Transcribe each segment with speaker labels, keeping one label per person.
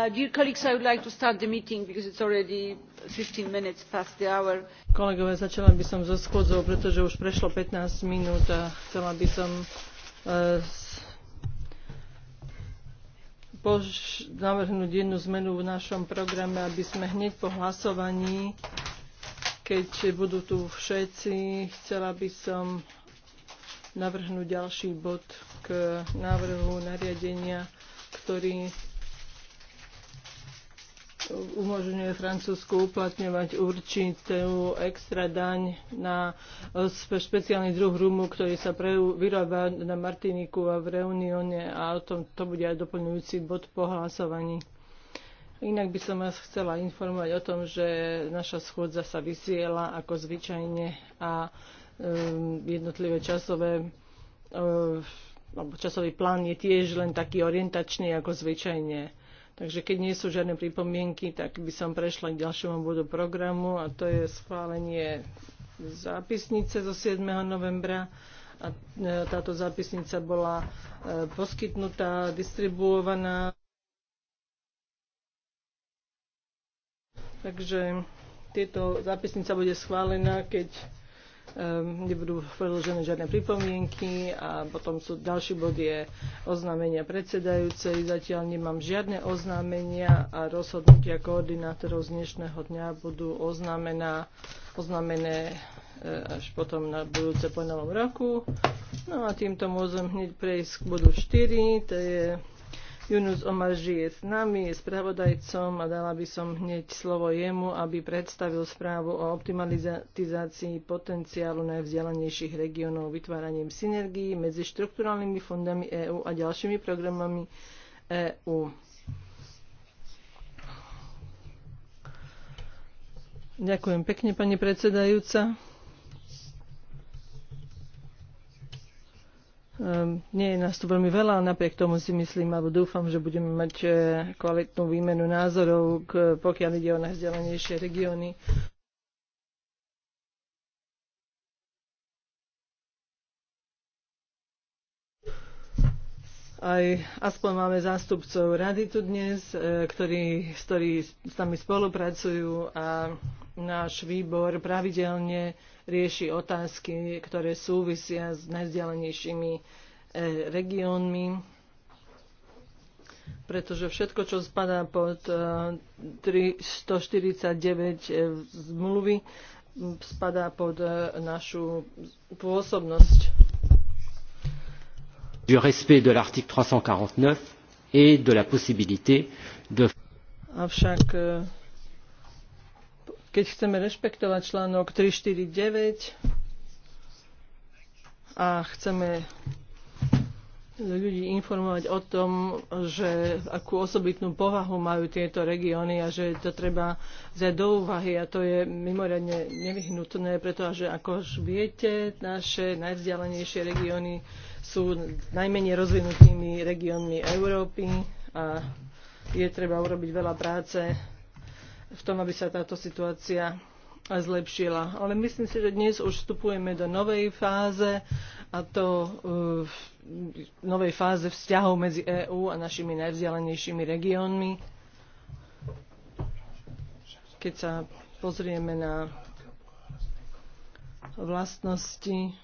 Speaker 1: Uh, kolegovia začala by som so schôdzou pretože už prešlo fifteen minút a chcela by som uh, navrhnúť jednu zmenu v našom programe aby sme hneď po hlasovaní keď budú tu všetci chcela by som navrhnúť ďalší bod k návrhu nariadenia ktorý umožňuje Francúzsku uplatňovať určitú extra daň na e, špeciálny druh rumu, ktorý sa vyrába na Martiniku a v Reunione a o tom to bude aj doplňujúci bod po hlasovaní. Inak by som vás chcela informovať o tom, že naša schôdza sa vysiela ako zvyčajne a um, jednotlivé časové um, alebo časový plán je tiež len taký orientačný ako zvyčajne Takže keď nie sú žiadne pripomienky, tak by som prešla k ďalšiemu bodu programu a to je schválenie zápisnice zo 7. novembra. A e, táto zápisnica bola e, poskytnutá, distribuovaná. Takže tieto zápisnica bude schválená, keď Ehm, nebudú predložené žiadne pripomienky a potom sú ďalší bod je oznámenia predsedajúcej. Zatiaľ nemám žiadne oznámenia a rozhodnutia koordinátorov z dnešného dňa budú oznámená, oznámené eh, až potom na budúce po novom roku. No a týmto môžem hneď prejsť k bodu 4, to je Junus Omar je s nami, je spravodajcom a dala by som hneď slovo jemu, aby predstavil správu o optimalizácii potenciálu najvzdialenejších regiónov vytváraním synergií medzi štrukturálnymi fondami EÚ a ďalšími programami EÚ. Ďakujem pekne, pani predsedajúca. Ehm, nie je nás tu veľmi veľa, napriek tomu si myslím, alebo dúfam, že budeme mať eh, kvalitnú výmenu názorov, pokiaľ ide o najzdelenejšie regióny. Aj aspoň máme zástupcov rady tu dnes, eh, ktorí, ktorí s nami spolupracujú a náš výbor pravidelne rieši otázky, ktoré súvisia s najvzdialenejšími e, regiónmi pretože všetko, čo spadá pod 349 e, e, zmluvy, spadá pod našu pôsobnosť.
Speaker 2: Du respect de l'article 349 et de la possibilité de...
Speaker 1: Avšak keď chceme rešpektovať článok 349 a chceme ľudí informovať o tom, že akú osobitnú povahu majú tieto regióny a že to treba vziať do úvahy a to je mimoriadne nevyhnutné, pretože ako už viete, naše najvzdialenejšie regióny sú najmenej rozvinutými regiónmi Európy a je treba urobiť veľa práce v tom, aby sa táto situácia zlepšila. Ale myslím si, že dnes už vstupujeme do novej fáze a to v e, novej fáze vzťahov medzi EÚ a našimi najvzdialenejšími regiónmi. Keď sa pozrieme na vlastnosti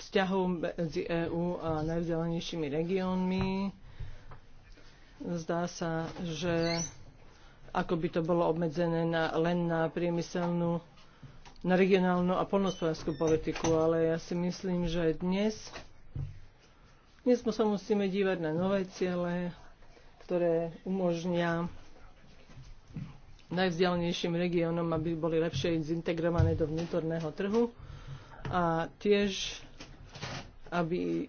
Speaker 1: vzťahov medzi EÚ a najvzdialenejšími regiónmi, zdá sa, že ako by to bolo obmedzené na, len na priemyselnú, na regionálnu a polnospodárskú politiku, ale ja si myslím, že dnes, dnes sa musíme dívať na nové ciele, ktoré umožnia najvzdialenejším regiónom, aby boli lepšie zintegrované do vnútorného trhu a tiež, aby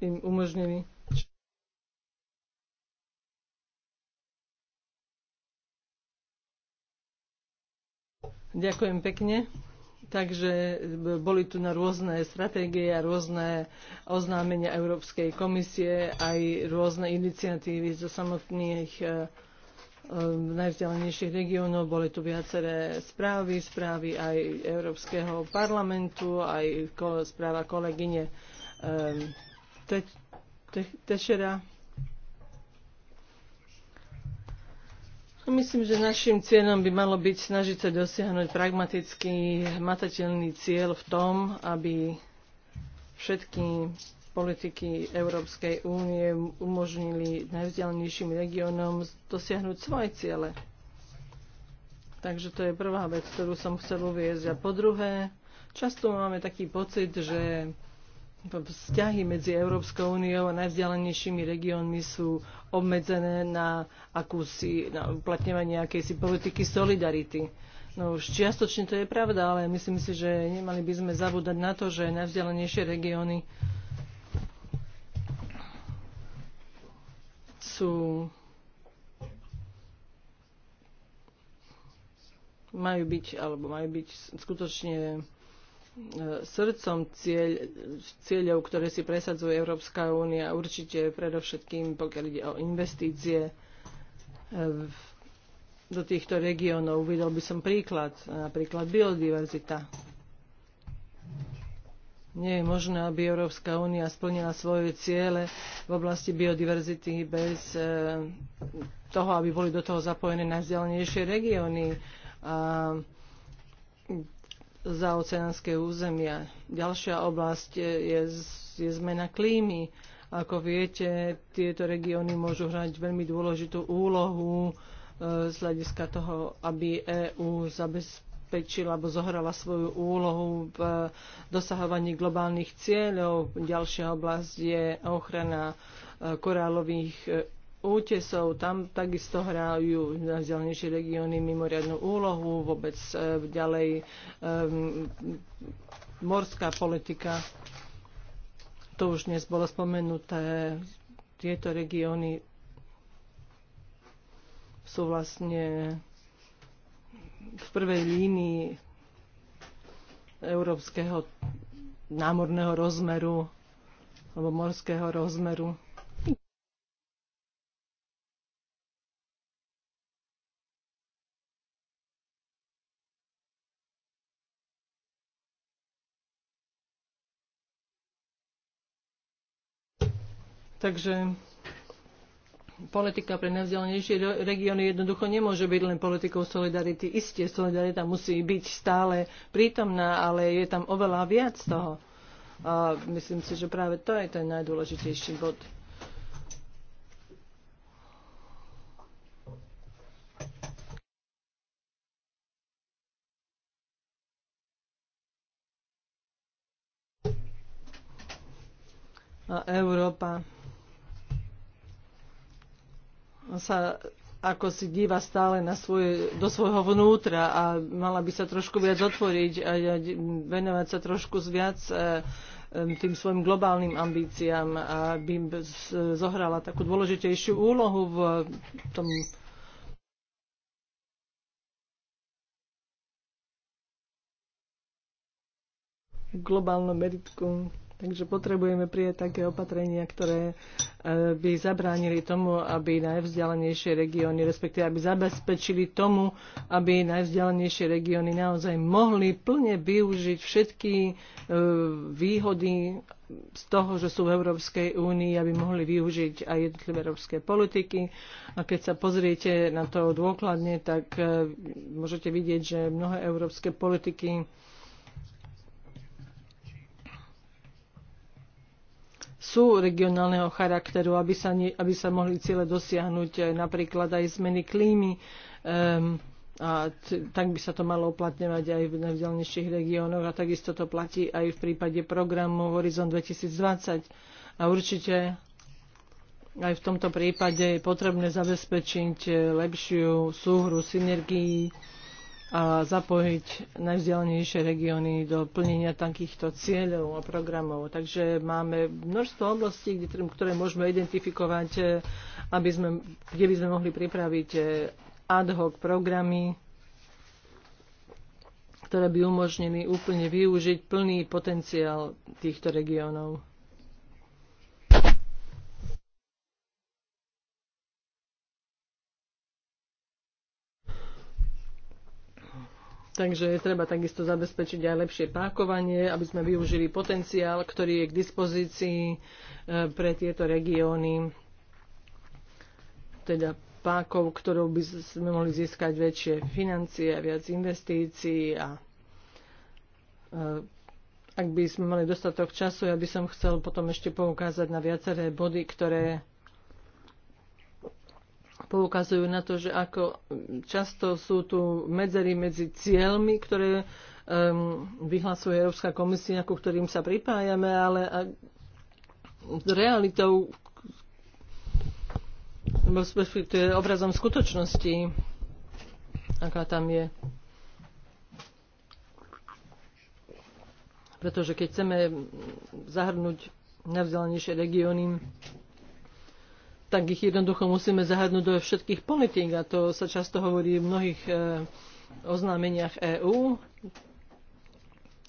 Speaker 1: im umožnili Ďakujem pekne. Takže boli tu na rôzne stratégie a rôzne oznámenia Európskej komisie, aj rôzne iniciatívy zo samotných eh, eh, najvzdialenejších regiónov. Boli tu viaceré správy, správy aj Európskeho parlamentu, aj správa kolegyne eh, Tešera. Te- No, myslím, že našim cieľom by malo byť snažiť sa dosiahnuť pragmatický, matateľný cieľ v tom, aby všetky politiky Európskej únie umožnili najvzdialnejším regiónom dosiahnuť svoje ciele. Takže to je prvá vec, ktorú som chcel uviezť. A po druhé, často máme taký pocit, že vzťahy medzi Európskou úniou a najvzdialenejšími regiónmi sú obmedzené na, akúsi, na uplatňovanie akejsi politiky solidarity. No už čiastočne to je pravda, ale myslím si, že nemali by sme zabúdať na to, že najvzdialenejšie regióny sú majú byť, alebo majú byť skutočne srdcom cieľ, cieľov, ktoré si presadzuje Európska únia, určite predovšetkým, pokiaľ ide o investície eh, do týchto regiónov. Uvidel by som príklad, napríklad biodiverzita. Nie je možné, aby Európska únia splnila svoje ciele v oblasti biodiverzity bez eh, toho, aby boli do toho zapojené najzdialnejšie regióny. A oceánske územia. Ďalšia oblasť je, je zmena klímy. Ako viete, tieto regióny môžu hrať veľmi dôležitú úlohu e, z hľadiska toho, aby EÚ zabezpečila alebo zohrala svoju úlohu v dosahovaní globálnych cieľov. Ďalšia oblasť je ochrana e, korálových útesov, tam takisto hrajú najvzdialenejšie regióny mimoriadnú úlohu, vôbec e, ďalej um, morská politika, to už dnes bolo spomenuté, tieto regióny sú vlastne v prvej línii európskeho námorného rozmeru alebo morského rozmeru. Takže politika pre najvzdialenejšie regióny jednoducho nemôže byť len politikou solidarity. Isté, solidarita musí byť stále prítomná, ale je tam oveľa viac toho. A myslím si, že práve to je ten najdôležitejší bod. A Európa sa ako si díva stále na svoje, do svojho vnútra a mala by sa trošku viac otvoriť a venovať sa trošku viac e, e, tým svojim globálnym ambíciám, aby zohrala takú dôležitejšiu úlohu v tom globálnom meritku. Takže potrebujeme prijať také opatrenia, ktoré e, by zabránili tomu, aby najvzdialenejšie regióny, respektíve aby zabezpečili tomu, aby najvzdialenejšie regióny naozaj mohli plne využiť všetky e, výhody z toho, že sú v Európskej únii, aby mohli využiť aj jednotlivé európske politiky. A keď sa pozriete na to dôkladne, tak e, môžete vidieť, že mnohé európske politiky sú regionálneho charakteru, aby sa, nie, aby sa mohli ciele dosiahnuť eh, napríklad aj zmeny klímy. Um, a tak by sa to malo uplatňovať aj v najvzdialenejších regiónoch a takisto to platí aj v prípade programu Horizon 2020. A určite aj v tomto prípade je potrebné zabezpečiť eh, lepšiu súhru synergií a zapojiť najvzdialenejšie regióny do plnenia takýchto cieľov a programov. Takže máme množstvo oblastí, ktoré môžeme identifikovať, e, aby sme, kde by sme mohli pripraviť e, ad hoc programy, ktoré by umožnili úplne využiť plný potenciál týchto regiónov. Takže treba takisto zabezpečiť aj lepšie pákovanie, aby sme využili potenciál, ktorý je k dispozícii e, pre tieto regióny. Teda pákov, ktorou by sme mohli získať väčšie financie, a viac investícií a e, ak by sme mali dostatok času, ja by som chcel potom ešte poukázať na viaceré body, ktoré poukazujú na to, že ako často sú tu medzery medzi cieľmi, ktoré um, vyhlasuje Európska komisia, ku ktorým sa pripájame, ale a realitou, je obrazom skutočnosti, aká tam je. Pretože keď chceme zahrnúť najvzdelanejšie regióny, tak ich jednoducho musíme zahrnúť do všetkých politík a to sa často hovorí v mnohých e, oznámeniach EÚ,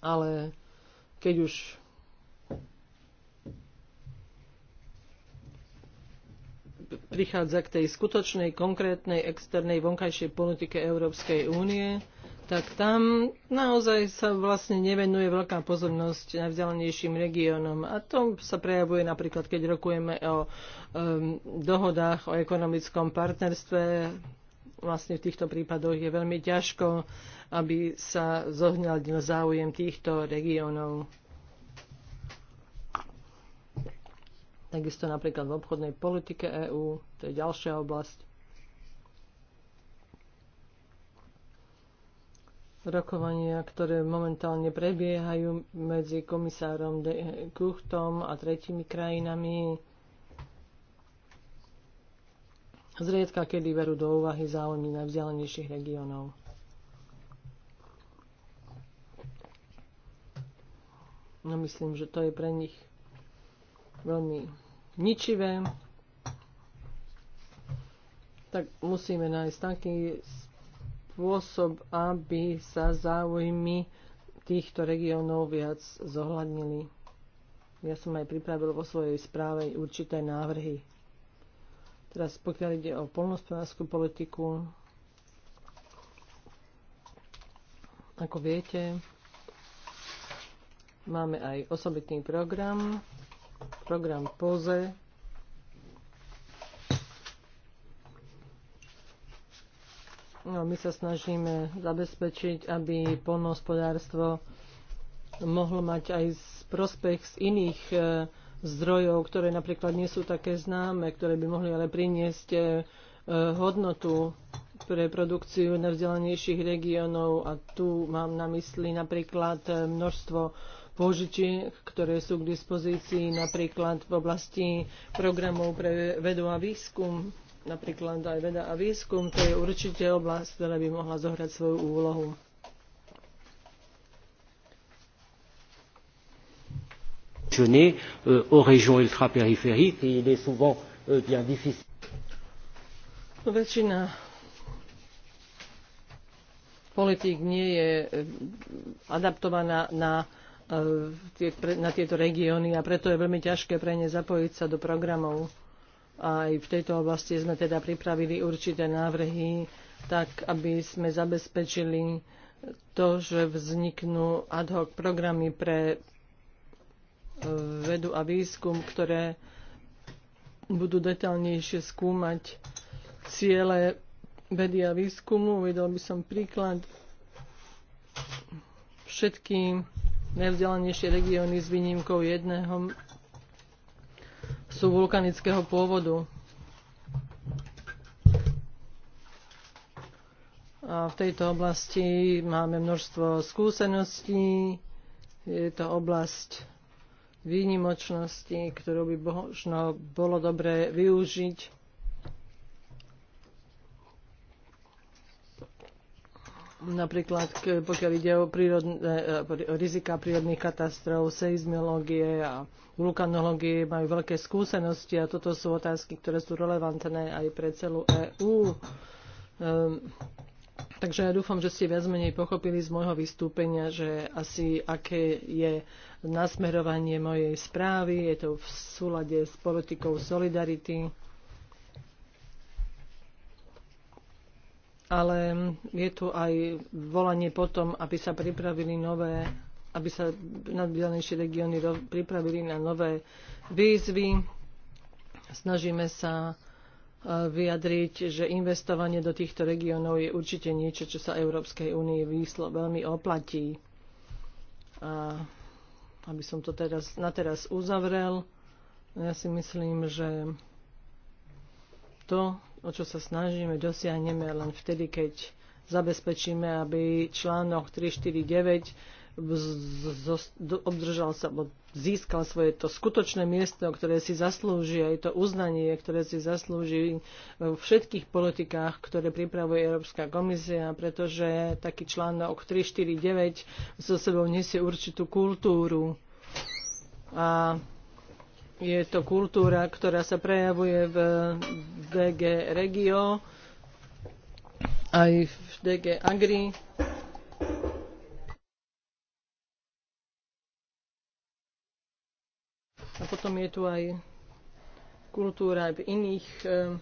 Speaker 1: ale keď už prichádza k tej skutočnej, konkrétnej, externej, vonkajšej politike Európskej únie, tak tam naozaj sa vlastne nevenuje veľká pozornosť vzdialenejším regiónom. A to sa prejavuje napríklad, keď rokujeme o um, dohodách o ekonomickom partnerstve. Vlastne v týchto prípadoch je veľmi ťažko, aby sa zohňal záujem týchto regiónov. Takisto napríklad v obchodnej politike EÚ, to je ďalšia oblasť rokovania, ktoré momentálne prebiehajú medzi komisárom De Kuchtom a tretími krajinami. Zriedka, kedy berú do úvahy záujmy najvzdialenejších regiónov. No myslím, že to je pre nich veľmi ničivé. Tak musíme nájsť taký spôsob, aby sa záujmy týchto regiónov viac zohľadnili. Ja som aj pripravil vo svojej správe určité návrhy. Teraz pokiaľ ide o polnospodárskú politiku, ako viete, máme aj osobitný program, program POZE, No, my sa snažíme zabezpečiť, aby polnohospodárstvo mohlo mať aj prospech z iných e, zdrojov, ktoré napríklad nie sú také známe, ktoré by mohli ale priniesť e, e, hodnotu pre produkciu najvzdelanejších regiónov a tu mám na mysli napríklad množstvo požičiek, ktoré sú k dispozícii napríklad v oblasti programov pre vedu a výskum napríklad aj veda a výskum, to je určite oblasť, ktorá by mohla zohrať svoju úlohu. Euh, aux régions ultrapériphériques et il est souvent euh, bien difficile. No, väčšina politík nie je euh, adaptovaná na, na tieto regióny a preto je veľmi ťažké pre ne zapojiť sa do programov. Aj v tejto oblasti sme teda pripravili určité návrhy, tak aby sme zabezpečili to, že vzniknú ad hoc programy pre e, vedu a výskum, ktoré budú detaľnejšie skúmať ciele vedy a výskumu. Uvedol by som príklad všetky najvzdialenejšie regióny s výnimkou jedného sú vulkanického pôvodu. A v tejto oblasti máme množstvo skúseností. Je to oblasť výnimočnosti, ktorú by možno bolo dobre využiť napríklad pokiaľ ide o, prírodne, rizika prírodných katastrof, seizmológie a vulkanológie, majú veľké skúsenosti a toto sú otázky, ktoré sú relevantné aj pre celú EÚ. Um, ehm, takže ja dúfam, že ste viac menej pochopili z môjho vystúpenia, že asi aké je nasmerovanie mojej správy, je to v súlade s politikou Solidarity. ale je tu aj volanie potom, aby sa pripravili nové, aby sa nadbielnejšie regióny pripravili na nové výzvy. Snažíme sa e, vyjadriť, že investovanie do týchto regiónov je určite niečo, čo sa Európskej únie výslo veľmi oplatí. A aby som to teraz, na teraz uzavrel, ja si myslím, že to, o čo sa snažíme, dosiahneme len vtedy, keď zabezpečíme, aby článok 349 obdržal sa, získal svoje to skutočné miesto, ktoré si zaslúži, aj to uznanie, ktoré si zaslúži v všetkých politikách, ktoré pripravuje Európska komisia, pretože taký článok 349 so sebou nesie určitú kultúru. A je to kultúra, ktorá sa prejavuje v DG Regio, aj v DG Agri. A potom je tu aj kultúra aj v iných eh,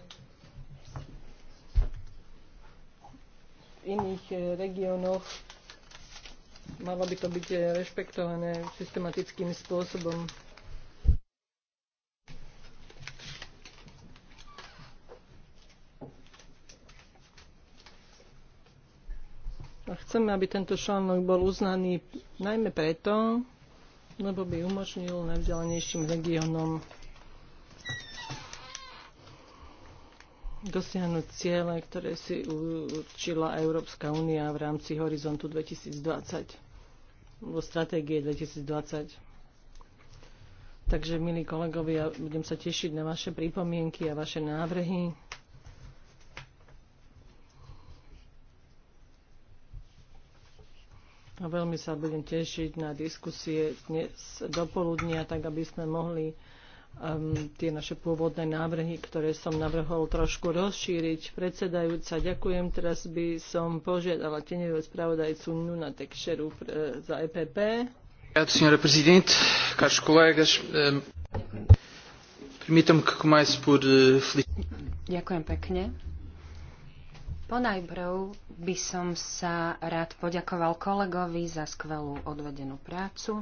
Speaker 1: v iných eh, regiónoch. Malo by to byť eh, rešpektované systematickým spôsobom. Chceme, aby tento článok bol uznaný najmä preto, lebo by umožnil najvzdialenejším regiónom dosiahnuť ciele, ktoré si určila Európska únia v rámci Horizontu 2020, alebo stratégie 2020. Takže, milí kolegovia, budem sa tešiť na vaše pripomienky a vaše návrhy. Veľmi sa budem tešiť na diskusie dnes do poludnia, tak aby sme mohli um, tie naše pôvodné návrhy, ktoré som navrhol trošku rozšíriť. Predsedajúca, ďakujem. Teraz by som požiadala tenevého spravodajcu Nuna Tekšeru
Speaker 3: eh, e, za EPP.
Speaker 2: caros colegas, eh, permitam que comece por eh,
Speaker 3: Ďakujem pekne. Ponajprv by som sa rád poďakoval kolegovi za skvelú odvedenú prácu.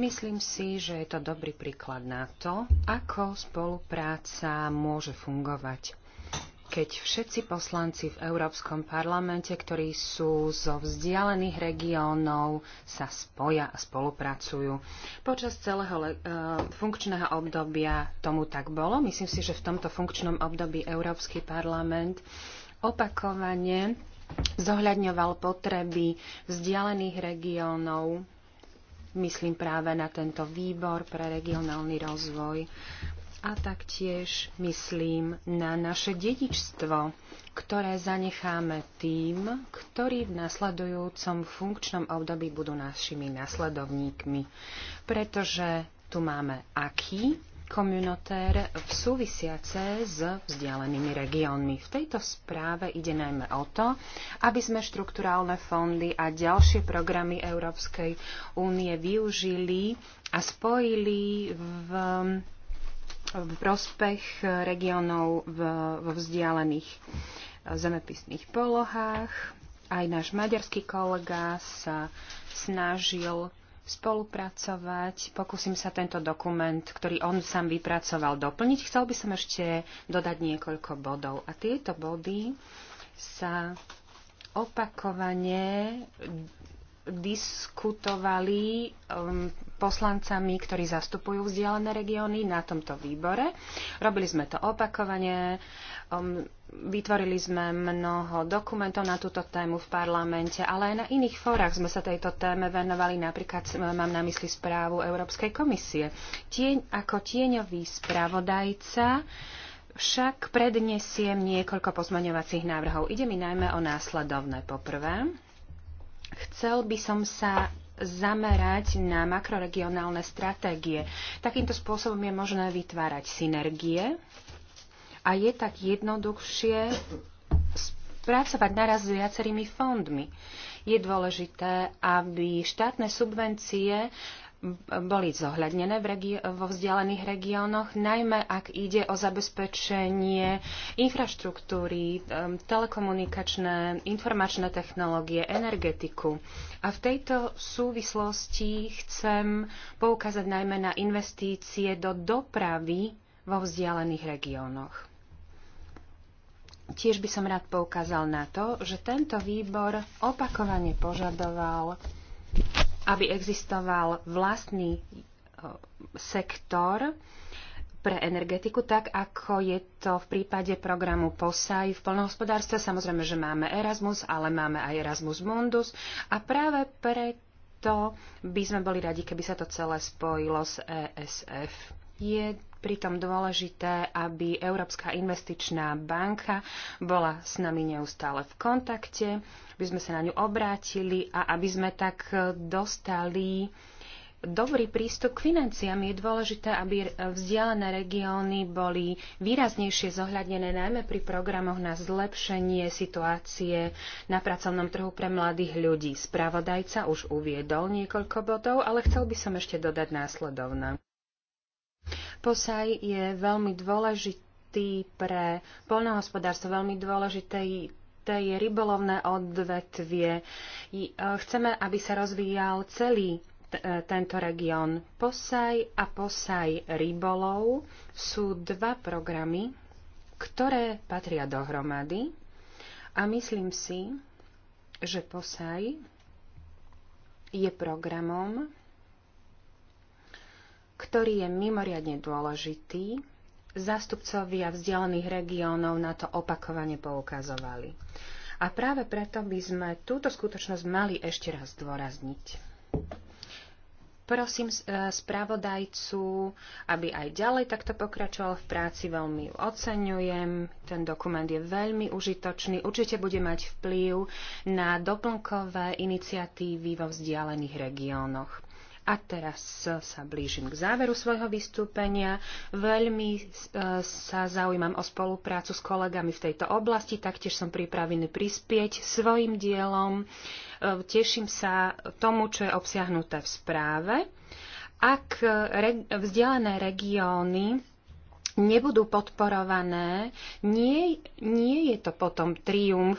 Speaker 3: Myslím si, že je to dobrý príklad na to, ako spolupráca môže fungovať. Keď všetci poslanci v Európskom parlamente, ktorí sú zo vzdialených regiónov, sa spoja a spolupracujú. Počas celého e, funkčného obdobia tomu tak bolo. Myslím si, že v tomto funkčnom období Európsky parlament opakovane zohľadňoval potreby vzdialených regiónov, myslím práve na tento výbor pre regionálny rozvoj a taktiež myslím na naše dedičstvo, ktoré zanecháme tým, ktorí v nasledujúcom funkčnom období budú našimi nasledovníkmi. Pretože tu máme aký v súvisiace s vzdialenými regiónmi. V tejto správe ide najmä o to, aby sme štrukturálne fondy a ďalšie programy Európskej únie využili a spojili v v prospech regiónov vo vzdialených zemepisných polohách. Aj náš maďarský kolega sa snažil spolupracovať. Pokúsim sa tento dokument, ktorý on sám vypracoval, doplniť. Chcel by som ešte dodať niekoľko bodov. A tieto body sa opakovane diskutovali um, poslancami, ktorí zastupujú vzdialené regióny na tomto výbore. Robili sme to opakovane, um, vytvorili sme mnoho dokumentov na túto tému v parlamente, ale aj na iných fórach sme sa tejto téme venovali, napríklad mám na mysli správu Európskej komisie. Tieň, ako tieňový spravodajca však prednesiem niekoľko pozmaňovacích návrhov. Ide mi najmä o následovné poprvé Chcel by som sa zamerať na makroregionálne stratégie. Takýmto spôsobom je možné vytvárať synergie a je tak jednoduchšie pracovať naraz s viacerými fondmi. Je dôležité, aby štátne subvencie boli zohľadnené v regi- vo vzdialených regiónoch, najmä ak ide o zabezpečenie infraštruktúry, telekomunikačné, informačné technológie, energetiku. A v tejto súvislosti chcem poukázať najmä na investície do dopravy vo vzdialených regiónoch. Tiež by som rád poukázal na to, že tento výbor opakovane požadoval aby existoval vlastný e, sektor pre energetiku, tak ako je to v prípade programu POSAI v polnohospodárstve. Samozrejme, že máme Erasmus, ale máme aj Erasmus Mundus a práve preto by sme boli radi, keby sa to celé spojilo s ESF. Je pritom dôležité, aby Európska investičná banka bola s nami neustále v kontakte, aby sme sa na ňu obrátili a aby sme tak dostali dobrý prístup k financiám. Je dôležité, aby vzdialené regióny boli výraznejšie zohľadnené, najmä pri programoch na zlepšenie situácie na pracovnom trhu pre mladých ľudí. Spravodajca už uviedol niekoľko bodov, ale chcel by som ešte dodať následovné. Posaj je veľmi dôležitý pre poľnohospodárstvo, veľmi dôležité to je rybolovné odvetvie. E, chceme, aby sa rozvíjal celý e, tento región. Posaj a posaj rybolov sú dva programy, ktoré patria dohromady a myslím si, že posaj je programom, ktorý je mimoriadne dôležitý. Zástupcovia vzdialených regiónov na to opakovane poukazovali. A práve preto by sme túto skutočnosť mali ešte raz zdôrazniť. Prosím e, spravodajcu, aby aj ďalej takto pokračoval v práci, veľmi ju oceňujem. Ten dokument je veľmi užitočný, určite bude mať vplyv na doplnkové iniciatívy vo vzdialených regiónoch. A teraz sa blížim k záveru svojho vystúpenia. Veľmi e, sa zaujímam o spoluprácu s kolegami v tejto oblasti, taktiež som pripravený prispieť svojim dielom. E, teším sa tomu, čo je obsiahnuté v správe. Ak e, vzdialené regióny nebudú podporované, nie, nie je to potom triumf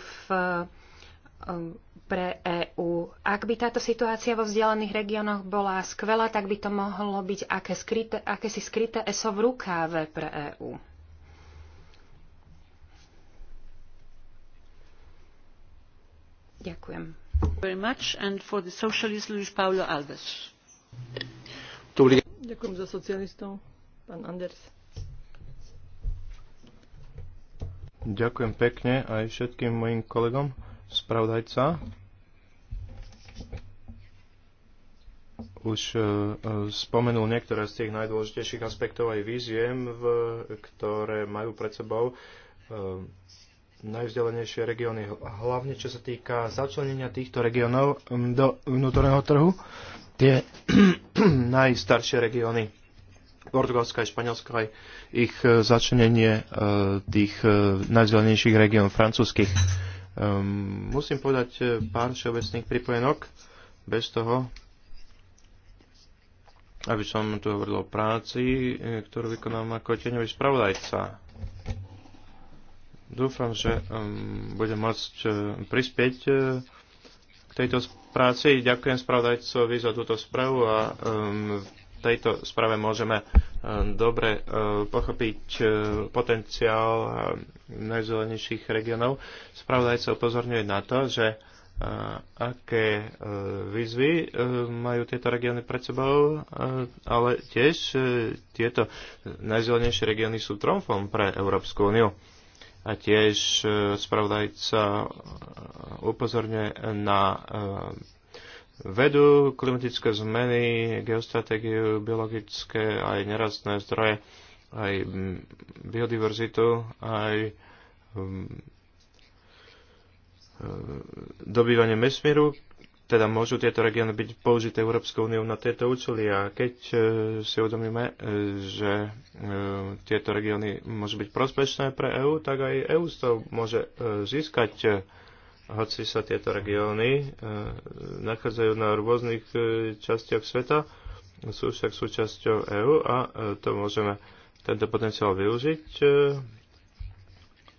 Speaker 3: pre EÚ. Ak by táto situácia vo vzdialených regiónoch bola skvelá, tak by to mohlo byť aké skryté, akési skryté ESO v rukáve pre EÚ. Ďakujem.
Speaker 1: Ďakujem za socialistov, pán Anders.
Speaker 2: Ďakujem pekne aj všetkým mojim kolegom, spravodajca. už e, e, spomenul niektoré z tých najdôležitejších aspektov aj víziem, v, ktoré majú pred sebou e, najvzdelenejšie regióny, hlavne čo sa týka začlenenia týchto regiónov do vnútorného trhu, tie najstaršie regióny Portugalska a Španielska aj ich začlenenie tých najvzdelenejších regiónov francúzskych. Musím povedať pár všeobecných pripojenok bez toho, aby som tu hovoril o práci, e, ktorú vykonám ako tieňový spravodajca. Dúfam, že um, budem môcť uh, prispieť uh, k tejto práci. Ďakujem spravodajcovi za túto správu a um, v tejto správe môžeme dobre uh, pochopiť uh, potenciál uh, najzelenejších regionov. Spravodajca upozorňuje na to, že uh, aké e, výzvy e, majú tieto regióny pred sebou, e, ale tiež tieto najzelenejšie regióny sú tromfom pre Európsku úniu. A tiež spravodajca upozorňuje na vedu, klimatické zmeny, geostratégiu, biologické aj nerastné zdroje, aj biodiverzitu, aj dobývanie mesmíru, teda môžu tieto regióny byť použité Európskou úniou na tieto účely a keď e, si uvedomíme, e, že e, tieto regióny môžu byť prospešné pre EÚ, tak aj EÚ z toho môže získať, hoci sa tieto regióny nachádzajú na rôznych častiach sveta, sú však súčasťou EÚ a to môžeme tento potenciál využiť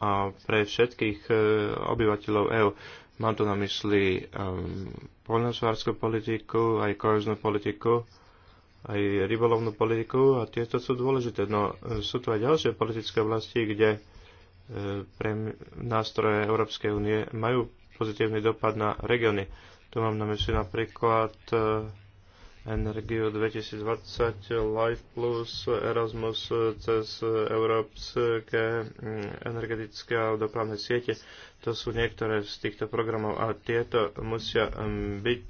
Speaker 2: a pre všetkých e, obyvateľov EÚ. Mám tu na mysli um, e, poľnosvárskú politiku, aj koheznú politiku, aj rybolovnú politiku a tieto sú dôležité. No e, sú tu aj ďalšie politické oblasti, kde pre nástroje Európskej únie majú pozitívny dopad na regióny. Tu mám na mysli napríklad uh, Energiu 2020, Life Plus, Erasmus cez európske energetické a dopravné siete. To sú niektoré z týchto programov a tieto musia byť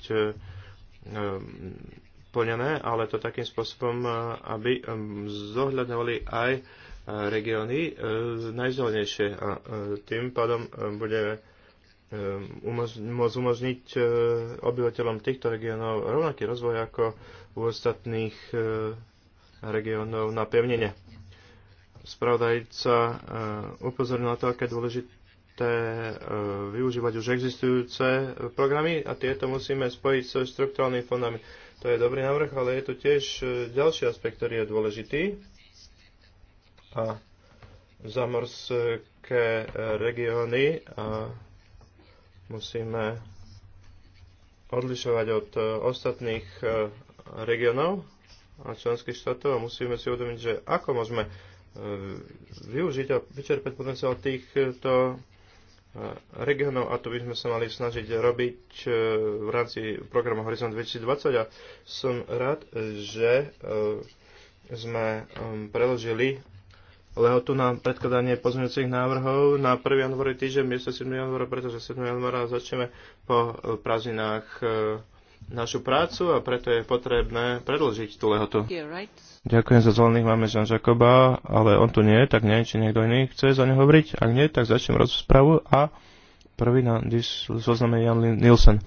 Speaker 2: plnené, ale to takým spôsobom, aby zohľadňovali aj eh, regióny eh, najzelenejšie. a eh, tým pádom budeme Um, môcť umožniť uh, obyvateľom týchto regiónov rovnaký rozvoj ako u ostatných uh, regiónov na pevnenie. Spravodajca uh, upozornil na to, aké dôležité využívať už existujúce programy a tieto musíme spojiť so štruktúrnymi fondami. To je dobrý návrh, ale je tu tiež ďalší aspekt, ktorý je dôležitý. A zamorské regióny a musíme odlišovať od e, ostatných e, regionov a členských štátov a musíme si uvedomiť, že ako môžeme e, využiť a vyčerpať potenciál týchto regionov a to by sme sa mali snažiť robiť v rámci programu Horizon 2020 a som rád, že sme preložili lehotu na predkladanie pozmeňujúcich návrhov na 1. januári týždeň, miesto 7. januára, pretože 7. januára začneme po e, prázdninách e, našu prácu a preto je potrebné predlžiť tú lehotu. Ďakujem za zvolených, máme Jean Jacoba, ale on tu nie, tak neviem, či niekto iný chce za neho hovoriť. Ak nie, tak začnem rozpravu a prvý na zozname Jan Nielsen.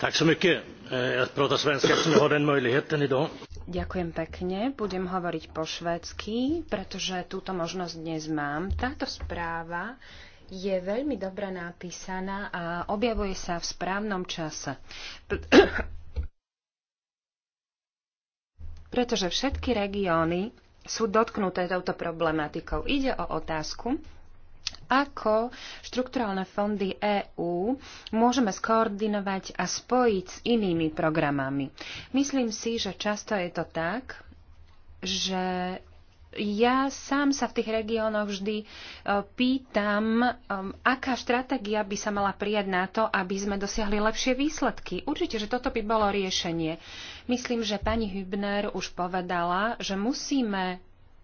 Speaker 3: Tak så mycket. Eh, jag pratar svenska som jag har den möjligheten idag. Ďakujem pekne. Budem hovoriť po švedsky, pretože túto možnosť dnes mám. Táto správa je veľmi dobre napísaná a objavuje sa v správnom čase. Pretože všetky regióny sú dotknuté touto problematikou. Ide o otázku, ako štrukturálne fondy EÚ môžeme skoordinovať a spojiť s inými programami. Myslím si, že často je to tak, že ja sám sa v tých regiónoch vždy e, pýtam, e, aká štratégia by sa mala prijať na to, aby sme dosiahli lepšie výsledky. Určite, že toto by bolo riešenie. Myslím, že pani Hübner už povedala, že musíme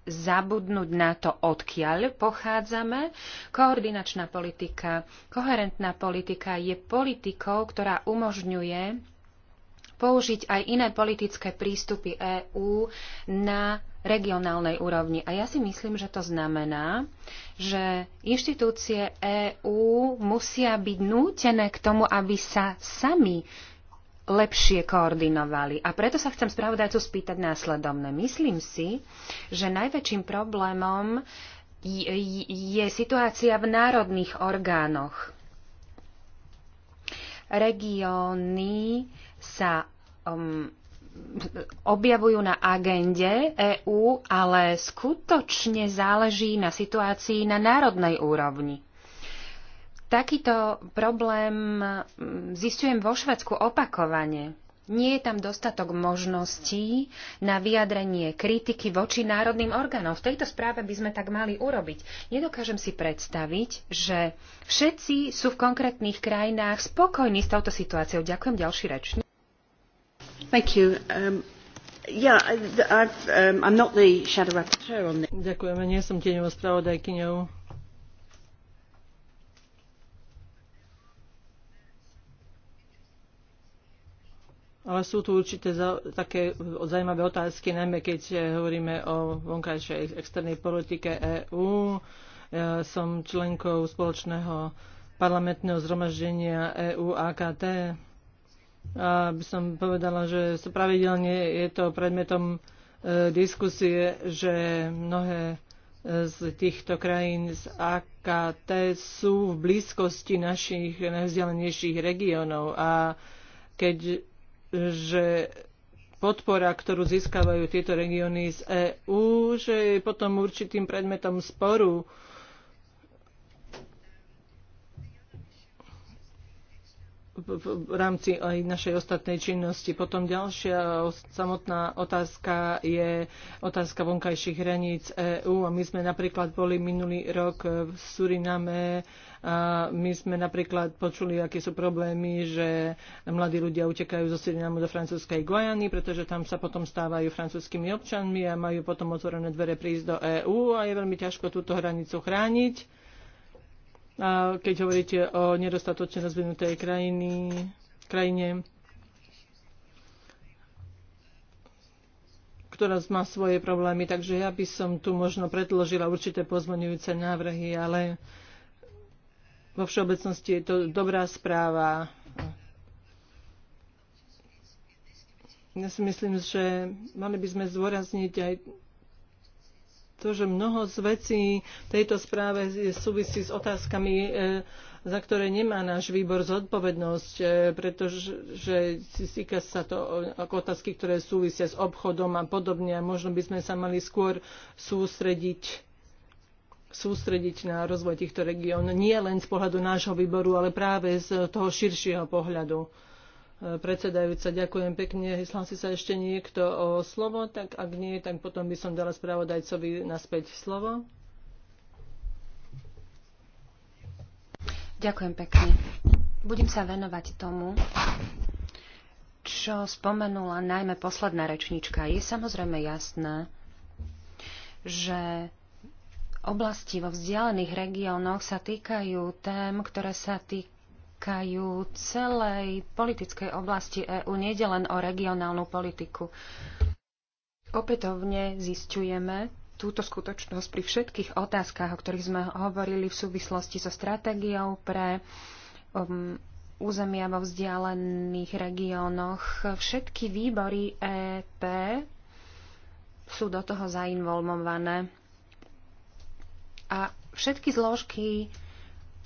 Speaker 3: zabudnúť na to, odkiaľ pochádzame. Koordinačná politika, koherentná politika je politikou, ktorá umožňuje použiť aj iné politické prístupy EÚ na regionálnej úrovni. A ja si myslím, že to znamená, že inštitúcie EÚ musia byť nútené k tomu, aby sa sami lepšie koordinovali. A preto sa chcem spravodajcu spýtať následovne. Myslím si, že najväčším problémom je situácia v národných orgánoch. Regióny sa um, objavujú na agende EÚ, ale skutočne záleží na situácii na národnej úrovni. Takýto problém mm, zistujem vo Švedsku opakovane. Nie je tam dostatok možností na vyjadrenie kritiky voči národným orgánom. V tejto správe by sme tak mali urobiť. Nedokážem si predstaviť, že všetci sú v konkrétnych krajinách spokojní s touto situáciou. Ďakujem ďalší rečník. Thank you. Um... Yeah, I've, um,
Speaker 1: I'm not the shadow rapporteur on this. Ďakujeme, nie som tieňovou spravodajkyňou Ale sú tu určité za, také e, zaujímavé otázky, najmä keď e, hovoríme o vonkajšej externej politike EÚ. Ja som členkou spoločného parlamentného zhromaždenia EÚ AKT. A by som povedala, že pravidelne je to predmetom e, diskusie, že mnohé z týchto krajín z AKT sú v blízkosti našich najvzdialenejších regiónov a keď že podpora, ktorú získavajú tieto regióny z EÚ, že je potom určitým predmetom sporu v rámci aj našej ostatnej činnosti. Potom ďalšia samotná otázka je otázka vonkajších hraníc EÚ. A my sme napríklad boli minulý rok v Suriname a my sme napríklad počuli, aké sú problémy, že mladí ľudia utekajú zo Surinamu do francúzskej Guajany, pretože tam sa potom stávajú francúzskými občanmi a majú potom otvorené dvere prísť do EÚ a je veľmi ťažko túto hranicu chrániť a keď hovoríte o nedostatočne rozvinutej krajiny, krajine, ktorá má svoje problémy, takže ja by som tu možno predložila určité pozmenujúce návrhy, ale vo všeobecnosti je to dobrá správa. Ja si myslím, že mali by sme zvorazniť aj to, že mnoho z vecí v tejto správe súvisí s otázkami, e, za ktoré nemá náš výbor zodpovednosť, e, pretože týka sa to ako otázky, ktoré súvisia s obchodom a podobne. A možno by sme sa mali skôr sústrediť sústrediť na rozvoj týchto región, nie len z pohľadu nášho výboru, ale práve z toho širšieho pohľadu predsedajúca, ďakujem pekne. si sa ešte niekto o slovo, tak ak nie, tak potom by som dala spravodajcovi naspäť slovo.
Speaker 3: Ďakujem pekne. Budem sa venovať tomu, čo spomenula najmä posledná rečnička. Je samozrejme jasné, že oblasti vo vzdialených regiónoch sa týkajú tém, ktoré sa týkajú týkajú celej politickej oblasti EÚ, nejde len o regionálnu politiku. Opätovne zistujeme túto skutočnosť pri všetkých otázkach, o ktorých sme hovorili v súvislosti so stratégiou pre um, územia vo vzdialených regiónoch. Všetky výbory EP sú do toho zainvolvované. A všetky zložky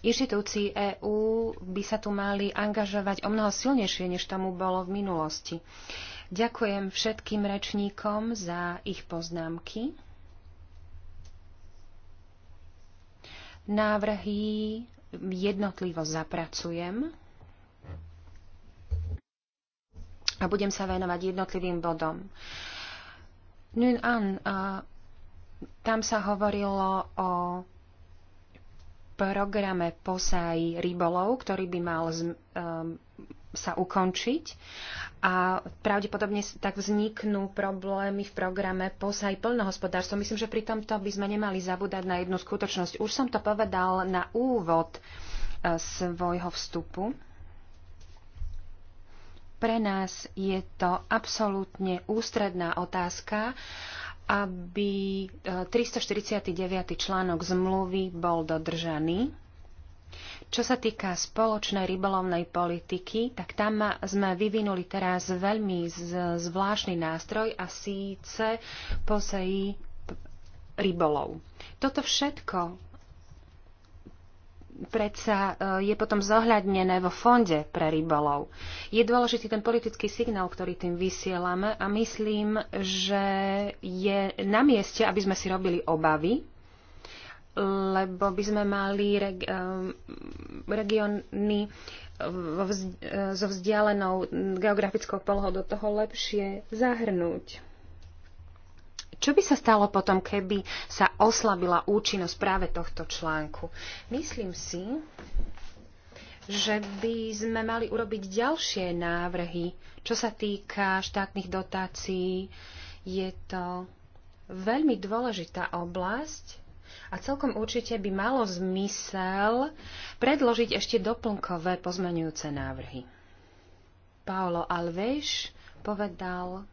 Speaker 3: Inštitúcii EÚ by sa tu mali angažovať o mnoho silnejšie, než tomu bolo v minulosti. Ďakujem všetkým rečníkom za ich poznámky. Návrhy jednotlivo zapracujem a budem sa venovať jednotlivým bodom. Nun An, tam sa hovorilo o programe POSAJ rybolov, ktorý by mal z, um, sa ukončiť a pravdepodobne tak vzniknú problémy v programe POSAI plnohospodárstvo. Myslím, že pri tomto by sme nemali zabúdať na jednu skutočnosť. Už som to povedal na úvod e, svojho vstupu. Pre nás je to absolútne ústredná otázka aby 349. E, článok zmluvy bol dodržaný. Čo sa týka spoločnej rybolovnej politiky, tak tam sme vyvinuli teraz veľmi zvláštny nástroj a síce posejí rybolov. Toto všetko predsa e, je potom zohľadnené vo fonde pre rybolov. Je dôležitý ten politický signál, ktorý tým vysielame a myslím, že je na mieste, aby sme si robili obavy, lebo by sme mali reg- e, regióny e, so vzdialenou geografickou polohou do toho lepšie zahrnúť. Čo by sa stalo potom, keby sa oslabila účinnosť práve tohto článku? Myslím si, že by sme mali urobiť ďalšie návrhy. Čo sa týka štátnych dotácií, je to veľmi dôležitá oblasť a celkom určite by malo zmysel predložiť ešte doplnkové pozmenujúce návrhy. Paolo Alves povedal,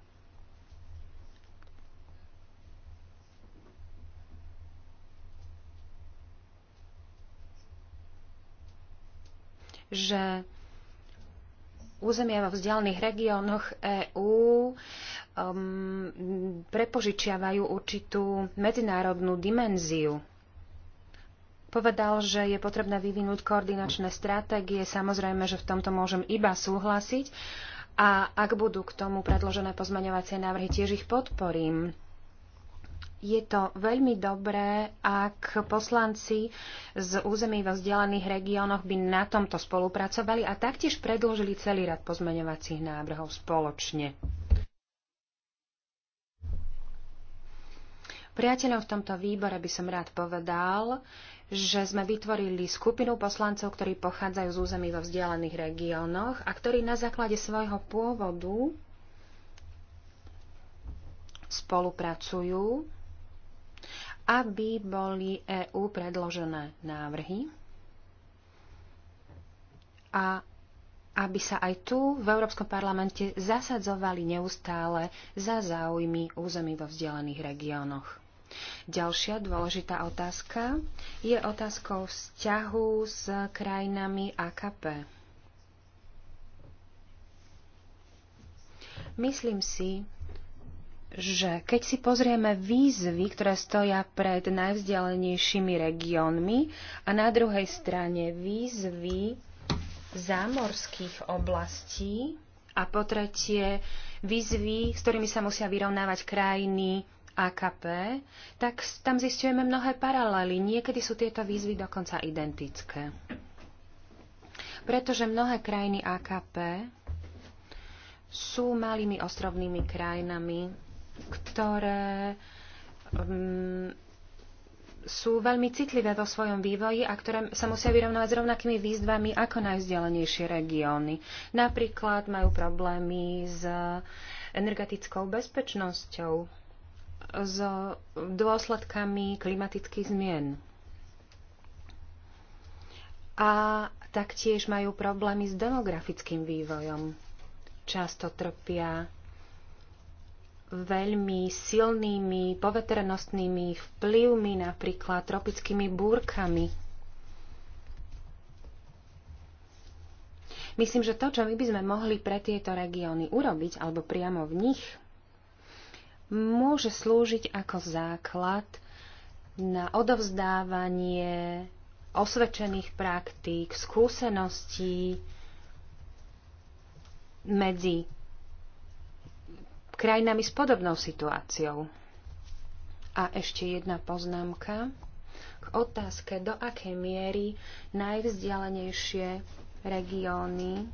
Speaker 3: že územia vo vzdialených regiónoch EÚ um, prepožičiavajú určitú medzinárodnú dimenziu. Povedal, že je potrebné vyvinúť koordinačné stratégie. Samozrejme, že v tomto môžem iba súhlasiť. A ak budú k tomu predložené pozmaňovacie návrhy, tiež ich podporím je to veľmi dobré, ak poslanci z území vo vzdialených regiónoch by na tomto spolupracovali a taktiež predložili celý rad pozmeňovacích návrhov spoločne. Priateľom v tomto výbore by som rád povedal, že sme vytvorili skupinu poslancov, ktorí pochádzajú z území vo vzdialených regiónoch a ktorí na základe svojho pôvodu spolupracujú aby boli EÚ predložené návrhy a aby sa aj tu v Európskom parlamente zasadzovali neustále za záujmy území vo vzdialených regiónoch. Ďalšia dôležitá otázka je otázkou vzťahu s krajinami AKP. Myslím si, že keď si pozrieme výzvy, ktoré stoja pred najvzdialenejšími regiónmi a na druhej strane výzvy zámorských oblastí a po tretie výzvy, s ktorými sa musia vyrovnávať krajiny AKP, tak tam zistujeme mnohé paralely. Niekedy sú tieto výzvy dokonca identické. Pretože mnohé krajiny AKP sú malými ostrovnými krajinami ktoré um, sú veľmi citlivé vo svojom vývoji a ktoré sa musia vyrovnávať s rovnakými výzvami ako najvzdelenejšie regióny. Napríklad majú problémy s energetickou bezpečnosťou, s dôsledkami klimatických zmien. A taktiež majú problémy s demografickým vývojom. Často trpia veľmi silnými poveternostnými vplyvmi, napríklad tropickými búrkami. Myslím, že to, čo my by sme mohli pre tieto regióny urobiť, alebo priamo v nich, môže slúžiť ako základ na odovzdávanie osvedčených praktík, skúseností medzi krajinami s podobnou situáciou. A ešte jedna poznámka k otázke, do akej miery najvzdialenejšie regióny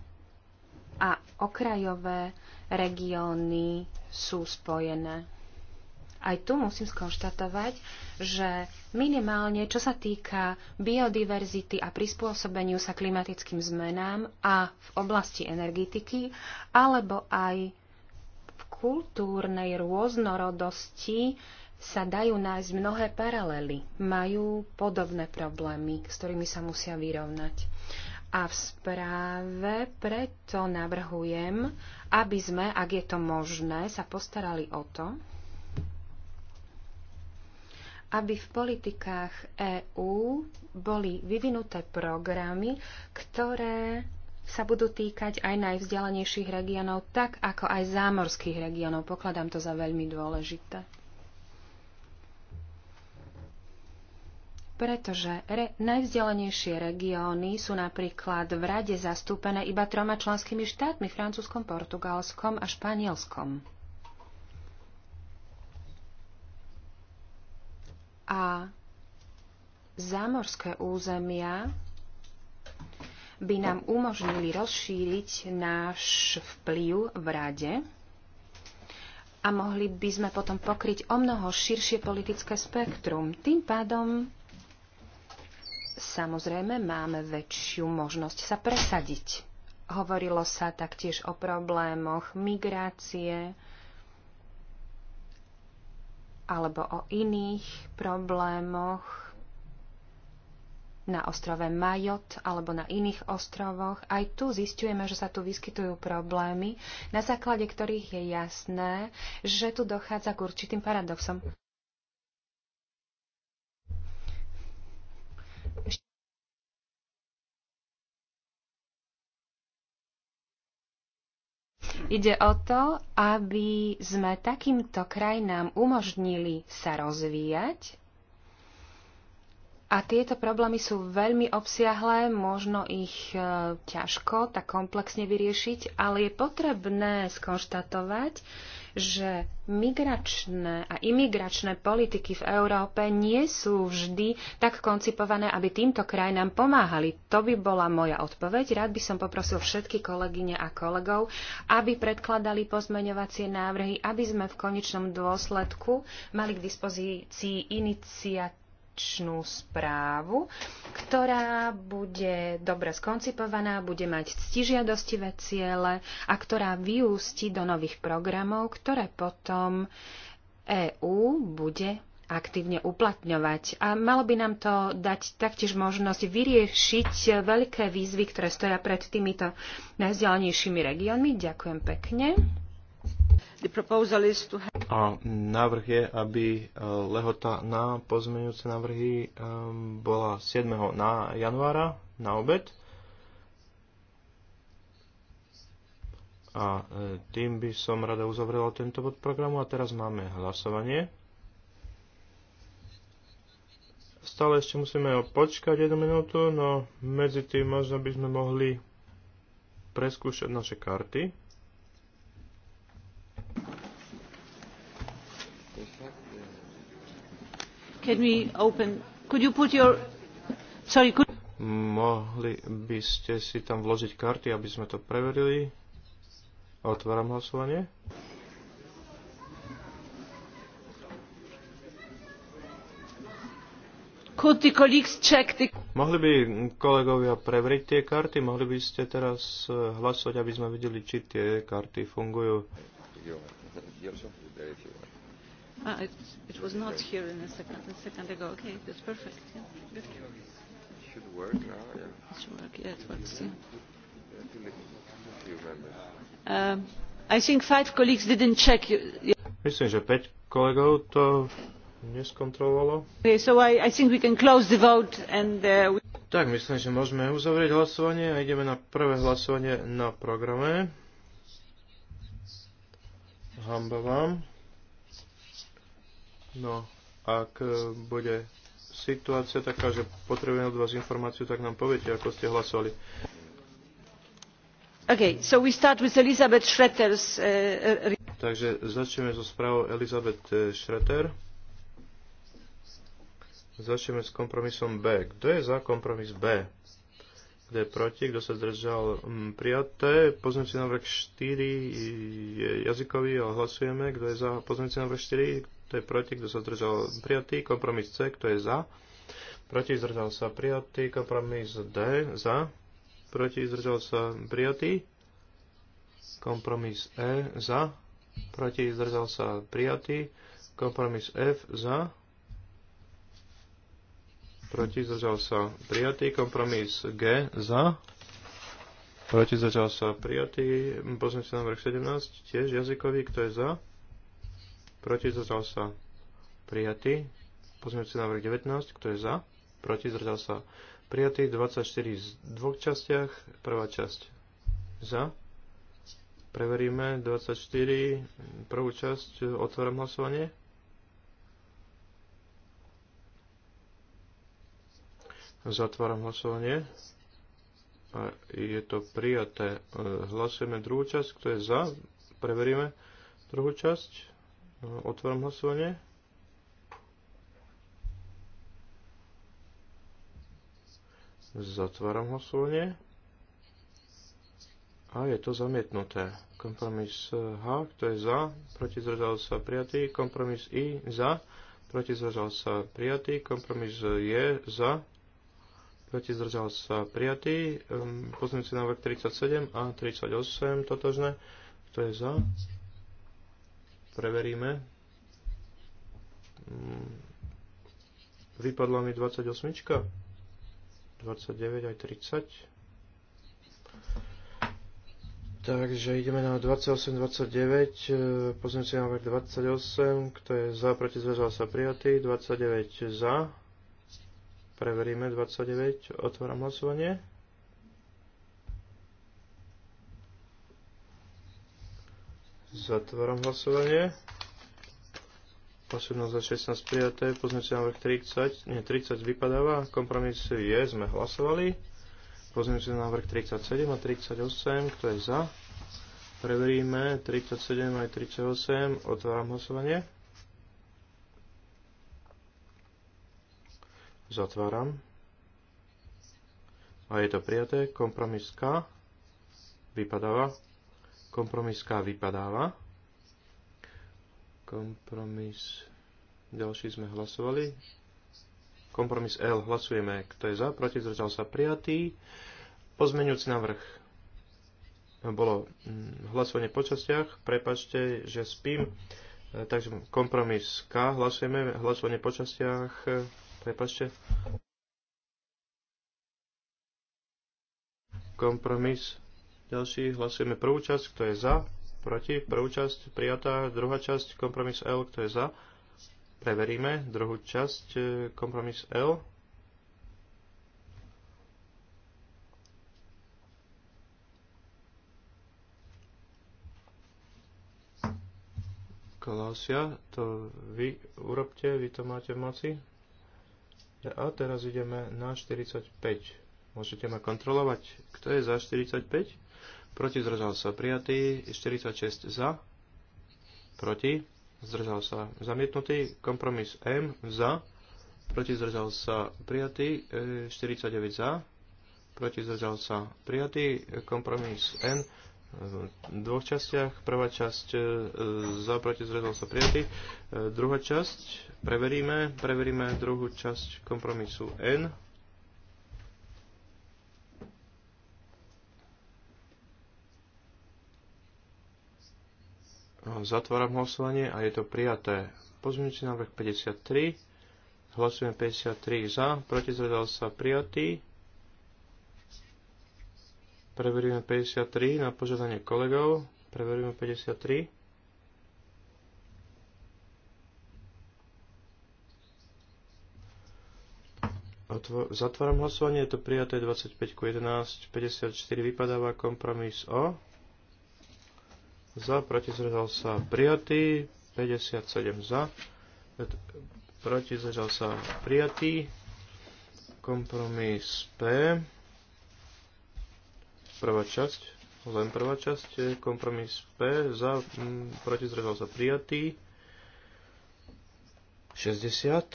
Speaker 3: a okrajové regióny sú spojené. Aj tu musím skonštatovať, že minimálne čo sa týka biodiverzity a prispôsobeniu sa klimatickým zmenám a v oblasti energetiky, alebo aj kultúrnej rôznorodosti sa dajú nájsť mnohé paralely. Majú podobné problémy, s ktorými sa musia vyrovnať. A v správe preto navrhujem, aby sme, ak je to možné, sa postarali o to, aby v politikách EÚ boli vyvinuté programy, ktoré sa budú týkať aj najvzdialenejších regiónov, tak ako aj zámorských regiónov. Pokladám to za veľmi dôležité. Pretože re- najvzdialenejšie regióny sú napríklad v rade zastúpené iba troma členskými štátmi, francúzskom, portugalskom a španielskom. A zámorské územia by nám umožnili rozšíriť náš vplyv v rade a mohli by sme potom pokryť o mnoho širšie politické spektrum. Tým pádom samozrejme máme väčšiu možnosť sa presadiť. Hovorilo sa taktiež o problémoch migrácie alebo o iných problémoch na ostrove Majot alebo na iných ostrovoch. Aj tu zistujeme, že sa tu vyskytujú problémy, na základe ktorých je jasné, že tu dochádza k určitým paradoxom. Ide o to, aby sme takýmto krajinám umožnili sa rozvíjať a tieto problémy sú veľmi obsiahlé, možno ich e, ťažko tak komplexne vyriešiť, ale je potrebné skonštatovať, že migračné a imigračné politiky v Európe nie sú vždy tak koncipované, aby týmto krajinám pomáhali. To by bola moja odpoveď. Rád by som poprosil všetky kolegyne a kolegov, aby predkladali pozmeňovacie návrhy, aby sme v konečnom dôsledku mali k dispozícii iniciatívy výročnú správu, ktorá bude dobre skoncipovaná, bude mať ctižiadostivé ciele a ktorá vyústi do nových programov, ktoré potom EÚ bude aktívne uplatňovať. A malo by nám to dať taktiež možnosť vyriešiť veľké výzvy, ktoré stoja pred týmito najvzdialenejšími regiónmi. Ďakujem pekne.
Speaker 2: A návrh je, aby e, lehota na pozmeňujúce návrhy e, bola 7. na januára na obed. A e, tým by som rada uzavrela tento bod programu a teraz máme hlasovanie. Stále ešte musíme počkať jednu minútu, no medzi tým možno by sme mohli preskúšať naše karty. Mohli by ste si tam vložiť karty, aby sme to preverili? Otváram hlasovanie. Mohli by kolegovia preveriť tie karty? Mohli by ste teraz eh, hlasovať, aby sme videli, či tie karty fungujú?
Speaker 1: Ah, it, it was not here in a second, a second ago. Okay, that's perfect. Yeah, good. It
Speaker 2: should work now,
Speaker 1: yeah. It should work, yeah, it works, yeah. Um, I think five colleagues didn't check.
Speaker 2: Myslím, že 5 kolegov to
Speaker 1: neskontrolovalo. Okay, so I, I think we can close the vote and uh, we...
Speaker 2: Tak, myslím, že môžeme uzavrieť hlasovanie a ideme na prvé hlasovanie na programe. Hamba vám. No, ak e, bude situácia taká, že potrebujeme od vás informáciu, tak nám poviete, ako ste hlasovali.
Speaker 1: Okay, so we start with Elizabeth Schretter's, uh,
Speaker 2: Takže začneme so správou Elizabeth Schretter. Začneme s kompromisom B. Kto je za kompromis B? Kto je proti? Kto sa zdržal? m, mm, Prijaté. Pozmeňujúci návrh 4 je jazykový a hlasujeme. Kto je za pozmeňujúci návrh 4? kto je proti, kto sa zdržal prijatý, kompromis C, kto je za, proti, zdržal sa prijatý, kompromis D, za, proti, zdržal sa prijatý, kompromis E, za, proti, zdržal sa prijatý, kompromis F, za, proti, zdržal sa prijatý, kompromis G, za, proti, zdržal sa prijatý, poznáte návrh 17, tiež jazykový, kto je za, proti zdržal sa prijatý. Pozmeňujúci návrh 19, kto je za, proti zdržal sa prijatý. 24 z dvoch častiach, prvá časť za. Preveríme 24, prvú časť, otváram hlasovanie. Zatváram hlasovanie. A je to prijaté. Hlasujeme druhú časť, kto je za. Preveríme druhú časť otvorím hlasovanie. Zatváram hlasovanie. A je to zamietnuté. Kompromis eh, H, kto je za, proti zdržal sa prijatý. Kompromis I, za, proti zdržal sa prijatý. Kompromis J, za, proti zdržal sa prijatý. Um, Pozmeňujúci návrh 37 a 38, totožné. Kto je za? preveríme. Mm. Vypadla mi 28, 29 aj 30. Takže ideme na 28, 29, e, si návrh 28, kto je za, proti zväzal sa prijatý, 29 za, preveríme 29, otváram hlasovanie. Zatváram hlasovanie. 18 za 16 prijaté, pozmeňujúci návrh 30, nie 30 vypadáva, kompromis je, sme hlasovali. Pozmeňujúci návrh 37 a 38, kto je za? Preveríme 37 aj 38, otváram hlasovanie. Zatváram. A je to prijaté, kompromis K vypadáva. Kompromis K vypadáva. Kompromis... Ďalší sme hlasovali. Kompromis L. Hlasujeme. Kto je za? Proti? Zdržal sa prijatý. Pozmeňujúci návrh. Bolo mm, hlasovanie po častiach. Prepačte, že spím. E, takže kompromis K. Hlasujeme. Hlasovanie po častiach. Prepačte. Kompromis ďalší hlasujeme prvú časť, kto je za, proti, prvú časť prijatá, druhá časť kompromis L, kto je za. Preveríme druhú časť e, kompromis L. Klausia, to vy urobte, vy to máte v moci. A teraz ideme na 45. Môžete ma kontrolovať, kto je za 45? proti zdržal sa prijatý, 46 za, proti, zdržal sa zamietnutý, kompromis M za, proti zdržal sa prijatý, 49 e, za, proti zdržal sa prijatý, kompromis N v dvoch častiach. Prvá časť e, za, proti zdržal sa prijatý, e, druhá časť preveríme, preveríme druhú časť kompromisu N. Zatváram hlasovanie a je to prijaté. Pozmeňujúci návrh 53. Hlasujem 53 za, proti zvedal sa prijatý. Preveríme 53 na požiadanie kolegov. Preverujeme 53. Zatváram hlasovanie, je to prijaté 25 k 11, 54 vypadáva kompromis O za, proti zdržal sa prijatý, 57 za, proti zdržal sa prijatý, kompromis P, prvá časť, len prvá časť, kompromis P, za, mm, proti zdržal sa prijatý, 60,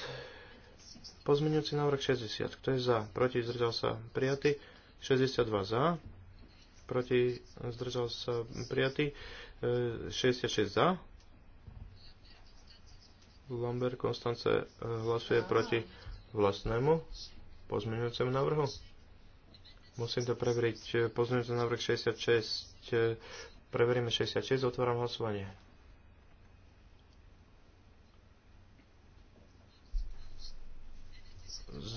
Speaker 2: pozmeňujúci návrh 60, kto je za, proti zdržal sa prijatý, 62 za, proti zdržal sa prijatý, 66 za. Lambert Konstance eh, hlasuje proti vlastnému pozmeňujúcemu návrhu. Musím to preveriť. Pozmeňujúci návrh 66. Preveríme 66. Otváram hlasovanie.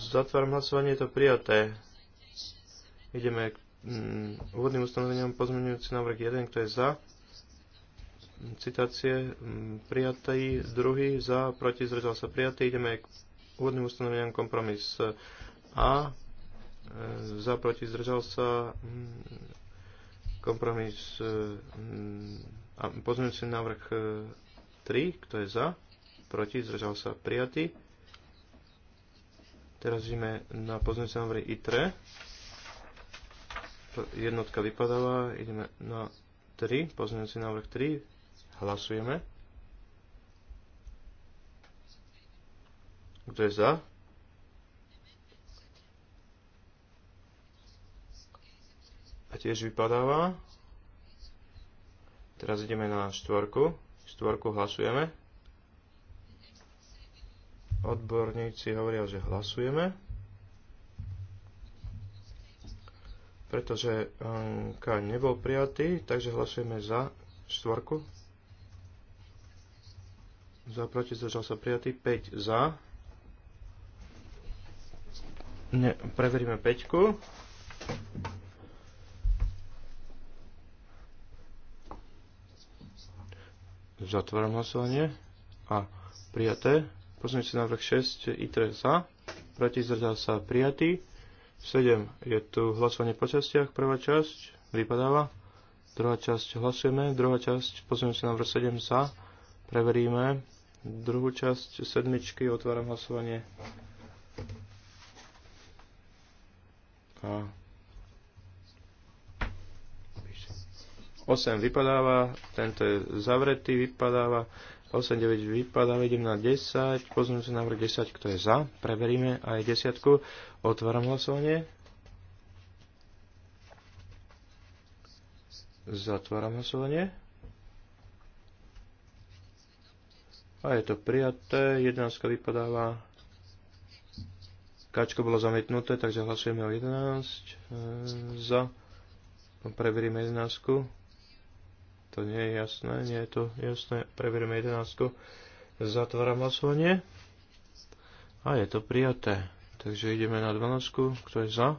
Speaker 2: Zatváram hlasovanie, je to prijaté. Ideme k mm, úvodným ustanoveniam. Pozmeňujúci návrh 1, kto je za citácie, mm, prijatý, druhý za, proti, zdržal sa prijatý, ideme k úvodným ustanoveniam kompromis A, e, za, proti, zdržal sa mm, kompromis e, mm, a pozmeňujúci návrh 3, e, kto je za, proti, zdržal sa prijatý. Teraz ideme na pozmeňujúci návrh I3. Jednotka vypadáva, ideme na 3, pozmeňujúci návrh 3, Hlasujeme. Kto je za? A tiež vypadáva. Teraz ideme na štvorku. Štvorku hlasujeme. Odborníci hovoria, že hlasujeme. Pretože eh, K nebol prijatý, takže hlasujeme za štvorku za, proti, zdržal sa prijatý, 5 za. Ne, preveríme 5. Zatváram hlasovanie. A prijaté. si návrh 6, 3 za. Proti zdržal sa prijatý. 7 je tu hlasovanie po častiach. Prvá časť vypadáva. Druhá časť hlasujeme. Druhá časť si návrh 7 za. Preveríme. Druhú časť sedmičky otváram hlasovanie. A 8 vypadáva, tento je zavretý, vypadáva, 8, 9 vypadáva, idem na 10, pozrieme sa návrh 10, kto je za, preveríme aj 10, otváram hlasovanie. Zatváram hlasovanie. A je to prijaté. 11 vypadáva. Kačko bolo zamietnuté, takže hlasujeme o 11. E, za. Preveríme 11. To nie je jasné, nie je to jasné. Preveríme 11. Zatváram hlasovanie. A je to prijaté. Takže ideme na 12. Kto je za?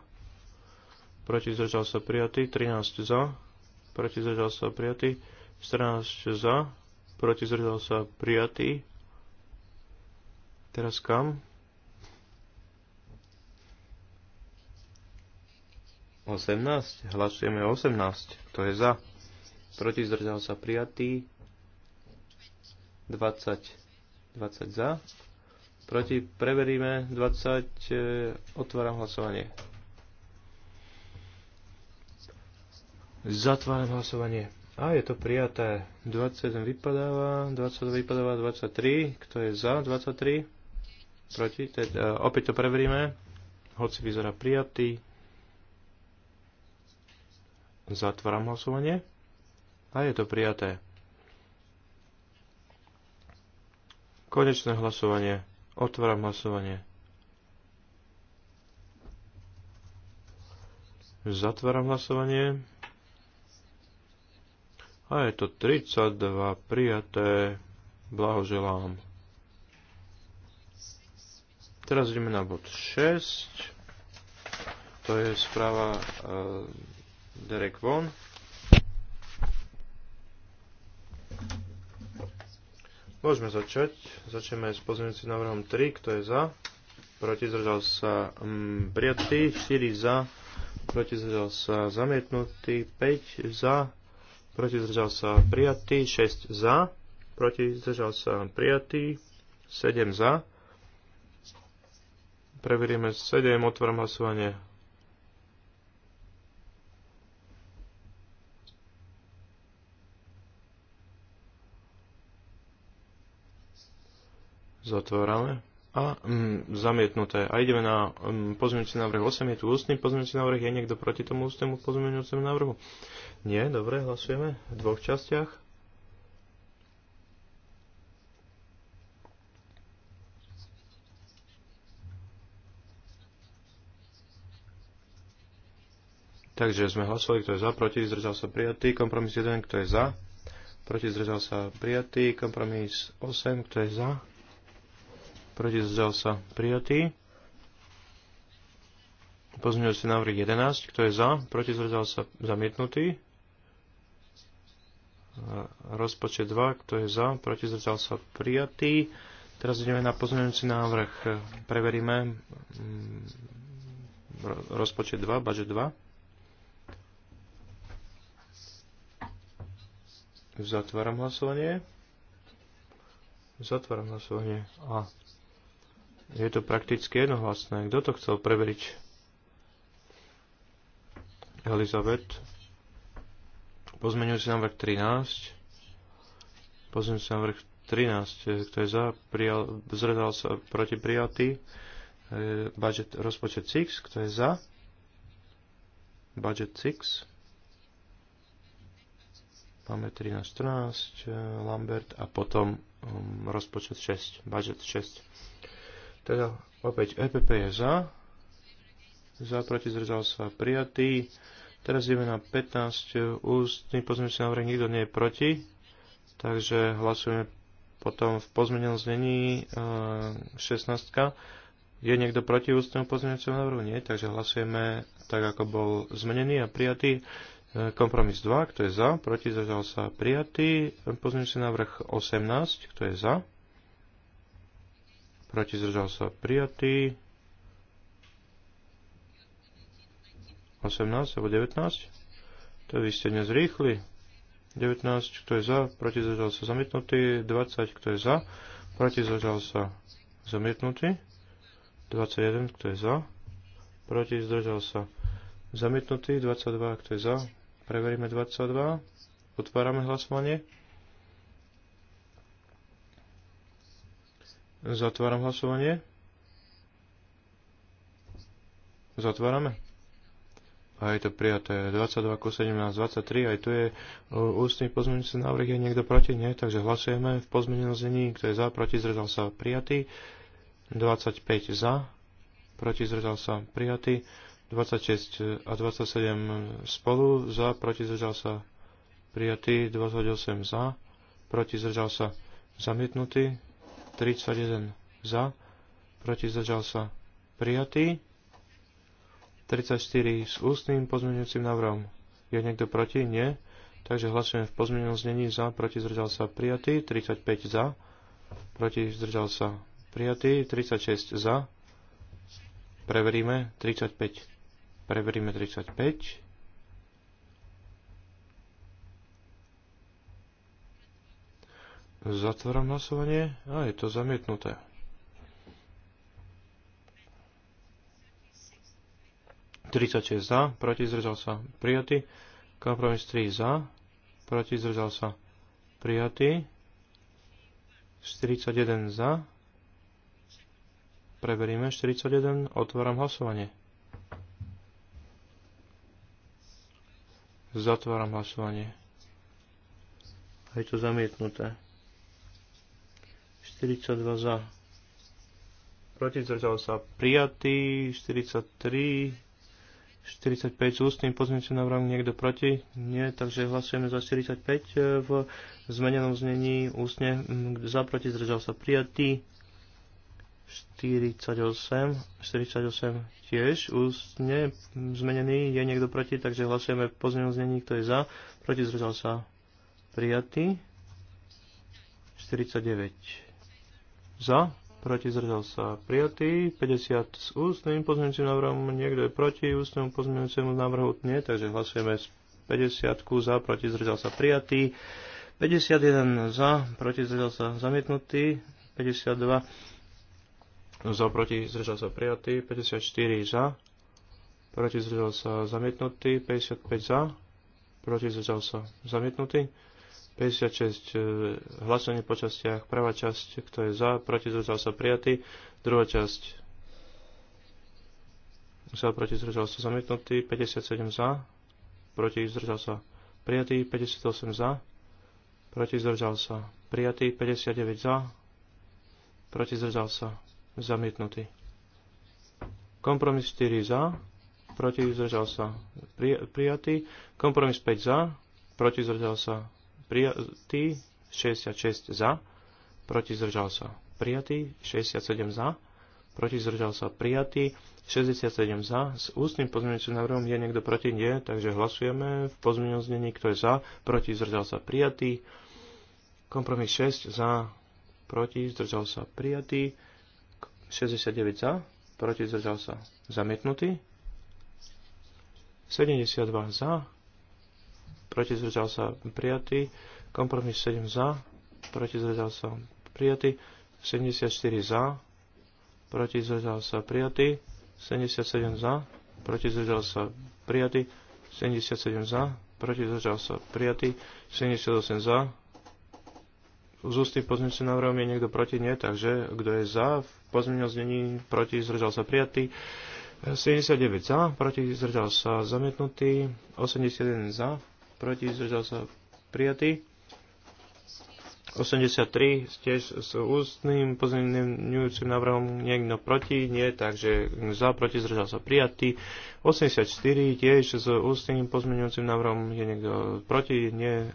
Speaker 2: Proti zdržal sa prijatý. 13 za. Proti zdržal sa prijatý. 14 za proti zdržal sa prijatý. Teraz kam? 18. Hlasujeme 18. Kto je za? Proti zdržal sa prijatý. Dvacať. 20 za. Proti preveríme 20. E, otváram hlasovanie. Zatváram hlasovanie. A je to prijaté. 27, vypadáva, 22 vypadáva, 23. Kto je za 23? Proti? uh, opäť to preveríme. Hoci vyzerá prijatý. Zatváram hlasovanie. A je to prijaté. Konečné hlasovanie. Otváram hlasovanie. Zatváram hlasovanie. A je to 32 prijaté. Blahoželám. Teraz ideme na bod 6. To je správa uh, Derek Von. Môžeme začať. Začneme s pozmeňujúcim návrhom 3, kto je za. Proti zdržal sa um, prijatý, 4 za. Proti zdržal sa zamietnutý, 5 za proti zdržal sa prijatý, 6 za, proti zdržal sa prijatý, 7 za. Preveríme 7, otvorím hlasovanie. Zatvárame. A mm, zamietnuté. A ideme na mm, pozmeňujúci návrh 8. Je tu ústny pozmeňujúci návrh. Je niekto proti tomu ústnemu pozmeňujúcemu návrhu? Nie, dobre, hlasujeme v dvoch častiach. Takže sme hlasovali, kto je za, proti, zdržal sa prijatý, kompromis 1, kto je za, proti, zdržal sa prijatý, kompromis 8, kto je za, proti, zdržal sa prijatý. Pozmeňujúci návrh 11, kto je za, proti, zdržal sa zamietnutý rozpočet 2, kto je za, proti zrcal sa prijatý. Teraz ideme na pozmeňujúci návrh. Preveríme mm, rozpočet 2, budget 2. Zatváram hlasovanie. Zatváram hlasovanie. A je to prakticky jednohlasné. Kto to chcel preveriť? Elizabeth. Pozmeňujúci návrh 13. Pozmeňujúci návrh 13, eh, kto je za, prijal, zredal sa proti prijatý. Eh, budget rozpočet 6, kto je za? Budget 6. Máme 13, 14, eh, Lambert a potom um, rozpočet 6, budget 6. Teda opäť EPP je za, za proti zrezal sa prijatý, Teraz ideme na 15 ústny pozmeňujúci návrh, nikto nie je proti, takže hlasujeme potom v pozmenenom znení 16. Eh, je niekto proti ústnemu pozmeňujúcemu návrhu? Nie, takže hlasujeme tak, ako bol zmenený a prijatý. Eh, kompromis 2, kto je za, proti, zažal sa, prijatý. Pozmeňujúci návrh 18, kto je za, proti, zažal sa, prijatý. 18 alebo 19? To vy ste dnes rýchli. 19, kto je za, proti zažal sa zamietnutý. 20, kto je za, proti zdržal sa zamietnutý. 21, kto je za, proti zdržal sa zamietnutý. 22, kto je za, preveríme 22. Otvárame hlasovanie. Zatváram hlasovanie. Zatvárame a je to prijaté 22 ku 17, 23, aj tu je e, ústny pozmeňujúci návrh, je niekto proti, nie, takže hlasujeme v pozmenenom znení, kto je za, proti, zrezal sa, prijatý, 25 za, proti, zrezal sa, prijatý, 26 a 27 spolu, za, proti, zrezal sa, prijatý, 28 za, proti, zrezal sa, zamietnutý, 31 za, proti, zrezal sa, prijatý, 34 s ústnym pozmeňujúcim návrhom. Je niekto proti? Nie. Takže hlasujeme v pozmenenom znení za, proti zdržal sa prijatý, 35 za, proti zdržal sa prijatý, 36 za. Preveríme 35. Preveríme 35. Zatváram hlasovanie a je to zamietnuté. 36 za, proti zdržal sa prijatý. Kompromis 3 za, proti zdržal sa prijatý. 41 za. preberíme 41. Otváram hlasovanie. Zatváram hlasovanie. A je to zamietnuté. 42 za. Proti zdržal sa prijatý. 43 45 s ústnym pozmeňujúcim návrhom, niekto proti? Nie, takže hlasujeme za 45 e, v zmenenom znení ústne mm, za proti zdržal sa prijatý. 48, 48 tiež ústne zmenený, je niekto proti, takže hlasujeme v zmenom znení, kto je za, proti zdržal sa prijatý. 49 za, proti zdržal sa prijatý, 50 s ústnym pozmeňujúcim návrhom, niekto je proti ústnemu pozmeňujúcemu návrhu, nie, takže hlasujeme 50 za, proti zdržal sa prijatý, 51 za, proti zdržal sa zamietnutý, 52 za, proti zdržal sa prijatý, 54 za, proti zdržal sa zamietnutý, 55 za, proti zdržal sa zamietnutý, 56 e, hlasovanie po častiach. Prvá časť, kto je za, proti, zdržal sa prijatý. Druhá časť, za, proti, zdržal sa zamietnutý. 57 za, proti, zdržal sa prijatý. 58 za, proti, zdržal sa prijatý. 59 za, proti, zdržal sa zamietnutý. Kompromis 4 za, proti, zdržal sa prijatý. Kompromis 5 za, proti, zdržal sa prijatý 66 za, proti zdržal sa prijatý 67 za, proti zdržal sa prijatý 67 za. S ústnym pozmeňujúcim návrhom je niekto proti? Nie, takže hlasujeme v pozmeňujúcom znení, kto je za, proti zdržal sa prijatý. Kompromis 6 za, proti zdržal sa prijatý. 69 za, proti zdržal sa zamietnutý. 72 za, proti zdržal sa prijatý, kompromis 7 za, proti zdržal sa prijatý, 74 za, proti zdržal sa prijatý, 77 za, proti zdržal sa prijatý, 77 za, proti zdržal sa prijatý, 78 za. Z ústy pozmeňujúce návrhom je niekto proti? Nie, takže kto je za, v pozmeňujúcom znení proti zdržal sa prijatý, 79 za, proti zdržal sa zamietnutý, 81 za, proti, zdržal sa prijatý. 83 tiež s ústnym pozmeňujúcim návrhom niekto proti, nie, takže za, proti, zdržal sa prijatý. 84 tiež s ústnym pozmeňujúcim návrhom je niekto proti, nie,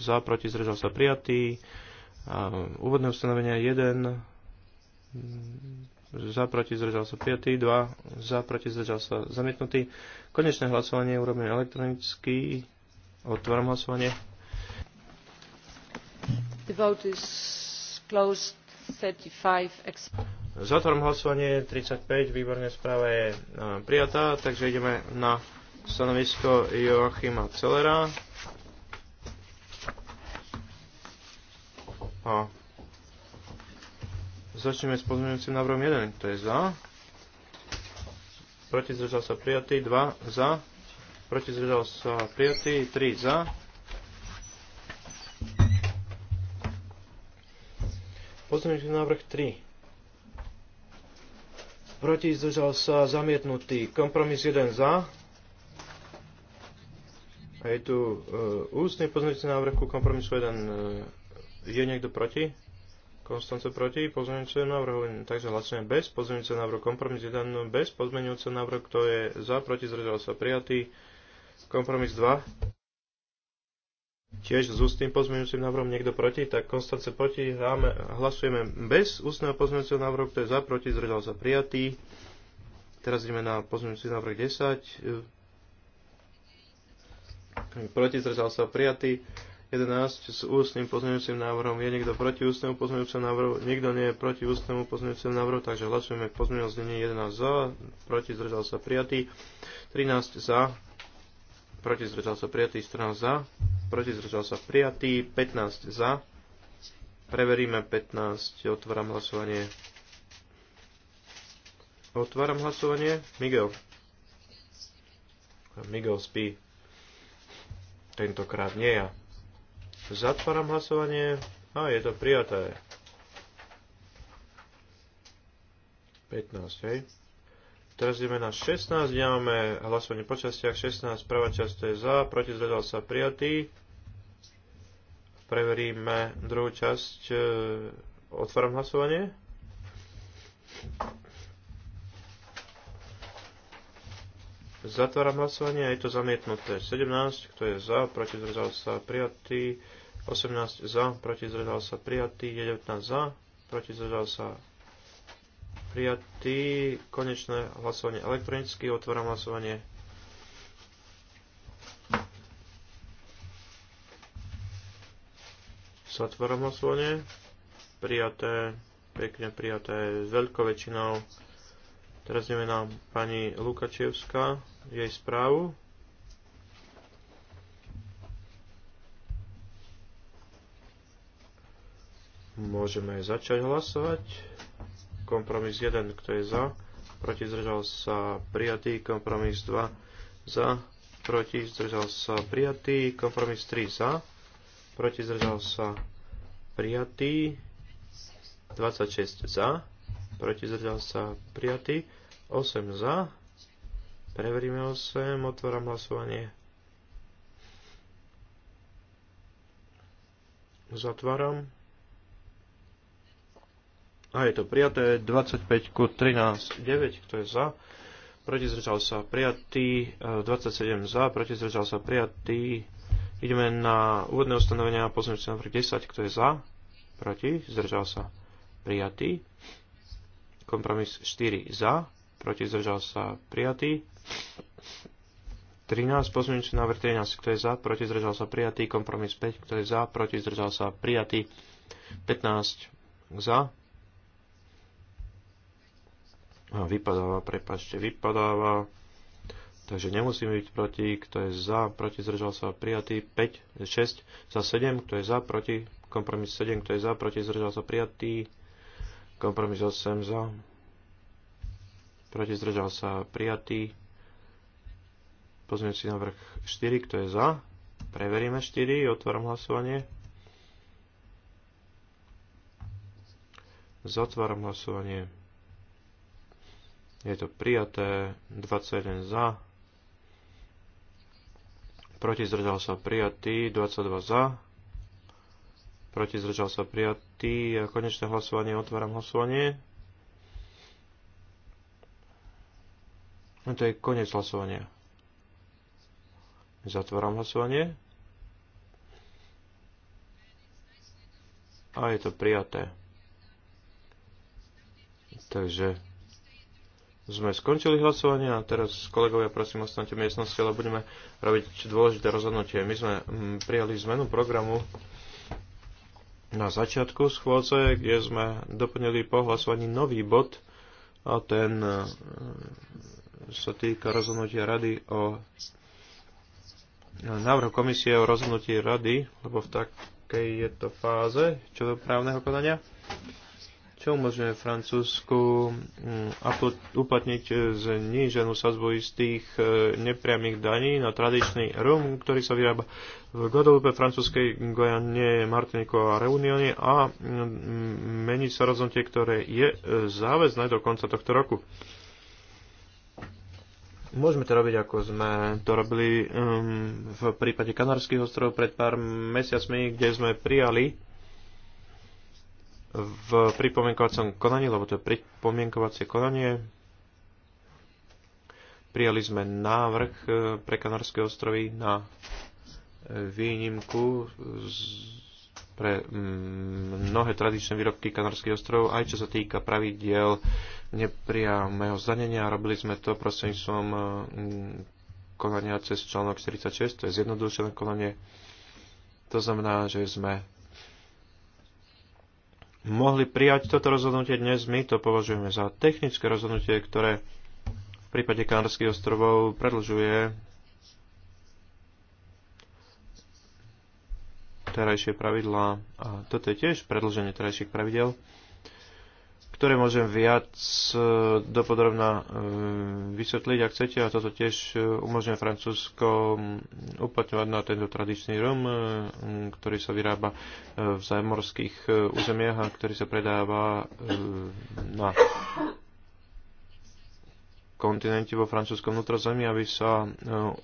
Speaker 2: za, proti, zdržal sa prijatý. A úvodné ustanovenia 1, za, proti, zdržal sa prijatý, 2, za, proti, zdržal sa zamietnutý. Konečné hlasovanie urobíme elektronicky. Otváram hlasovanie.
Speaker 1: The vote is closed. 35
Speaker 2: Zatváram hlasovanie 35, výborné správa je e, prijatá, takže ideme na stanovisko Joachima Celera. A začneme s pozmeňujúcim návrhom 1, to je za. Proti zdržal sa prijatý, 2 za proti zdržal sa prijatý, 3 za, návrh 3. Proti zdržal sa zamietnutý. Kompromis 1 za. A je tu uh, ústny pozmeňujúci návrh ku kompromisu 1. Uh, e, je niekto proti? Konstance proti pozmeňujúceho návrh. Takže hlasujeme bez pozmeňujúceho návrh. Kompromis 1 bez pozmeňujúceho návrh, Kto je za? Proti zdržal sa prijatý. Kompromis 2. Tiež s ústnym pozmeňujúcim návrhom niekto proti, tak Konstance proti, dáme, hlasujeme bez ústneho pozmeňujúceho návrhu, kto je za, proti, zdržal sa prijatý. Teraz ideme na pozmeňujúci návrh 10. Proti, zdržal sa prijatý. 11 s ústnym pozmeňujúcim návrhom. Je niekto proti ústnemu pozmeňujúcemu návrhu? Nikto nie je proti ústnemu pozmeňujúcemu návrhu, takže hlasujeme k znenie 11 za, proti zdržal sa prijatý, 13 za, proti zdržal sa prijatý, 14 za, proti zdržal sa prijatý, 15 za. Preveríme 15, otváram hlasovanie. Otváram hlasovanie. Miguel. Miguel spí. Tentokrát nie ja. Zatváram hlasovanie a je to prijaté. 15, hej. Teraz ideme na 16, kde máme hlasovanie po častiach 16, prvá časť to je za, proti zvedal sa prijatý. Preveríme druhú časť, e, otváram hlasovanie. Zatváram hlasovanie a je to zamietnuté. 17, kto je za, proti zvedal sa prijatý. 18 za, proti zvedal sa prijatý. 19 za, proti zvedal sa prijatý. Konečné hlasovanie elektronicky. Otváram hlasovanie. Zatváram hlasovanie. Prijaté. Pekne prijaté. S veľkou väčšinou. Teraz ideme na pani Lukačevská. Jej správu. Môžeme začať hlasovať. Kompromis 1, kto je za? Proti zdržal sa prijatý. Kompromis 2, za? Proti zdržal sa prijatý. Kompromis 3, za? Proti zdržal sa prijatý. 26 za. Proti zdržal sa prijatý. 8 za. Preveríme 8. Otváram hlasovanie. Zatváram. A je to prijaté 25 ku 13, 9, kto je za, proti zdržal sa prijatý, 27 e, za, proti zdržal sa prijatý. Ideme na úvodné ustanovenia sa na 10, kto je za, proti, zdržal sa prijatý. Kompromis 4 za, proti zdržal sa prijatý. 13, pozmeňujúci návrh 13, kto je za, proti zdržal sa prijatý, kompromis 5, kto je za, proti zdržal sa prijatý, 15 za, Vypadáva, prepačte, vypadáva. Takže nemusíme byť proti, kto je za, proti, zdržal sa, prijatý, 5, 6, za 7, kto je za, proti, kompromis 7, kto je za, proti, zdržal sa, prijatý, kompromis 8, za, proti, zdržal sa, prijatý, si navrh 4, kto je za, preveríme 4, otváram hlasovanie, zatváram hlasovanie, je to prijaté 21 za. Proti zdržal sa prijatý 22 za. Proti zdržal sa prijatý. A konečné hlasovanie otváram hlasovanie. to je koniec hlasovania. Zatváram hlasovanie. A je to prijaté. Takže sme skončili hlasovanie a teraz kolegovia prosím ostaňte v miestnosti, ale budeme robiť dôležité rozhodnutie. My sme mm, prijali zmenu programu na začiatku schôdze, kde sme doplnili po hlasovaní nový bod a ten e, sa týka rozhodnutia rady o e, návrhu komisie o rozhodnutí rady, lebo v takej je to fáze čo do právneho konania čo umožňuje Francúzsku mm, uplatniť e, zníženú sazbu istých e, nepriamých daní na tradičný rum, ktorý sa vyrába v Guadalupe, francúzskej Gojane, Martiniko a Reunione a mm, mení sa rozhodnutie, ktoré je e, záväzné do konca tohto roku. Môžeme to robiť, ako sme to robili um, v prípade Kanárskych ostrovov pred pár mesiacmi, kde sme prijali v pripomienkovacom konaní, lebo to je pripomienkovacie konanie. Prijali sme návrh e, pre Kanárske ostrovy na e, výnimku z, pre mm, mnohé tradičné výrobky Kanárskych ostrovov, aj čo sa týka pravidiel nepriamého zdanenia. Robili sme to prostredníctvom e, mm, konania cez článok 46, to je zjednodušené konanie. To znamená, že sme mohli prijať toto rozhodnutie dnes. My to považujeme za technické rozhodnutie, ktoré v prípade Kanárských ostrovov predlžuje terajšie pravidlá. A toto je tiež predlženie terajších pravidel ktoré môžem viac e, dopodrobná e, vysvetliť, ak chcete, a toto tiež e, umožňuje Francúzsko uplatňovať na tento tradičný rum, ktorý sa vyrába v zámorských územiach a ktorý sa predáva na kontinente vo francúzskom vnútrozemí, aby sa e,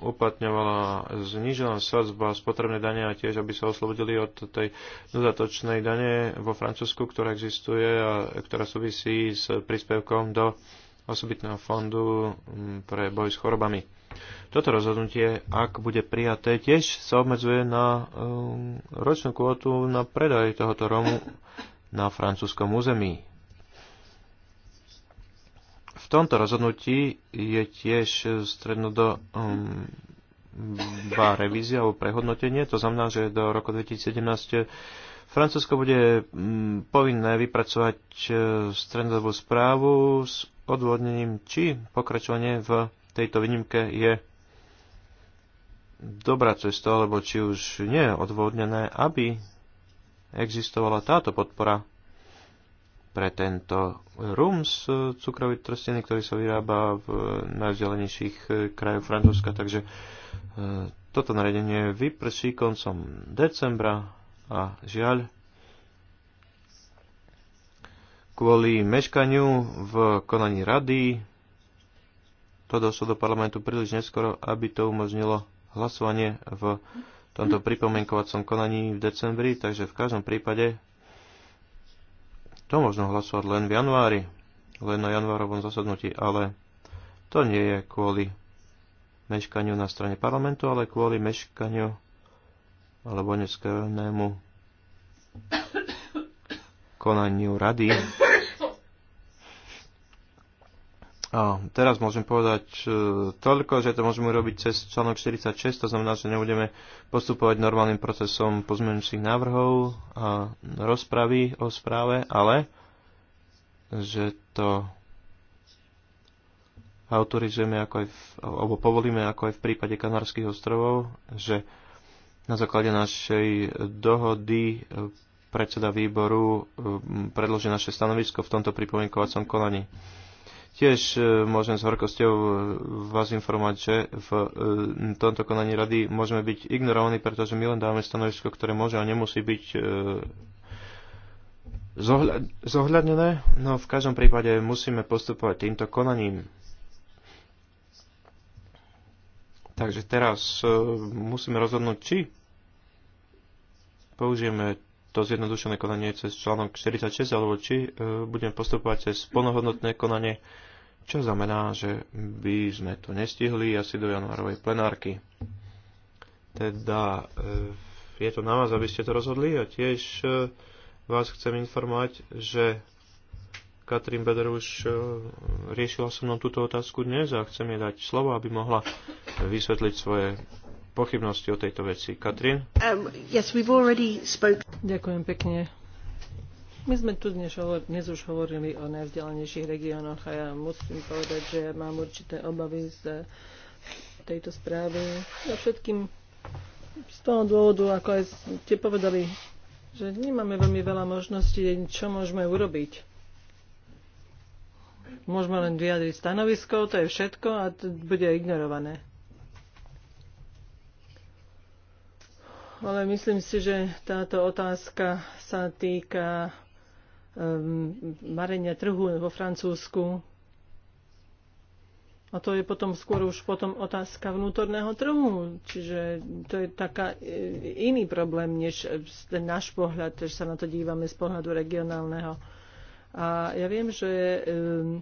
Speaker 2: uplatňovala znižená sadzba spotrebnej dane a tiež, aby sa oslobodili od tej dodatočnej dane vo Francúzsku, ktorá existuje a ktorá súvisí s príspevkom do osobitného fondu pre boj s chorobami. Toto rozhodnutie, ak bude prijaté, tiež sa obmedzuje na e, ročnú kvotu na predaj tohoto romu na francúzskom území tomto rozhodnutí je tiež do um, revízia alebo prehodnotenie. To znamená, že do roku 2017 Francúzsko bude mm, povinné vypracovať e, strednodobú správu s odvodnením, či pokračovanie v tejto výnimke je dobrá cesta, alebo či už nie je odvodnené, aby existovala táto podpora pre tento rum z cukrovej trstiny, ktorý sa vyrába v najvzdelenejších eh, krajoch Francúzska. Takže eh, toto nariadenie vyprší koncom decembra a žiaľ, kvôli meškaniu v konaní rady to došlo do parlamentu príliš neskoro, aby to umožnilo hlasovanie v tomto pripomienkovacom konaní v decembri, takže v každom prípade to možno hlasovať len v januári, len na januárovom zasadnutí, ale to nie je kvôli meškaniu na strane parlamentu, ale kvôli meškaniu alebo neskrvenému konaniu rady A teraz môžem povedať e, toľko, že to môžeme urobiť cez článok 46, to znamená, že nebudeme postupovať normálnym procesom pozmenujúcich návrhov a rozpravy o správe, ale že to autorizujeme ako aj v, alebo povolíme ako aj v prípade Kanárskych ostrovov, že na základe našej dohody e, predseda výboru e, predloží naše stanovisko v tomto pripomienkovacom konaní. Tiež e, môžem s horkosťou e, vás informovať, že v e, tomto konaní rady môžeme byť ignorovaní, pretože my len dáme stanovisko, ktoré môže a nemusí byť zohľadnené. No v každom prípade musíme postupovať týmto konaním. Takže teraz musíme rozhodnúť, či použijeme to zjednodušené konanie cez článok 46, alebo či e, budeme postupovať cez plnohodnotné konanie, čo znamená, že by sme to nestihli asi do januárovej plenárky. Teda e, je to na vás, aby ste to rozhodli a tiež e, vás chcem informovať, že Katrin Beder už riešila so mnou túto otázku dnes a chcem jej dať slovo, aby mohla vysvetliť svoje pochybnosti o tejto veci. Katrin?
Speaker 1: Um, yes, we've already spoke... Ďakujem pekne. My sme tu dnes, dnes už hovorili o najvzdialenejších regiónoch a ja musím povedať, že mám určité obavy z tejto správy. Za všetkým z toho dôvodu, ako aj ste povedali, že nemáme veľmi veľa možností, čo môžeme urobiť. Môžeme len vyjadriť stanovisko, to je všetko a to bude ignorované. ale myslím si, že táto otázka sa týka um, marenia trhu vo Francúzsku. A to je potom skôr už potom otázka vnútorného trhu. Čiže to je taká e, iný problém, než ten náš pohľad, že sa na to dívame z pohľadu regionálneho. A ja viem, že ehm,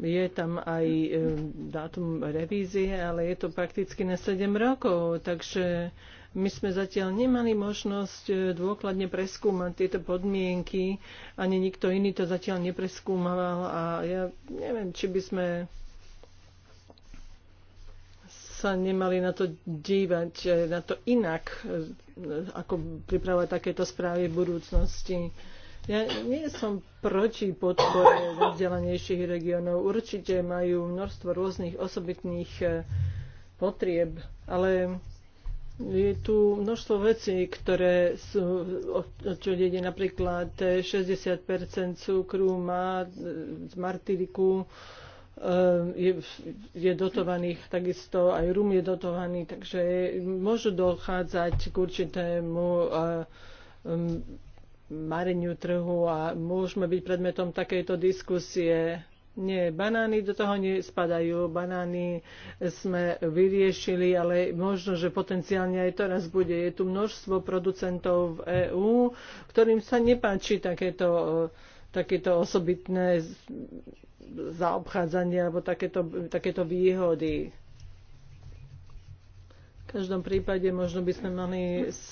Speaker 1: je tam aj ehm, dátum revízie, ale je to prakticky na 7 rokov, takže my sme zatiaľ nemali možnosť e, dôkladne preskúmať tieto podmienky, ani nikto iný to zatiaľ nepreskúmaval a ja neviem, či by sme sa nemali na to dívať, e, na to inak, e, ako pripravať takéto správy v budúcnosti. Ja nie som proti podpore vzdelanejších regiónov. Určite majú množstvo rôznych osobitných potrieb, ale je tu množstvo vecí, ktoré sú, o čo ide napríklad 60% cukru má z martyriku, eh, je, je dotovaných, takisto aj rum je dotovaný, takže môžu dochádzať k určitému eh, mm, mareniu trhu a môžeme byť predmetom takejto diskusie nie, banány do toho nespadajú. Banány sme vyriešili, ale možno, že potenciálne aj teraz bude. Je tu množstvo producentov v EÚ, ktorým sa nepáči takéto, takéto osobitné zaobchádzanie alebo takéto, takéto výhody. V každom prípade možno by sme mali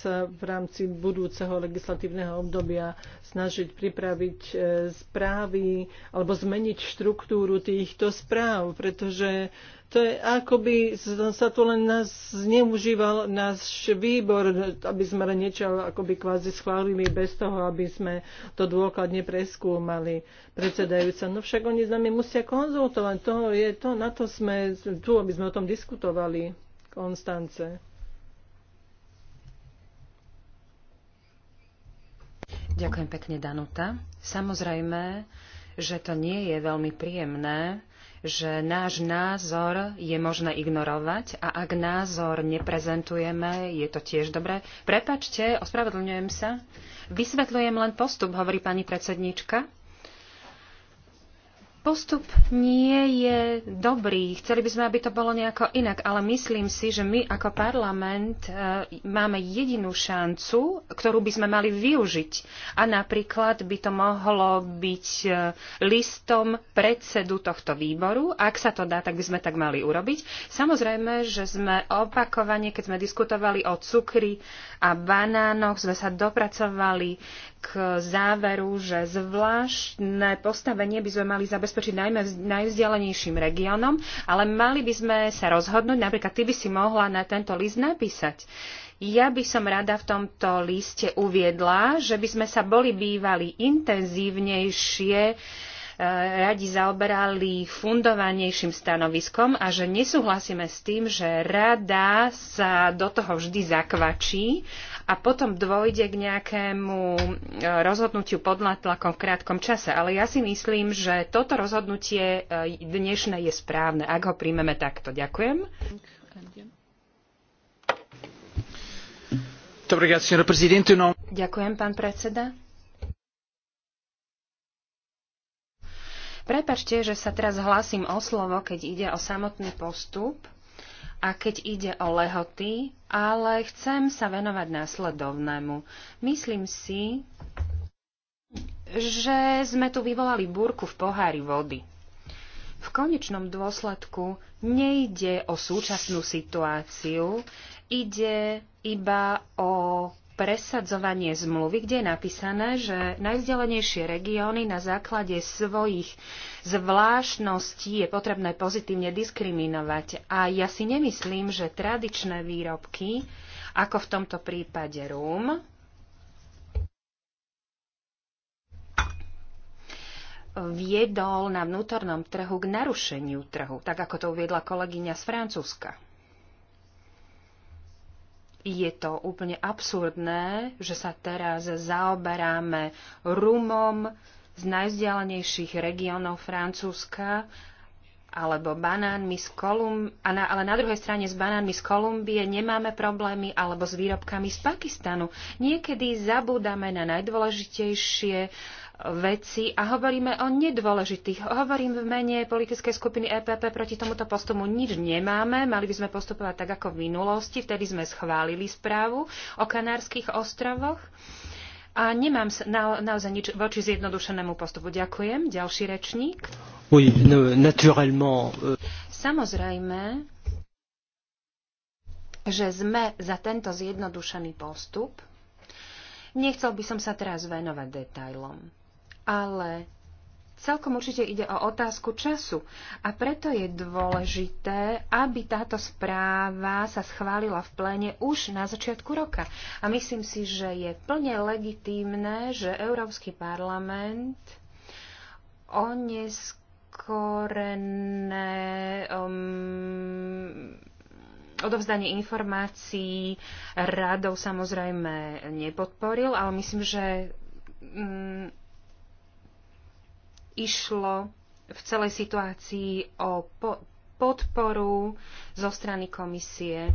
Speaker 1: sa v rámci budúceho legislatívneho obdobia snažiť pripraviť e, správy alebo zmeniť štruktúru týchto správ, pretože to je akoby sa tu len nás zneužíval náš výbor, aby sme len niečo akoby kvázi schválili bez toho, aby sme to dôkladne preskúmali predsedajúca. No však oni s nami musia konzultovať, to je to, na to sme tu, aby sme o tom diskutovali.
Speaker 3: Konstance. Ďakujem pekne, Danuta. Samozrejme, že to nie je veľmi príjemné, že náš názor je možné ignorovať a ak názor neprezentujeme, je to tiež dobré. Prepačte, ospravedlňujem sa. Vysvetľujem len postup, hovorí pani predsednička. Postup nie je dobrý. Chceli by sme, aby to bolo nejako inak, ale myslím si, že my ako parlament e, máme jedinú šancu, ktorú by sme mali využiť. A napríklad by to mohlo byť e, listom predsedu tohto výboru. Ak sa to dá, tak by sme tak mali urobiť. Samozrejme, že sme opakovane, keď sme diskutovali o cukri a banánoch, sme sa dopracovali k záveru, že zvláštne postavenie by sme mali zabezpečiť najmä najvzdialenejším regiónom, ale mali by sme sa rozhodnúť, napríklad ty by si mohla na tento list napísať. Ja by som rada v tomto liste uviedla, že by sme sa boli bývali intenzívnejšie e, radi zaoberali fundovanejším stanoviskom a že nesúhlasíme s tým, že rada sa do toho vždy zakvačí a potom dôjde k nejakému e, rozhodnutiu pod tlakom v krátkom čase. Ale ja si myslím, že toto rozhodnutie e, dnešné je správne, ak ho príjmeme takto. Ďakujem. Ďakujem, pán predseda. Prepačte, že sa teraz hlásim o slovo, keď ide o samotný postup a keď ide o lehoty, ale chcem sa venovať následovnému. Myslím si, že sme tu vyvolali búrku v pohári vody. V konečnom dôsledku nejde o súčasnú situáciu, ide iba o presadzovanie zmluvy, kde je napísané, že najvzdelenejšie regióny na základe svojich zvláštností je potrebné pozitívne diskriminovať. A ja si nemyslím, že tradičné výrobky, ako v tomto prípade rum, viedol na vnútornom trhu k narušeniu trhu, tak ako to uviedla kolegyňa z Francúzska je to úplne absurdné, že sa teraz zaoberáme rumom z najvzdialenejších regiónov Francúzska alebo banánmi z Kolum... Na, ale na druhej strane s banánmi z Kolumbie nemáme problémy alebo s výrobkami z Pakistanu. Niekedy zabúdame na najdôležitejšie uh, veci a hovoríme o nedôležitých. Hovorím v mene politickej skupiny EPP, proti tomuto postupu nič nemáme. Mali by sme postupovať tak ako v minulosti, vtedy sme schválili správu o Kanárskych ostrovoch. A nemám na, naozaj nič voči zjednodušenému postupu. Ďakujem. Ďalší rečník.
Speaker 2: Oui, no, naturellement. Euh,
Speaker 3: Samozrejme, že sme za tento zjednodušený postup. Nechcel by som sa teraz venovať detailom ale celkom určite ide o otázku času. A preto je dôležité, aby táto správa sa schválila v pléne už na začiatku roka. A myslím si, že je plne legitímne, že Európsky parlament neskorené um, odovzdanie informácií radov samozrejme nepodporil, ale myslím, že um, išlo v celej situácii o po- podporu zo strany komisie,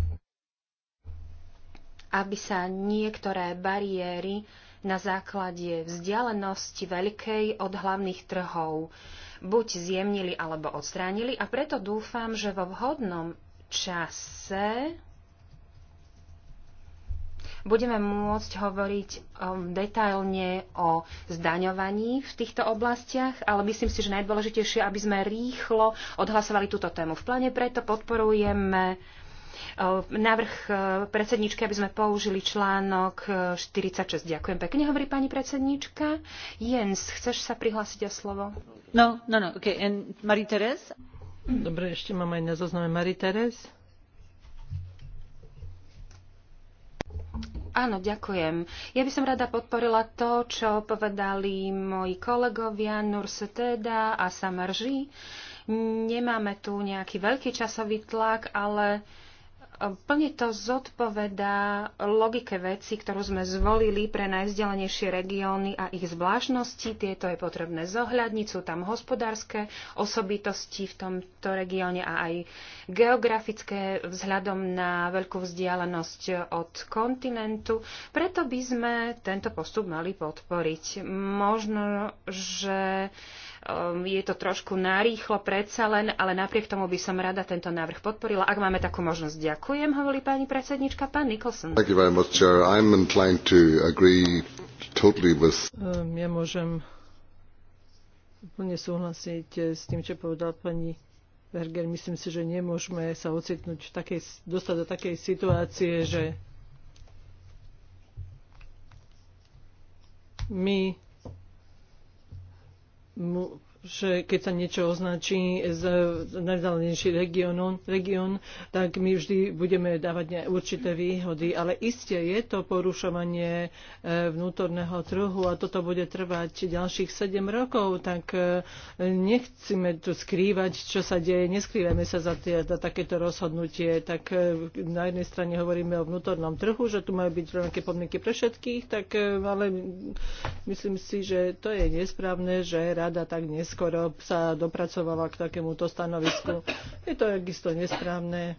Speaker 3: aby sa niektoré bariéry na základe vzdialenosti veľkej od hlavných trhov buď zjemnili alebo odstránili a preto dúfam, že vo vhodnom čase budeme môcť hovoriť um, detailne o zdaňovaní v týchto oblastiach, ale myslím si, že najdôležitejšie, aby sme rýchlo odhlasovali túto tému v plane preto podporujeme uh, návrh uh, predsedničky, aby sme použili článok 46. Uh, Ďakujem pekne, hovorí pani predsednička. Jens, chceš sa prihlásiť o slovo? No, no, no, ok. And
Speaker 1: Marie-Therese? Dobre, ešte mám aj na zozname Marie-Therese.
Speaker 3: Áno, ďakujem. Ja by som rada podporila to, čo povedali moji kolegovia Nurseteda a Samarži. Nemáme tu nejaký veľký časový tlak, ale Plne to zodpovedá logike veci, ktorú sme zvolili pre najvzdelenejšie regióny a ich zvláštnosti. Tieto je potrebné zohľadniť. Sú tam hospodárske osobitosti v tomto regióne a aj geografické vzhľadom na veľkú vzdialenosť od kontinentu. Preto by sme tento postup mali podporiť. Možno, že Ehm, je to trošku narýchlo predsa len, ale napriek tomu by som rada tento návrh podporila. Ak máme takú možnosť, ďakujem, hovorí pani predsednička, pán Nicholson.
Speaker 1: Totally with... Ehm, ja môžem úplne súhlasiť eh, s tým, čo povedal pani Berger. Myslím si, že nemôžeme sa ocitnúť v takej, dostať do takej situácie, že my mu že keď sa niečo označí z najvzdalenejší región, tak my vždy budeme dávať určité výhody. Ale iste je to porušovanie e, vnútorného trhu a toto bude trvať ďalších 7 rokov, tak e, nechceme tu skrývať, čo sa deje, neskrývame sa za, tie, za takéto rozhodnutie. Tak e, na jednej strane hovoríme o vnútornom trhu, že tu majú byť rovnaké podmienky pre všetkých, tak ale myslím si, že to je nesprávne, že rada tak neskryvá skoro sa dopracovala k takémuto stanovisku. Je to takisto nesprávne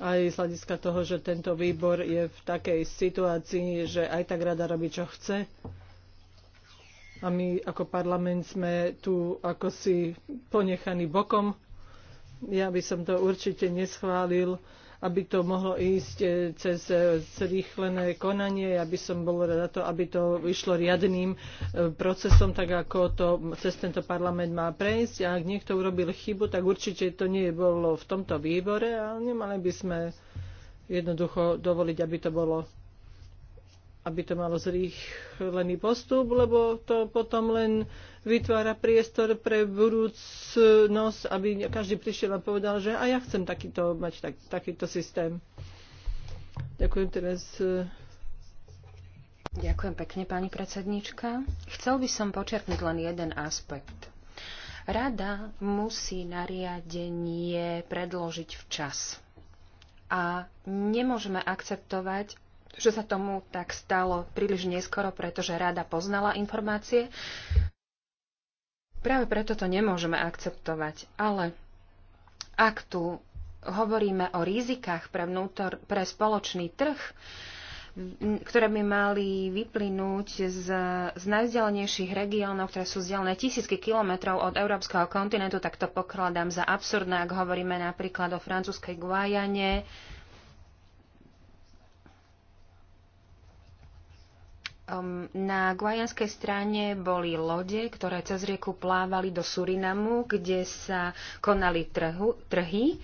Speaker 1: aj z hľadiska toho, že tento výbor je v takej situácii, že aj tak rada robí, čo chce. A my ako parlament sme tu ako si ponechaní bokom. Ja by som to určite neschválil aby to mohlo ísť e, cez e, zrýchlené konanie. Ja by som bol rada to, aby to išlo riadným e, procesom, tak ako to cez tento parlament má prejsť. A ak niekto urobil chybu, tak určite to nie bolo v tomto výbore a nemali by sme jednoducho dovoliť, aby to bolo aby to malo zrýchlený postup, lebo to potom len vytvára priestor pre budúcnosť, aby každý prišiel a povedal, že a ja chcem takýto, mať tak, takýto systém.
Speaker 3: Ďakujem teraz. Eh, Ďakujem pekne, pani predsednička. Chcel by som počerknúť len jeden aspekt. Rada musí nariadenie predložiť včas a nemôžeme akceptovať že sa tomu tak stalo príliš neskoro, pretože rada poznala informácie. Práve preto to nemôžeme akceptovať. Ale ak tu hovoríme o rizikách pre, vnútor, pre spoločný trh, ktoré by mali vyplynúť z, z najvzdialenejších regiónov, ktoré sú vzdialené tisícky kilometrov od európskeho kontinentu, tak to pokladám za absurdné, ak hovoríme napríklad o francúzskej Guajane, Ehm, na guajanskej strane boli lode, ktoré cez rieku plávali do Surinamu, kde sa konali trhu, trhy.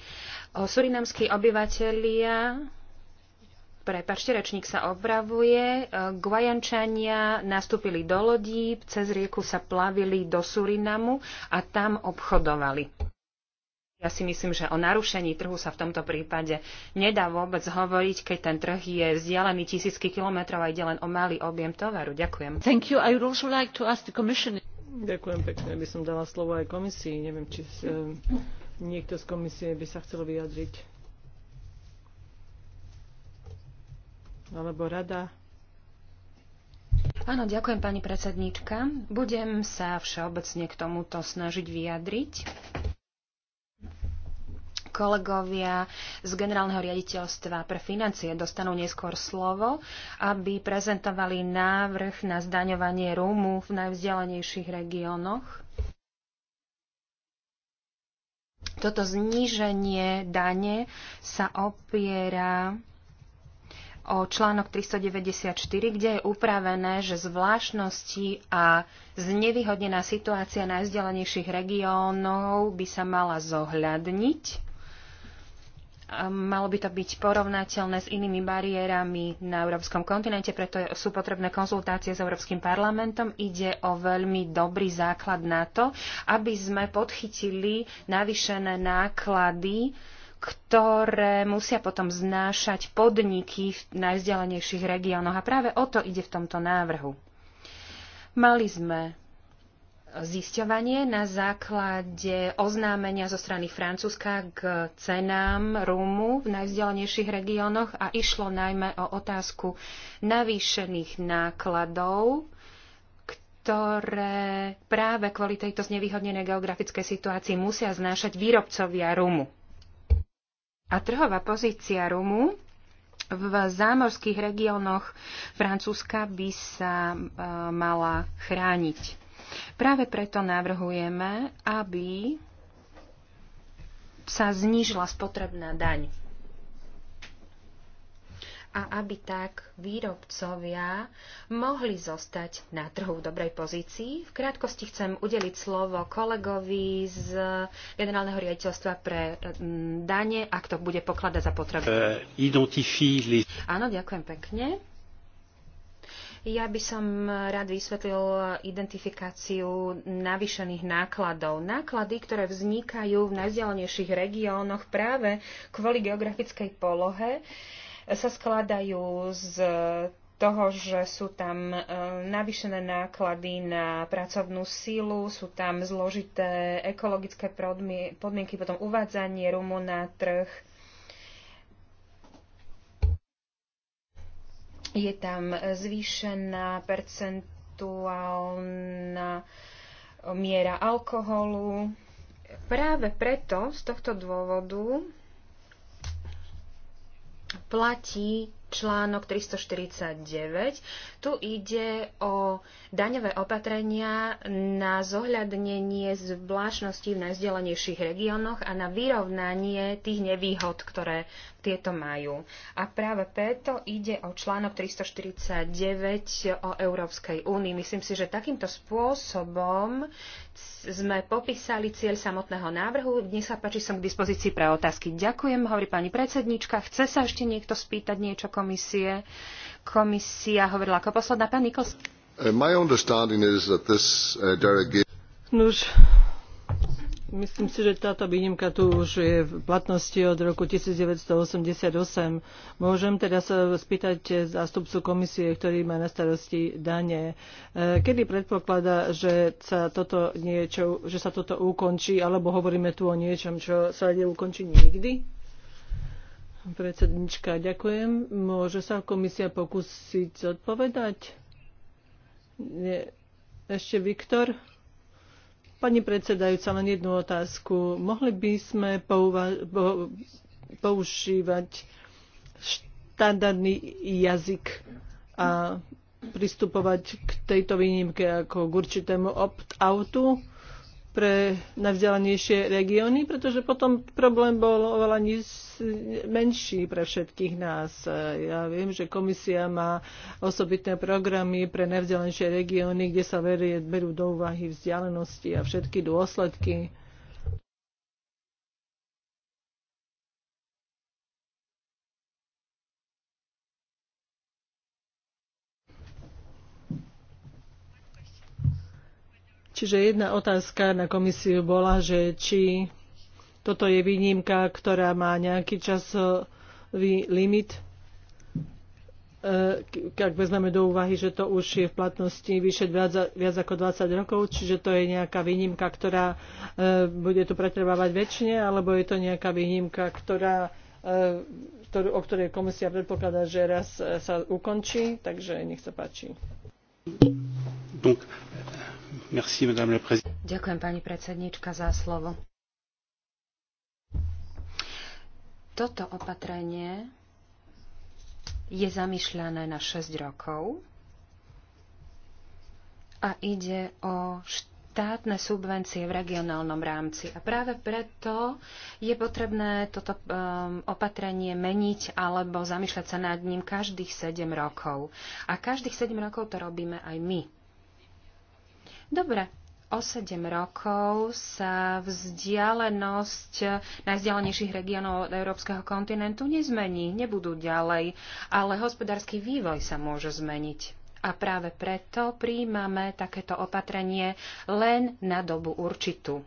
Speaker 3: Surinamskí obyvateľia, Prepačte, rečník sa obravuje, e, Guajančania nastúpili do lodí, cez rieku sa plavili do Surinamu a tam obchodovali. Ja si myslím, že o narušení trhu sa v tomto prípade nedá vôbec hovoriť, keď ten trh je vzdialený tisícky kilometrov a ide len o malý objem tovaru. Ďakujem. Thank
Speaker 1: you. I would also like to ask the commission. Ďakujem pekne. By som dala slovo aj komisii. Neviem, či sa, e, niekto z komisie by sa chcel vyjadriť.
Speaker 3: Alebo rada. Áno, ďakujem pani predsedníčka. Budem sa všeobecne k tomuto snažiť vyjadriť kolegovia z Generálneho riaditeľstva pre financie dostanú neskôr slovo, aby prezentovali návrh na zdaňovanie Rúmu v najvzdialenejších regiónoch. Toto zníženie dane sa opiera o článok 394, kde je upravené, že zvláštnosti a znevýhodnená situácia najzdelenejších regiónov by sa mala zohľadniť Malo by to byť porovnateľné s inými bariérami na európskom kontinente, preto sú potrebné konzultácie s Európskym parlamentom. Ide o veľmi dobrý základ na to, aby sme podchytili navýšené náklady ktoré musia potom znášať podniky v najvzdialenejších regiónoch. A práve o to ide v tomto návrhu. Mali sme zisťovanie na základe oznámenia zo strany Francúzska k cenám rúmu v najvzdialenejších regiónoch a išlo najmä o otázku navýšených nákladov, ktoré práve kvôli tejto znevýhodnenej geografickej situácii musia znášať výrobcovia rumu. A trhová pozícia rumu v zámorských regiónoch Francúzska by sa e, mala chrániť. Práve preto navrhujeme, aby sa znížila spotrebná daň a aby tak výrobcovia mohli zostať na trhu v dobrej pozícii. V krátkosti chcem udeliť slovo kolegovi z generálneho riaditeľstva pre dane, ak to bude pokladať za potrebu. Uh, les... Áno, ďakujem pekne. Ja by som rád vysvetlil identifikáciu navýšených nákladov. Náklady, ktoré vznikajú v najvzdialenejších regiónoch práve kvôli geografickej polohe, sa skladajú z toho, že sú tam e, navýšené náklady na pracovnú sílu, sú tam zložité ekologické podmienky, potom uvádzanie rumu na trh, Je tam zvýšená percentuálna miera alkoholu. Práve preto, z tohto dôvodu, platí článok 349, tu ide o daňové opatrenia na zohľadnenie zvláštností v najzdelenejších regiónoch a na vyrovnanie tých nevýhod, ktoré tieto majú. A práve preto ide o článok 349 o Európskej únii. Myslím si, že takýmto spôsobom sme popísali cieľ samotného návrhu. Dnes sa páči, som k dispozícii pre otázky. Ďakujem, hovorí pani predsednička. Chce sa ešte niekto spýtať niečo komisie? komisia hovorila ako posledná. Pán Nikos. Uh, my understanding is that this uh, Nuž, myslím
Speaker 1: si, že táto výnimka tu už je v platnosti od roku 1988. Môžem teda sa spýtať zástupcu komisie, ktorý má na starosti dane. Uh, kedy predpokladá, že sa toto, niečo, že sa toto ukončí, alebo hovoríme tu o niečom, čo sa neukončí nikdy? Predsednička, ďakujem. Môže sa komisia pokúsiť odpovedať? Nie. Ešte Viktor? Pani predsedajúca, len jednu otázku. Mohli by sme pouva- po- používať štandardný jazyk a pristupovať k tejto výnimke ako k určitému opt-outu? pre najvzdelanejšie regióny, pretože potom problém bol oveľa menší pre všetkých nás. Ja viem, že komisia má osobitné programy pre najvzdelanejšie regióny, kde sa berú do úvahy vzdialenosti a všetky dôsledky. Čiže jedna otázka na komisiu bola, že či toto je výnimka, ktorá má nejaký časový limit, e, ak vezmeme do úvahy, že to už je v platnosti vyše viac, ako 20 rokov, čiže to je nejaká výnimka, ktorá e, bude tu pretrvávať väčšine, alebo je to nejaká výnimka, ktorá, e, ktorú, o ktorej komisia predpokladá, že raz sa ukončí, takže nech sa páči.
Speaker 2: Ďakujem
Speaker 3: pani predsednička za slovo. Toto opatrenie je zamýšľané na 6 rokov a ide o štátne subvencie v regionálnom rámci. A práve preto je potrebné toto um, opatrenie meniť alebo zamýšľať sa nad ním každých 7 rokov. A každých 7 rokov to robíme aj my. Dobre, o 7 rokov sa vzdialenosť najvzdialenejších regiónov od európskeho kontinentu nezmení, nebudú ďalej, ale hospodársky vývoj sa môže zmeniť. A práve preto príjmame takéto opatrenie len na dobu určitú.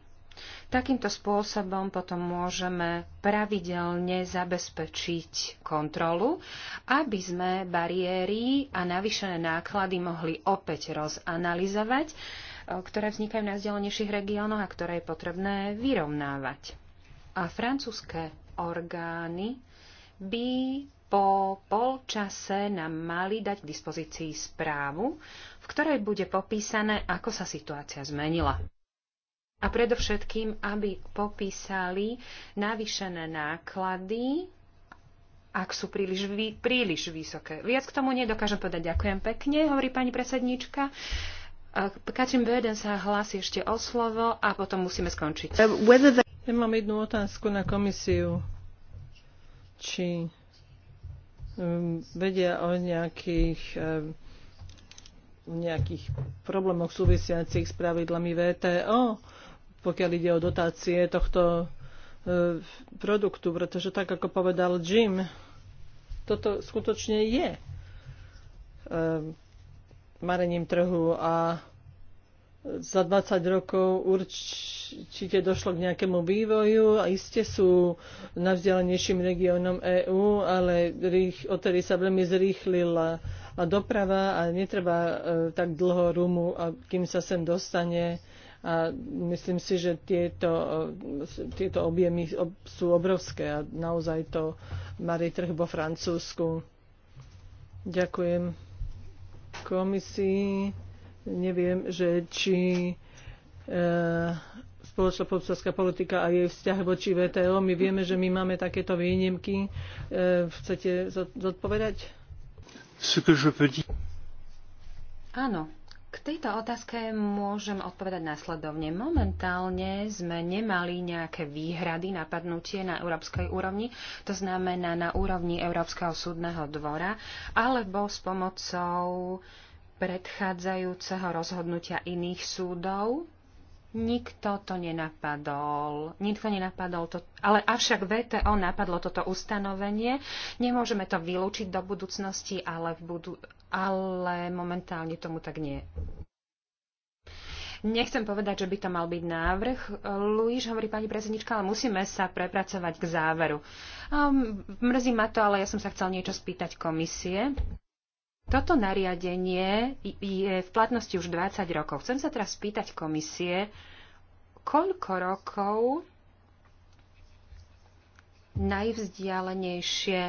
Speaker 3: Takýmto spôsobom potom môžeme pravidelne zabezpečiť kontrolu, aby sme bariéry a navýšené náklady mohli opäť rozanalizovať Eh, ktoré vznikajú na vzdialenejších regiónoch a ktoré je potrebné vyrovnávať. A francúzske orgány by po polčase nám mali dať k dispozícii správu, v ktorej bude popísané, ako sa situácia zmenila. A predovšetkým, aby popísali navýšené náklady, ak sú príliš, príliš vysoké. Viac k tomu nedokážem povedať. Ďakujem pekne, hovorí pani predsednička. Katrin Böden sa hlási ešte o slovo a potom musíme skončiť. Uh,
Speaker 1: ja mám jednu otázku na komisiu. Či um, vedia o nejakých um, nejakých problémoch súvisiacich s pravidlami VTO, pokiaľ ide o dotácie tohto uh, produktu, pretože tak ako povedal Jim, toto skutočne je um, marením trhu a za 20 rokov určite došlo k nejakému vývoju a iste sú najvzdialenejším regiónom EÚ, ale rých, odtedy sa veľmi zrýchlila a doprava a netreba e, tak dlho rumu, a kým sa sem dostane. A myslím si, že tieto, e, tieto objemy ob, sú obrovské a naozaj to marí trh vo Francúzsku. Ďakujem komisii. Neviem, že či e, spoločná podstavská politika a jej vzťah voči VTO. My vieme, že my máme takéto výnimky. E, Chcete zodpovedať?
Speaker 3: Áno tejto otázke môžem odpovedať následovne. Momentálne sme nemali nejaké výhrady, napadnutie na európskej úrovni, to znamená na úrovni Európskeho súdneho dvora, alebo s pomocou predchádzajúceho rozhodnutia iných súdov, Nikto to nenapadol. Nikto nenapadol to. Ale avšak VTO napadlo toto ustanovenie. Nemôžeme to vylúčiť do budúcnosti, ale, v budu- ale momentálne tomu tak nie. Nechcem povedať, že by to mal byť návrh. Eh, Luíš, hovorí pani prezidentka, ale musíme sa prepracovať k záveru. Um, mrzí ma to, ale ja som sa chcel niečo spýtať komisie. Toto nariadenie je v platnosti už 20 rokov. Chcem sa teraz spýtať komisie, koľko rokov najvzdialenejšie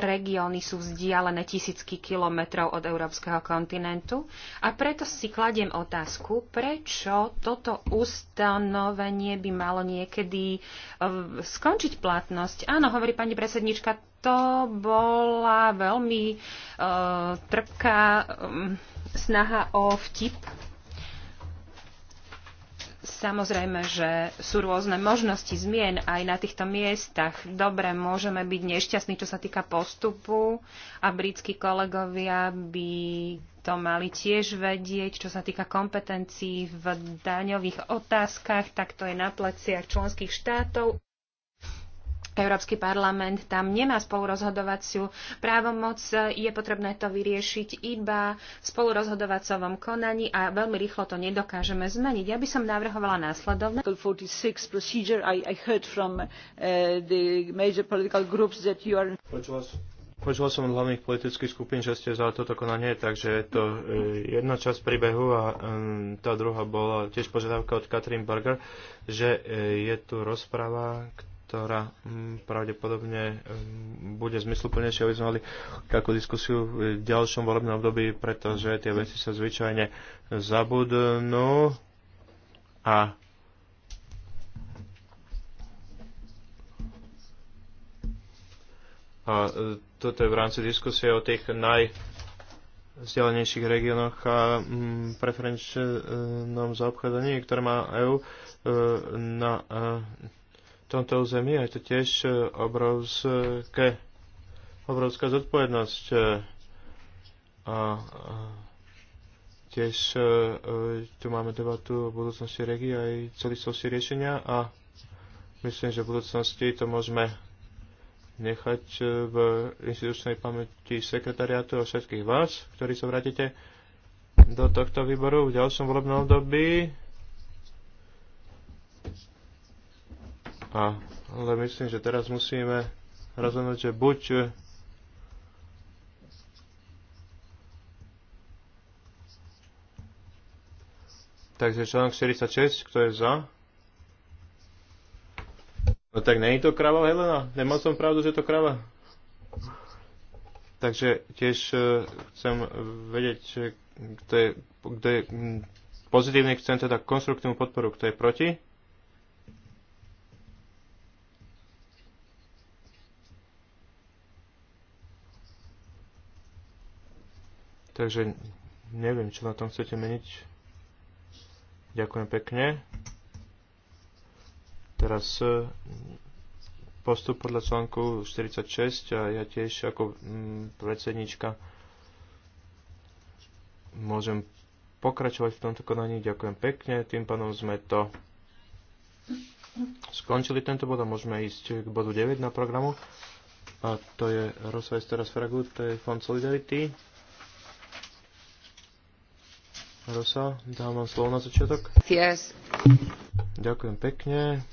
Speaker 3: regióny sú vzdialené tisícky kilometrov od európskeho kontinentu a preto si kladiem otázku, prečo toto ustanovenie by malo niekedy e, skončiť platnosť. Áno, hovorí pani predsednička, to bola veľmi uh, trpká um, snaha o vtip Samozrejme, že sú rôzne možnosti zmien aj na týchto miestach. Dobre, môžeme byť nešťastní, čo sa týka postupu a britskí kolegovia by to mali tiež vedieť, čo sa týka kompetencií v daňových otázkach, tak to je na pleciach členských štátov. Európsky parlament tam nemá spolurozhodovaciu právomoc, je potrebné to vyriešiť iba v spolurozhodovacovom konaní a veľmi rýchlo to nedokážeme zmeniť. Ja by som navrhovala následovné. 46 procedure, I, I heard from uh, the major
Speaker 1: political groups that you are...
Speaker 2: Počula som od hlavných politických skupín, že ste za toto konanie, takže je to eh, jedna časť príbehu a mm, tá druhá bola tiež požiadavka od Katrin Berger, že eh, je tu rozprava, ktorá mm, pravdepodobne mm, bude zmysluplnejšia, aby sme mali takú diskusiu v ďalšom volebnom období, pretože tie veci sa zvyčajne zabudnú a A e, toto je v rámci diskusie o tých naj regiónoch a mm, preferenčnom zaobchádzaní, ktoré má EU e, na e, tomto území a je to tiež e, obrovské, obrovská zodpovednosť e, a tiež e, tu máme debatu o budúcnosti regie aj celistosti riešenia a myslím, že v budúcnosti to môžeme nechať v institučnej pamäti sekretariátu a všetkých vás, ktorí sa vrátite do tohto výboru v ďalšom volebnom období. A, ale myslím, že teraz musíme rozhodnúť, že buď Takže článok 46, kto je za? No tak není to krava Helena? Nemal som pravdu, že to krava. Takže tiež e, chcem vedieť, e, kto je, kto je mm, pozitívny, chcem teda konstruktívnu podporu, kto je proti. Takže neviem, čo na tom chcete meniť. Ďakujem pekne. Teraz e, postup podľa článku 46 a ja tiež ako mm, predsednička môžem pokračovať v tomto konaní. Ďakujem pekne. Tým pánom sme to skončili tento bod a môžeme ísť k bodu 9 na programu. A to je Rosvajstera Sfragu, to je Fond Solidarity. Rosa, dám vám slovo na začiatok. Yes. Ďakujem pekne.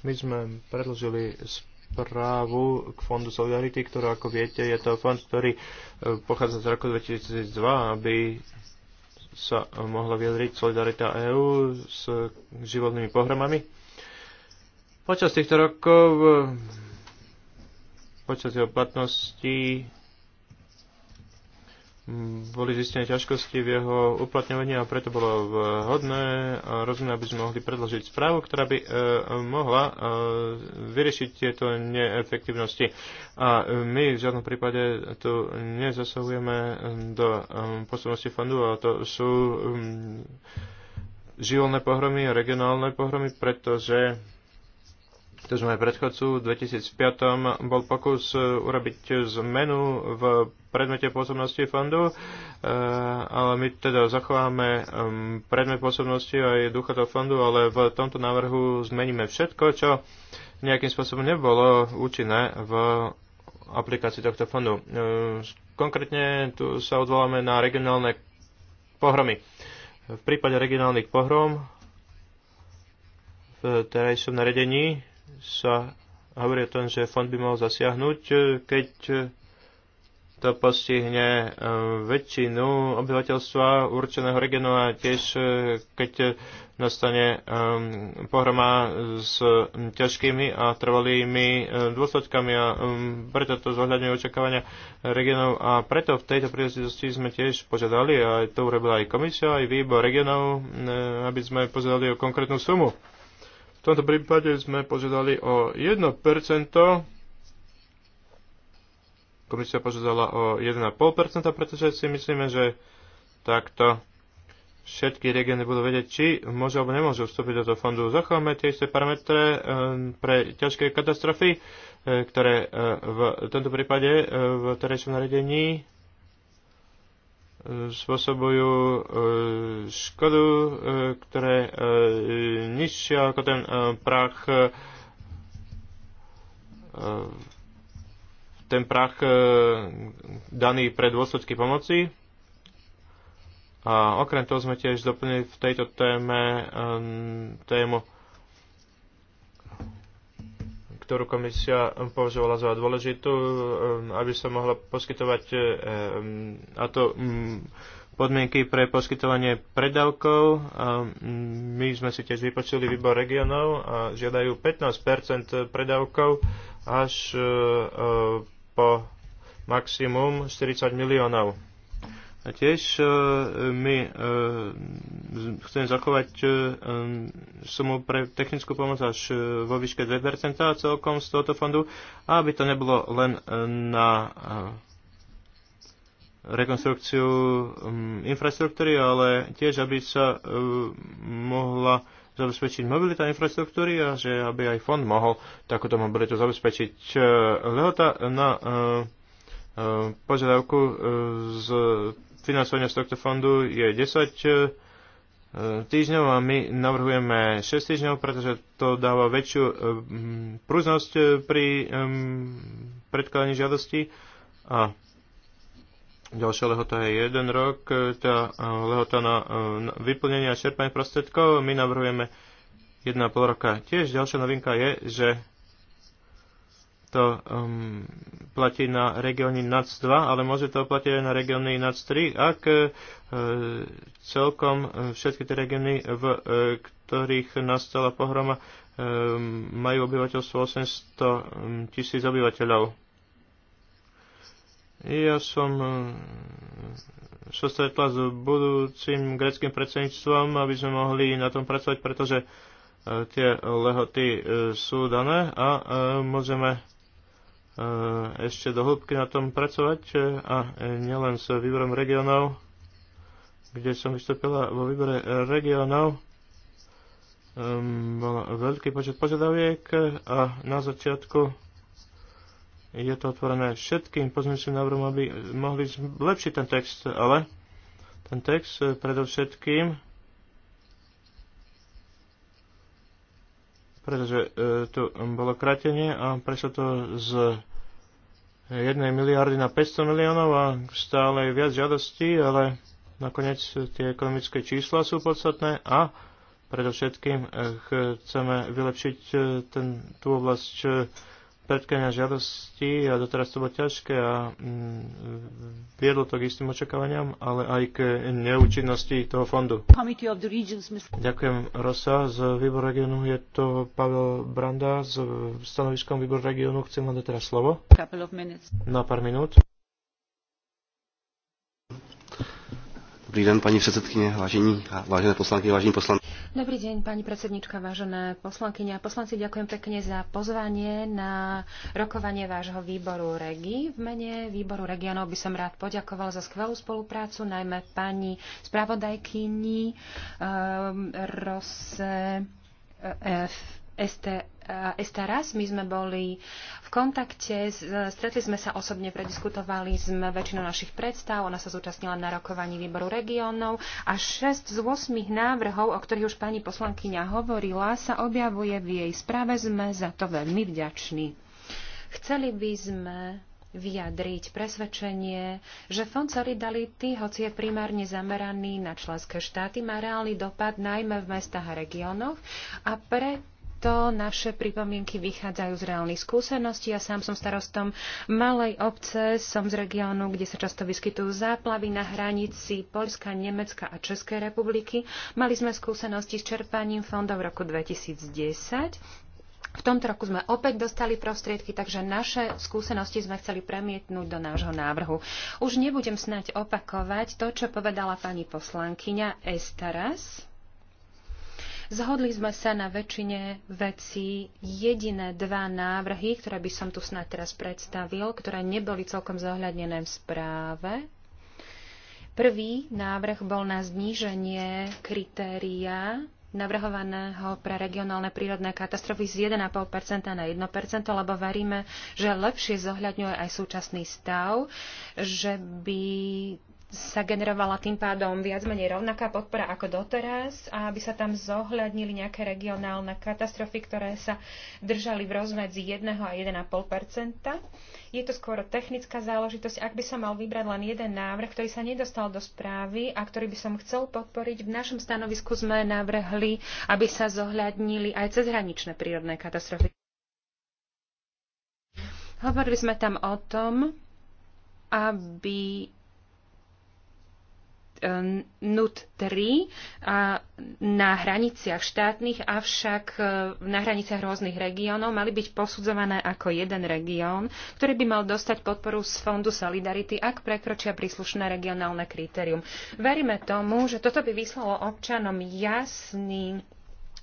Speaker 2: My sme predložili správu k Fondu Solidarity, ktorá, ako viete, je to fond, ktorý e, pochádza z roku 2002, aby sa mohla vyjadriť Solidarita EÚ s životnými pohromami. Počas týchto rokov, e, počas jeho platnosti, boli zistené ťažkosti v jeho uplatňovaní a preto bolo vhodné a rozumné, aby sme mohli predložiť správu, ktorá by e, mohla e, vyriešiť tieto neefektivnosti. A my v žiadnom prípade tu nezasahujeme do e, posobnosti fondu ale to sú e, živolné pohromy a regionálne pohromy, pretože to sme predchodcu, v 2005 bol pokus e, urobiť zmenu v predmete pôsobnosti fondu, e, ale my teda zachováme e, predmet pôsobnosti aj ducha toho fondu, ale v tomto návrhu zmeníme všetko, čo nejakým spôsobom nebolo účinné v aplikácii tohto fondu. Konkrétne tu sa odvoláme na regionálne pohromy. V prípade regionálnych pohrom v terajšom naredení sa hovorí o tom, že fond by mohol zasiahnuť, keď to postihne e, väčšinu obyvateľstva určeného regionu a tiež e, keď nastane e, pohroma s ťažkými a trvalými dôsledkami a preto to zohľadňuje očakávania regionov a preto v tejto príležitosti sme tiež požiadali, a to urobila aj komisia, aj výbor regionov, aby sme požiadali o konkrétnu sumu tomto prípade sme požiadali o 1%, komisia požiadala o 1,5%, pretože si myslíme, že takto všetky regióny budú vedieť, či môžu alebo nemôžu vstúpiť do toho fondu. Zachováme tie isté parametre eh, pre ťažké katastrofy, eh, ktoré eh, v tomto prípade v terajšom naredení spôsobujú e, škodu, e, ktoré e, ničia ako ten prach ten prach daný pre dôsledky pomoci. A okrem toho sme tiež doplnili v tejto téme tému ktorú komisia považovala za dôležitú, um, aby sa mohla poskytovať um, a to um, podmienky pre poskytovanie predávkov. My sme si tiež vypočuli výbor regionov a žiadajú 15 predávkov až uh, uh, po maximum 40 miliónov. A tiež e, my e, chceme zachovať e, sumu pre technickú pomoc až vo výške 2% celkom z tohoto fondu, aby to nebolo len na rekonstrukciu infraštruktúry, ale tiež, aby sa mohla zabezpečiť mobilita infraštruktúry a že aby aj fond mohol takúto mobilitu zabezpečiť. Lehota na požiadavku z financovania z tohto fondu je 10 e, týždňov a my navrhujeme 6 týždňov, pretože to dáva väčšiu e, prúznosť e, pri predkladaní žiadosti a Ďalšia lehota je jeden rok, tá lehota na vyplnenie a čerpanie prostriedkov. My navrhujeme 1,5 roka. Tiež ďalšia novinka je, že to um, platí na regióny NAC 2, ale môže to platiť aj na regióny NAC 3, ak uh, celkom e, všetky tie regióny, v uh, ktorých nastala pohroma, e, majú obyvateľstvo 800 tisíc obyvateľov. Ja som sa stretla s budúcim greckým predsedníctvom, aby sme mohli na tom pracovať, pretože tie lehoty sú dané a môžeme E, ešte do hĺbky na tom pracovať e, a e, nielen s výborom regionov, kde som vystúpila vo výbore regionov. Ehm, bol veľký počet požiadaviek a na začiatku je to otvorené všetkým pozmeňujúcim návrhom, aby mohli zlepšiť ten text, ale ten text predovšetkým pretože e, tu bolo kratenie a prešlo to z 1 miliardy na 500 miliónov a stále je viac žiadostí, ale nakoniec tie ekonomické čísla sú podstatné a predovšetkým e, chceme vylepšiť e, ten, tú oblasť predkania žiadosti a doteraz to bolo ťažké a mm, viedlo to k istým očakávaniam, ale aj k neúčinnosti toho fondu. Ďakujem Rosa z výboru regionu, je to Pavel Branda s stanoviskom výboru regionu, chcem vám dať teraz slovo. Na pár minút. Dobrý den, paní předsedkyně, vážení, vážené poslanky, vážení poslanci.
Speaker 3: Dobrý deň, pani predsednička, vážené poslankyne a poslanci. Ďakujem pekne za pozvanie na rokovanie vášho výboru REGI. V mene výboru regionov by som rád poďakoval za skvelú spoluprácu, najmä pani spravodajkyni um, Rose e, F. ST Eh, Esta raz my sme boli v kontakte, stretli sme sa osobne, prediskutovali sme väčšinu našich predstav, ona sa zúčastnila na rokovaní výboru regiónov a 6 z 8 návrhov, o ktorých už pani poslankyňa hovorila, sa objavuje v jej správe. Sme za to veľmi vďační. Chceli by sme vyjadriť presvedčenie, že fond Solidarity, hoci je primárne zameraný na členské štáty, má reálny dopad najmä v mestách a regiónoch a preto Takisto naše pripomienky vychádzajú z reálnych skúseností. Ja sám som starostom malej obce, som z regiónu, kde sa často vyskytujú záplavy na hranici Poľska, Nemecka a Českej republiky. Mali sme skúsenosti s čerpaním fondov v roku 2010 v tomto roku sme opäť dostali prostriedky, takže naše skúsenosti sme chceli premietnúť do nášho návrhu. Už nebudem snať opakovať to, čo povedala pani poslankyňa Estaras. Zhodli sme sa na väčšine vecí jediné dva návrhy, ktoré by som tu snad teraz predstavil, ktoré neboli celkom zohľadnené v správe. Prvý návrh bol na zníženie kritéria navrhovaného pre regionálne prírodné katastrofy z 1,5% na 1%, lebo veríme, že lepšie zohľadňuje aj súčasný stav, že by sa generovala tým pádom viac menej rovnaká podpora ako doteraz a aby sa tam zohľadnili nejaké regionálne katastrofy, ktoré sa držali v rozmedzi 1 a 1,5 Je to skôr technická záležitosť. Ak by som mal vybrať len jeden návrh, ktorý sa nedostal do správy a ktorý by som chcel podporiť, v našom stanovisku sme navrhli, aby sa zohľadnili aj cezhraničné prírodné katastrofy. Hovorili sme tam o tom, aby Eh, NUT 3 na hraniciach štátnych, avšak eh, na hraniciach rôznych regiónov mali byť posudzované ako jeden región, ktorý by mal dostať podporu z Fondu Solidarity, ak prekročia príslušné regionálne kritérium. Veríme tomu, že toto by vyslalo občanom jasný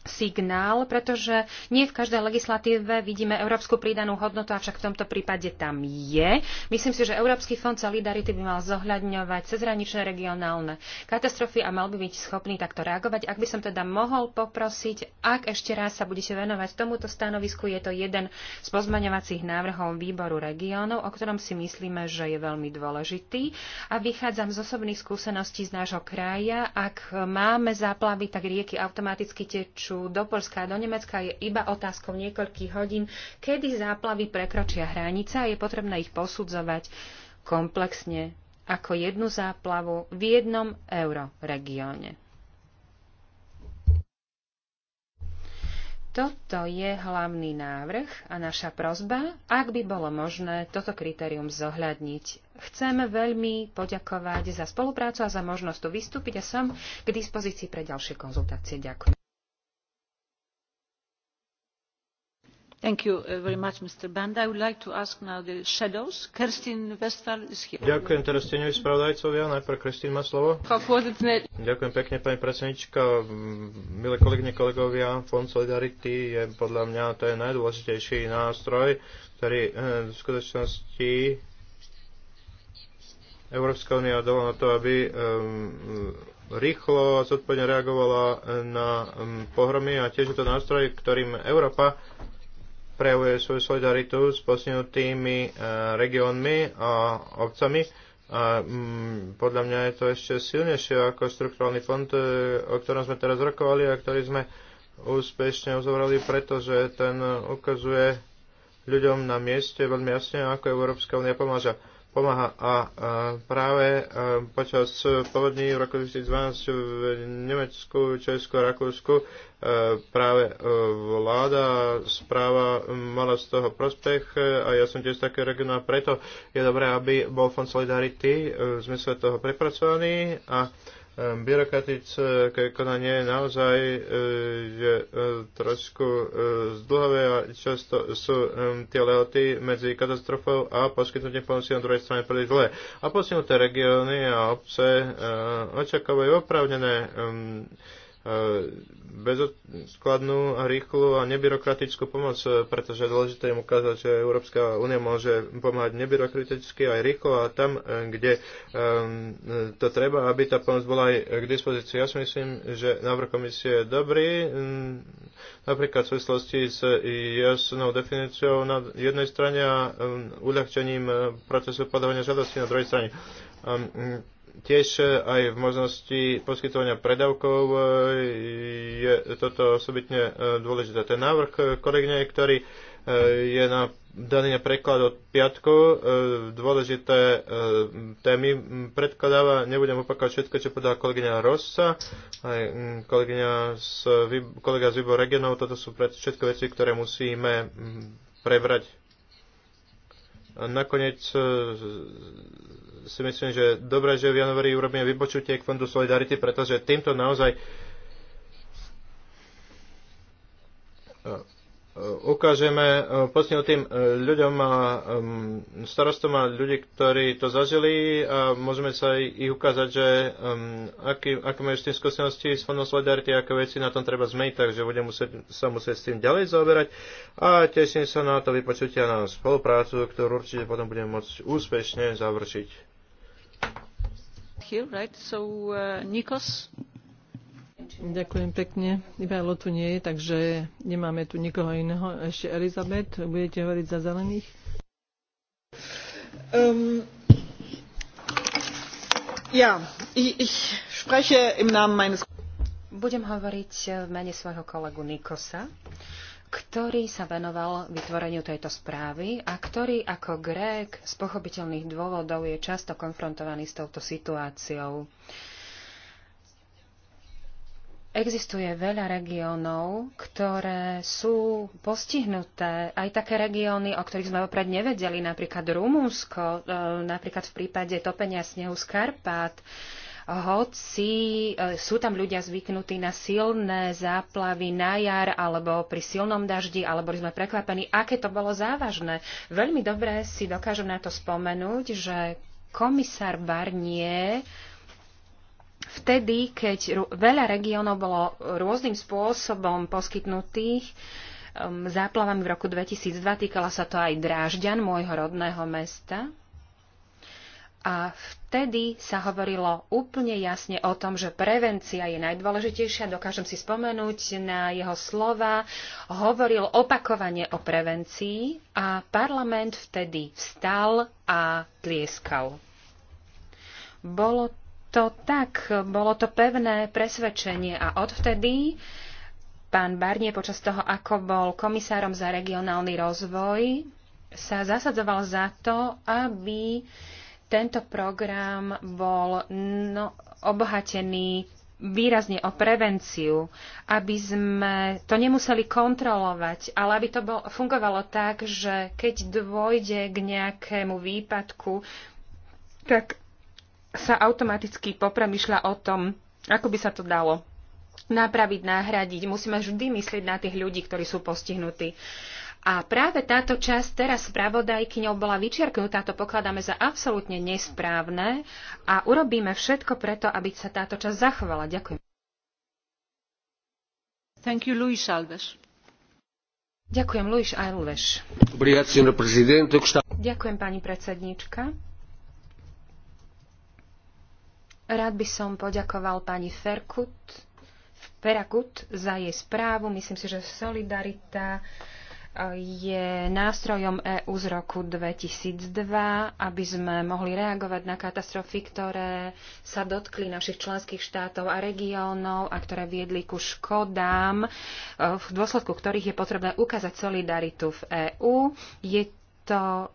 Speaker 3: signál, pretože nie v každej legislatíve vidíme európsku pridanú hodnotu, avšak v tomto prípade tam je. Myslím si, že Európsky fond Solidarity by mal zohľadňovať cezhraničné regionálne katastrofy a mal by byť schopný takto reagovať. Ak by som teda mohol poprosiť, ak ešte raz sa budete venovať tomuto stanovisku, je to jeden z pozmaňovacích návrhov výboru regiónov, o ktorom si myslíme, že je veľmi dôležitý a vychádzam z osobných skúseností z nášho kraja. Ak máme záplavy, tak rieky automaticky tečú tečú do Polska a do Nemecka, je iba otázkou niekoľkých hodín, kedy záplavy prekročia hranica a je potrebné ich posudzovať komplexne ako jednu záplavu v jednom euroregióne. Toto je hlavný návrh a naša prozba, ak by bolo možné toto kritérium zohľadniť. Chcem veľmi poďakovať za spoluprácu a za možnosť tu vystúpiť a som k dispozícii pre ďalšie konzultácie. Ďakujem. Uh,
Speaker 1: Ďakujem teraz
Speaker 2: spravodajcovia. Najprv Kristín má slovo. Ďakujem pekne, pani predsednička. Milé kolegyne, kolegovia, Fond Solidarity je podľa mňa to je najdôležitejší nástroj, ktorý eh, v skutočnosti Európska únia dala na to, aby eh, rýchlo a zodpovedne reagovala eh, na pohromy a tiež je to nástroj, ktorým Európa prejavuje svoju solidaritu s postihnutými eh, regiónmi a obcami. A mm, podľa mňa je to ešte silnejšie ako štruktúrny fond, eh, o ktorom sme teraz rokovali a ktorý sme úspešne uzavreli, pretože ten ukazuje ľuďom na mieste veľmi jasne, ako Európska únia pomáža pomáha. A práve e, počas povodní v roku 2012 v Nemecku, Česku a Rakúsku e, práve e, vláda správa mala z toho prospech a ja som tiež taký regionál, preto je dobré, aby bol Fond Solidarity v zmysle toho prepracovaný a byrokratické konanie naozaj je e, trošku e, zdlhavé a často sú tie lehoty medzi katastrofou a poskytnutím pomoci na druhej strane príliš dlhé. A posunuté regióny a obce e, očakávajú opravnené E, bezodkladnú a rýchlu a nebyrokratickú pomoc, e, pretože dôležité im ukázať, že Európska únia môže pomáhať nebyrokraticky aj rýchlo a tam, e, kde to treba, aby tá pomoc bola aj k dispozícii. Ja si myslím, že návrh komisie je dobrý, mm, napríklad v súvislosti s jasnou definíciou na jednej strane a uľahčením procesu podávania žiadosti na druhej strane mm, tiež e, aj v možnosti poskytovania predavkov e, je toto osobitne e, dôležité. Ten návrh kolegne, ktorý je na daný preklad od piatku. Dôležité témy predkladáva, nebudem opakovať všetko, čo podala kolegyňa Rossa, aj kolegyňa z, kolega z výboru regionov, toto sú všetko veci, ktoré musíme prebrať Nakoniec e, si myslím, že dobré, že v januári urobíme vypočutie k Fondu Solidarity, pretože týmto naozaj e, ukážeme e, tým e, ľuďom a starostom a ľudí, ktorí to zažili a môžeme sa ich ukázať, že um, aký, aké majú s tým skúsenosti s fondom Solidarity, aké veci na tom treba zmeniť, takže budem musieť, sa musieť s tým ďalej zaoberať a teším sa na to vypočutia na spoluprácu, ktorú určite potom budem môcť úspešne završiť.
Speaker 1: Here, right? so, uh, Nikos? Ďakujem pekne. lo tu nie je, takže nemáme tu nikoho iného. Ešte Elizabet, budete hovoriť za zelených?
Speaker 3: Um, ja, ich, ich spreche im Namen meines... Budem hovoriť v mene svojho kolegu Nikosa ktorý sa venoval vytvoreniu tejto správy a ktorý ako Grék z pochopiteľných dôvodov je často konfrontovaný s touto situáciou. Uh, Existuje veľa regiónov, ktoré sú postihnuté, aj také regióny, o ktorých sme opred nevedeli, napríklad Rumúnsko, e, napríklad v prípade topenia snehu z Karpát, hoci e, sú tam ľudia zvyknutí na silné záplavy na jar alebo pri silnom daždi, alebo sme prekvapení, aké to bolo závažné. Veľmi dobre si dokážem na to spomenúť, že komisár Barnier vtedy, keď veľa regiónov bolo rôznym spôsobom poskytnutých um, záplavami v roku 2002, týkala sa to aj Drážďan, môjho rodného mesta. A vtedy sa hovorilo úplne jasne o tom, že prevencia je najdôležitejšia. Dokážem si spomenúť na jeho slova. Hovoril opakovane o prevencii a parlament vtedy vstal a tlieskal. Bolo to tak. Bolo to pevné presvedčenie a odvtedy pán Barnie počas toho, ako bol komisárom za regionálny rozvoj, sa zasadzoval za to, aby tento program bol no, obohatený výrazne o prevenciu, aby sme to nemuseli kontrolovať, ale aby to bol, fungovalo tak, že keď dôjde k nejakému výpadku, tak sa automaticky popremýšľa o tom, ako by sa to dalo napraviť, nahradiť. Musíme vždy myslieť na tých ľudí, ktorí sú postihnutí. A práve táto časť teraz spravodajkyňou bola vyčiarknutá, to pokladáme za absolútne nesprávne a urobíme všetko preto, aby sa táto časť zachovala. Ďakujem. Thank you, Luis Alves. Ďakujem, Luis Alves. Ďakujem, pani predsedníčka. Rád by som poďakoval pani Ferkut, Ferakut za jej správu. Myslím si, že solidarita eh, je nástrojom EÚ z roku 2002, aby sme mohli reagovať na katastrofy, ktoré sa dotkli našich členských štátov a regiónov a ktoré viedli ku škodám, eh, v dôsledku ktorých je potrebné ukázať solidaritu v EÚ. Je to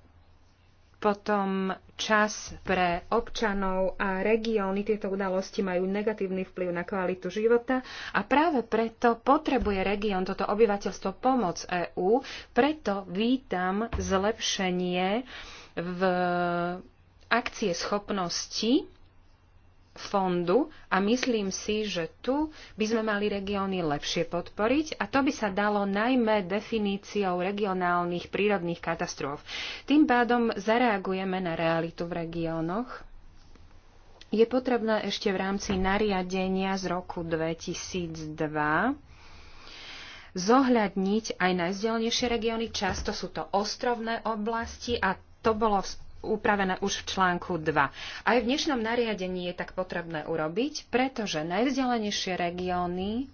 Speaker 3: potom čas pre občanov a regióny. Tieto udalosti majú negatívny vplyv na kvalitu života a práve preto potrebuje región toto obyvateľstvo pomoc EÚ. Preto vítam zlepšenie v akcie schopnosti fondu a myslím si, že tu by sme mali regióny lepšie podporiť a to by sa dalo najmä definíciou regionálnych prírodných katastrof. Tým pádom zareagujeme na realitu v regiónoch. Je potrebné ešte v rámci nariadenia z roku 2002 zohľadniť aj najzdelnejšie regióny. Často sú to ostrovné oblasti a to bolo upravené už v článku 2. Aj v dnešnom nariadení je tak potrebné urobiť, pretože najvzdelenejšie regióny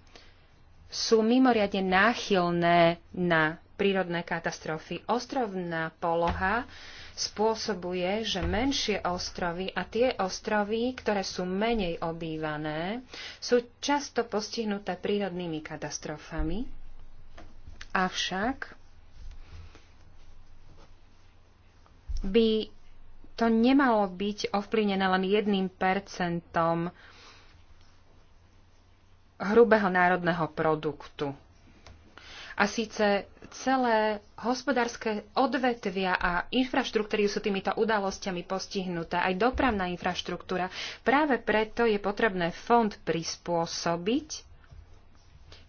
Speaker 3: sú mimoriadne náchylné na prírodné katastrofy. Ostrovná poloha spôsobuje, že menšie ostrovy a tie ostrovy, ktoré sú menej obývané, sú často postihnuté prírodnými katastrofami. Avšak by to nemalo byť ovplyvnené len jedným percentom hrubého národného produktu. A síce celé hospodárske odvetvia a infraštruktúry sú týmito udalosťami postihnuté, aj dopravná infraštruktúra. Práve preto je potrebné fond prispôsobiť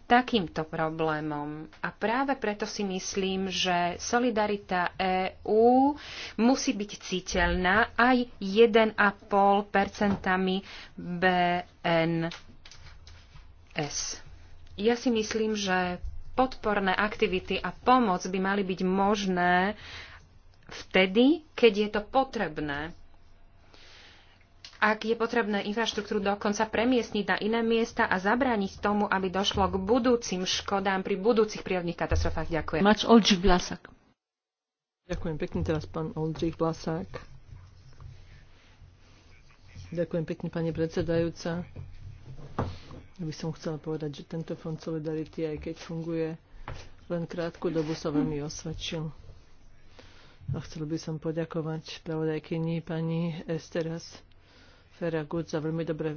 Speaker 3: takýmto problémom. A práve preto si myslím, že solidarita EÚ musí byť citeľná aj 1,5 BNS. Ja si myslím, že podporné aktivity a pomoc by mali byť možné vtedy, keď je to potrebné ak je potrebné infraštruktúru dokonca premiestniť na iné miesta a zabrániť tomu, aby došlo k budúcim škodám pri budúcich prírodných katastrofách. Ďakujem. Mač Oldřich
Speaker 1: Vlasák. Ďakujem pekne teraz pán Oldřich Vlasák. Ďakujem pekne pani predsedajúca. Ja by som chcela povedať, že tento fond Solidarity, aj keď funguje len krátku dobu, sa veľmi osvedčil. A chcel by som poďakovať pravodajkyni pani Esteras za veľmi dobre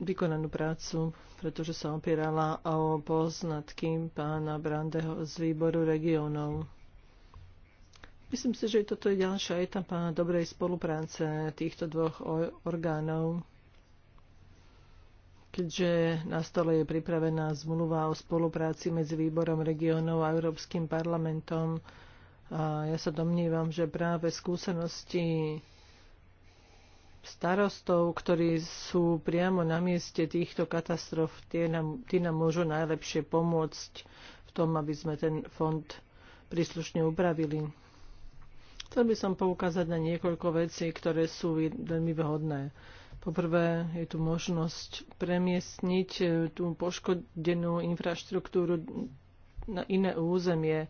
Speaker 1: vykonanú prácu, pretože sa opierala o poznatky pána Brandeho z výboru regionov. Myslím si, že toto je ďalšia etapa dobrej spolupráce týchto dvoch orgánov, keďže na stole je pripravená zmluva o spolupráci medzi výborom regionov a Európskym parlamentom, a ja sa domnívam, že práve skúsenosti starostov, ktorí sú priamo na mieste týchto katastrof, tie nám, tie nám môžu najlepšie pomôcť v tom, aby sme ten fond príslušne upravili. Chcel by som poukázať na niekoľko vecí, ktoré sú veľmi vhodné. Poprvé je tu možnosť premiestniť eh, tú poškodenú infraštruktúru na iné územie.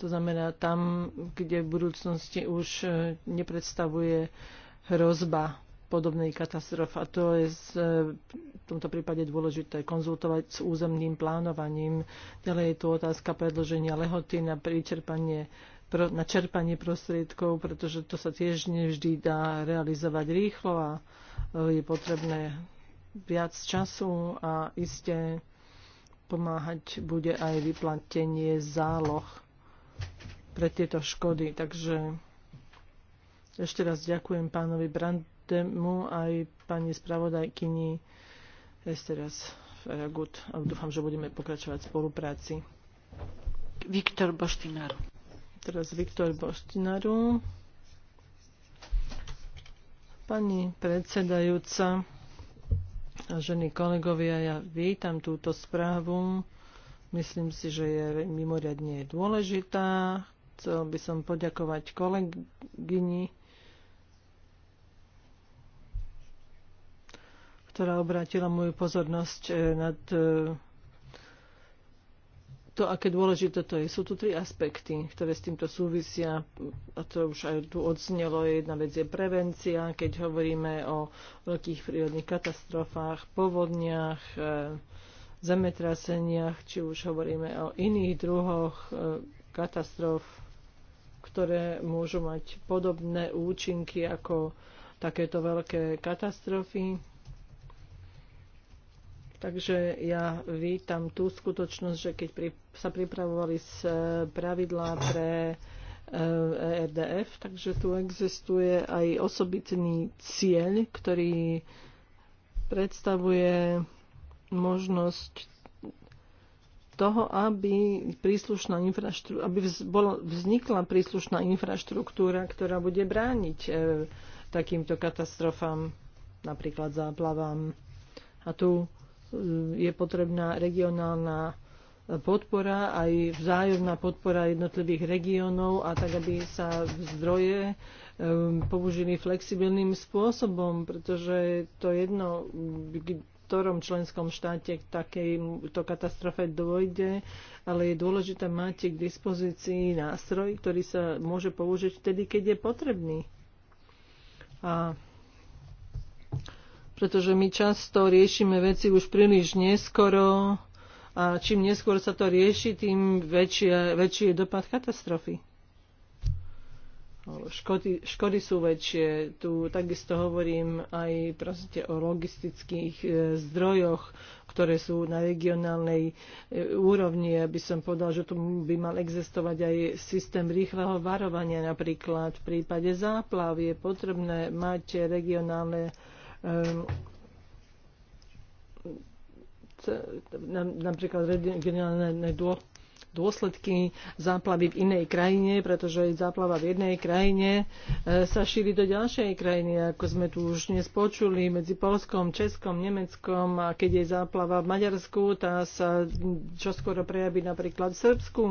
Speaker 1: To znamená tam, kde v budúcnosti už e, nepredstavuje hrozba podobnej katastrof. A to je z, e, v tomto prípade dôležité konzultovať s územným plánovaním. Ďalej je tu otázka predloženia lehoty na pričerpanie na čerpanie prostriedkov, pretože to sa tiež nevždy dá realizovať rýchlo a e, je potrebné viac času a iste pomáhať bude aj vyplatenie záloh pre tieto škody. Takže ešte raz ďakujem pánovi Brandemu aj pani spravodajkyni Ešte Esteras Feragut a dúfam, že budeme pokračovať v spolupráci. Viktor Boštinaru. Teraz Viktor Boštinaru. Pani predsedajúca, ženy kolegovia, ja vítam túto správu. Myslím si, že je mimoriadne dôležitá. Chcel by som poďakovať kolegyni, ktorá obrátila moju pozornosť eh, nad eh, to, aké dôležité to je. Sú tu tri aspekty, ktoré s týmto súvisia, a to už aj tu odznelo. Jedna vec je prevencia, keď hovoríme o veľkých prírodných katastrofách, povodniach, eh, zemetraseniach, či už hovoríme o iných druhoch e, katastrof, ktoré môžu mať podobné účinky ako takéto veľké katastrofy. Takže ja vítam tú skutočnosť, že keď sa pripravovali e, pravidlá pre ERDF, e takže tu existuje aj osobitný cieľ, ktorý predstavuje možnosť toho, aby, príslušná infraštru- aby vz- bola, vznikla príslušná infraštruktúra, ktorá bude brániť e, takýmto katastrofám, napríklad záplavám. A tu e, je potrebná regionálna e, podpora, aj vzájomná podpora jednotlivých regiónov a tak, aby sa zdroje e, použili flexibilným spôsobom, pretože to jedno, ktorom členskom štáte k takejto katastrofe dôjde, ale je dôležité mať k dispozícii nástroj, ktorý sa môže použiť vtedy, keď je potrebný. A pretože my často riešime veci už príliš neskoro a čím neskôr sa to rieši, tým väčšie, väčší je dopad katastrofy škody, škody sú väčšie. Tu takisto hovorím aj proste o logistických e, zdrojoch, ktoré sú na regionálnej e, úrovni. Aby som povedal, že tu by mal existovať aj systém rýchleho varovania napríklad. V prípade záplav je potrebné mať regionálne um, napríklad regionálne dôsledky záplavy v inej krajine, pretože záplava v jednej krajine e, sa šíri do ďalšej krajiny, ako sme tu už dnes počuli, medzi Polskom, Českom, Nemeckom a keď je záplava v Maďarsku, tá sa čoskoro prejaví napríklad v Srbsku.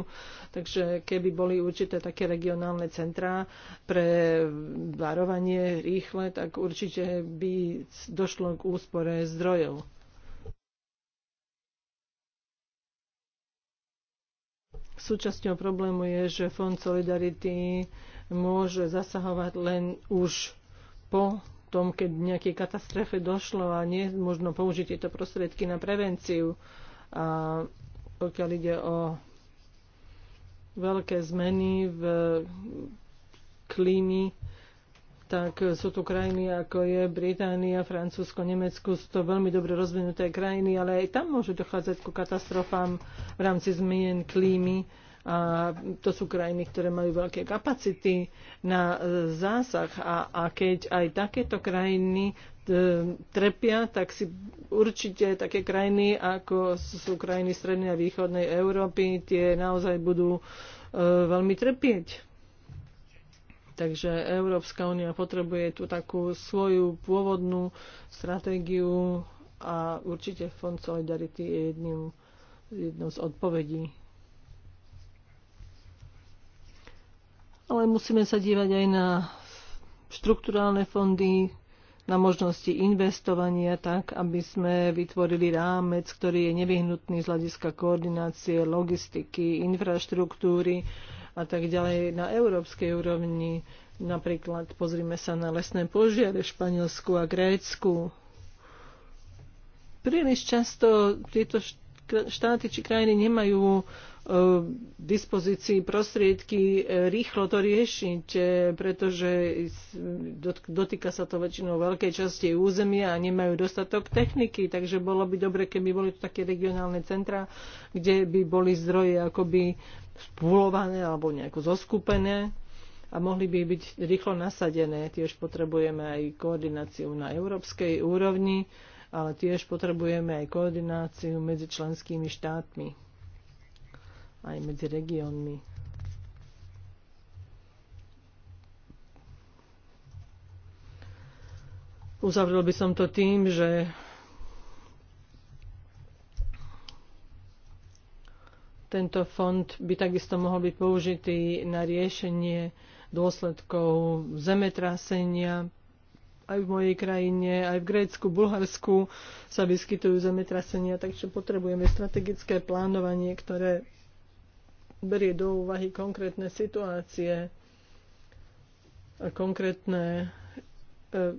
Speaker 1: Takže keby boli určité také regionálne centrá pre varovanie rýchle, tak určite by došlo k úspore zdrojov. Súčasťou problému je, že Fond Solidarity môže zasahovať len už po tom, keď nejakej katastrofe došlo a nie možno použiť tieto prostriedky na prevenciu. A pokiaľ ide o veľké zmeny v klímy, tak sú tu krajiny ako je Británia, Francúzsko, Nemecko, sú to veľmi dobre rozvinuté krajiny, ale aj tam môže dochádzať ku katastrofám v rámci zmien klímy. A to sú krajiny, ktoré majú veľké kapacity na e, zásah a, a keď aj takéto krajiny e, trpia, tak si určite také krajiny, ako sú krajiny Strednej a Východnej Európy, tie naozaj budú e, veľmi trpieť. Takže Európska únia potrebuje tú takú svoju pôvodnú stratégiu a určite Fond Solidarity je jedným, jednou z odpovedí. Ale musíme sa dívať aj na štrukturálne fondy, na možnosti investovania tak, aby sme vytvorili rámec, ktorý je nevyhnutný z hľadiska koordinácie, logistiky, infraštruktúry a tak ďalej na európskej úrovni. Napríklad pozrime sa na lesné požiare v Španielsku a Grécku. Príliš často tieto štáty či krajiny nemajú e, v dispozícii prostriedky e, rýchlo to riešiť, e, pretože dotýka sa to väčšinou veľkej časti územia a nemajú dostatok techniky, takže bolo by dobre, keby boli to také regionálne centra, kde by boli zdroje akoby spúlované alebo nejako zoskupené a mohli by byť rýchlo nasadené. Tiež potrebujeme aj koordináciu na európskej úrovni, ale tiež potrebujeme aj koordináciu medzi členskými štátmi, aj medzi regiónmi. Uzavrel by som to tým, že Tento fond by takisto mohol byť použitý na riešenie dôsledkov zemetrasenia. Aj v mojej krajine, aj v Grécku, Bulharsku sa vyskytujú zemetrasenia, takže potrebujeme strategické plánovanie, ktoré berie do úvahy konkrétne situácie a konkrétne e,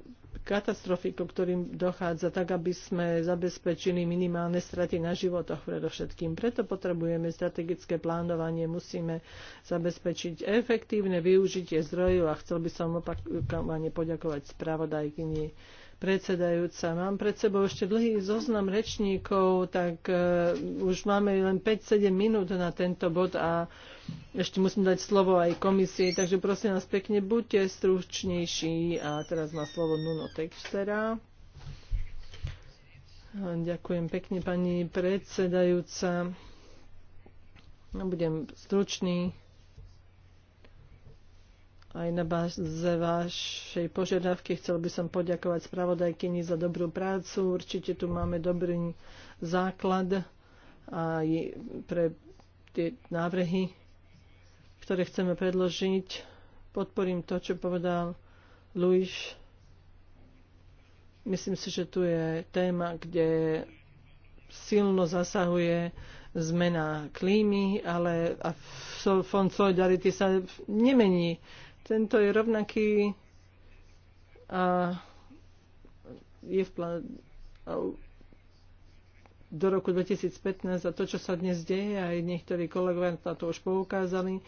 Speaker 1: katastrofy, ko ktorým dochádza, tak aby sme zabezpečili minimálne straty na životoch predovšetkým. Preto potrebujeme strategické plánovanie, musíme zabezpečiť efektívne využitie zdrojov a chcel by som opakovane poďakovať spravodajkyni predsedajúca. Mám pred sebou ešte dlhý zoznam rečníkov, tak uh, už máme len 5-7 minút na tento bod a ešte musím dať slovo aj komisii, takže prosím vás pekne, buďte stručnejší. A teraz má slovo Nuno Textera. Ďakujem pekne, pani predsedajúca. Budem stručný aj na báze vašej požiadavky. Chcel by som poďakovať spravodajkyni za dobrú prácu. Určite tu máme dobrý základ aj pre tie návrhy, ktoré chceme predložiť. Podporím to, čo povedal Luis. Myslím si, že tu je téma, kde silno zasahuje zmena klímy, ale a Fond Solidarity sa nemení tento je rovnaký a je v plán do roku 2015 a to, čo sa dnes deje, aj niektorí kolegovia na to už poukázali,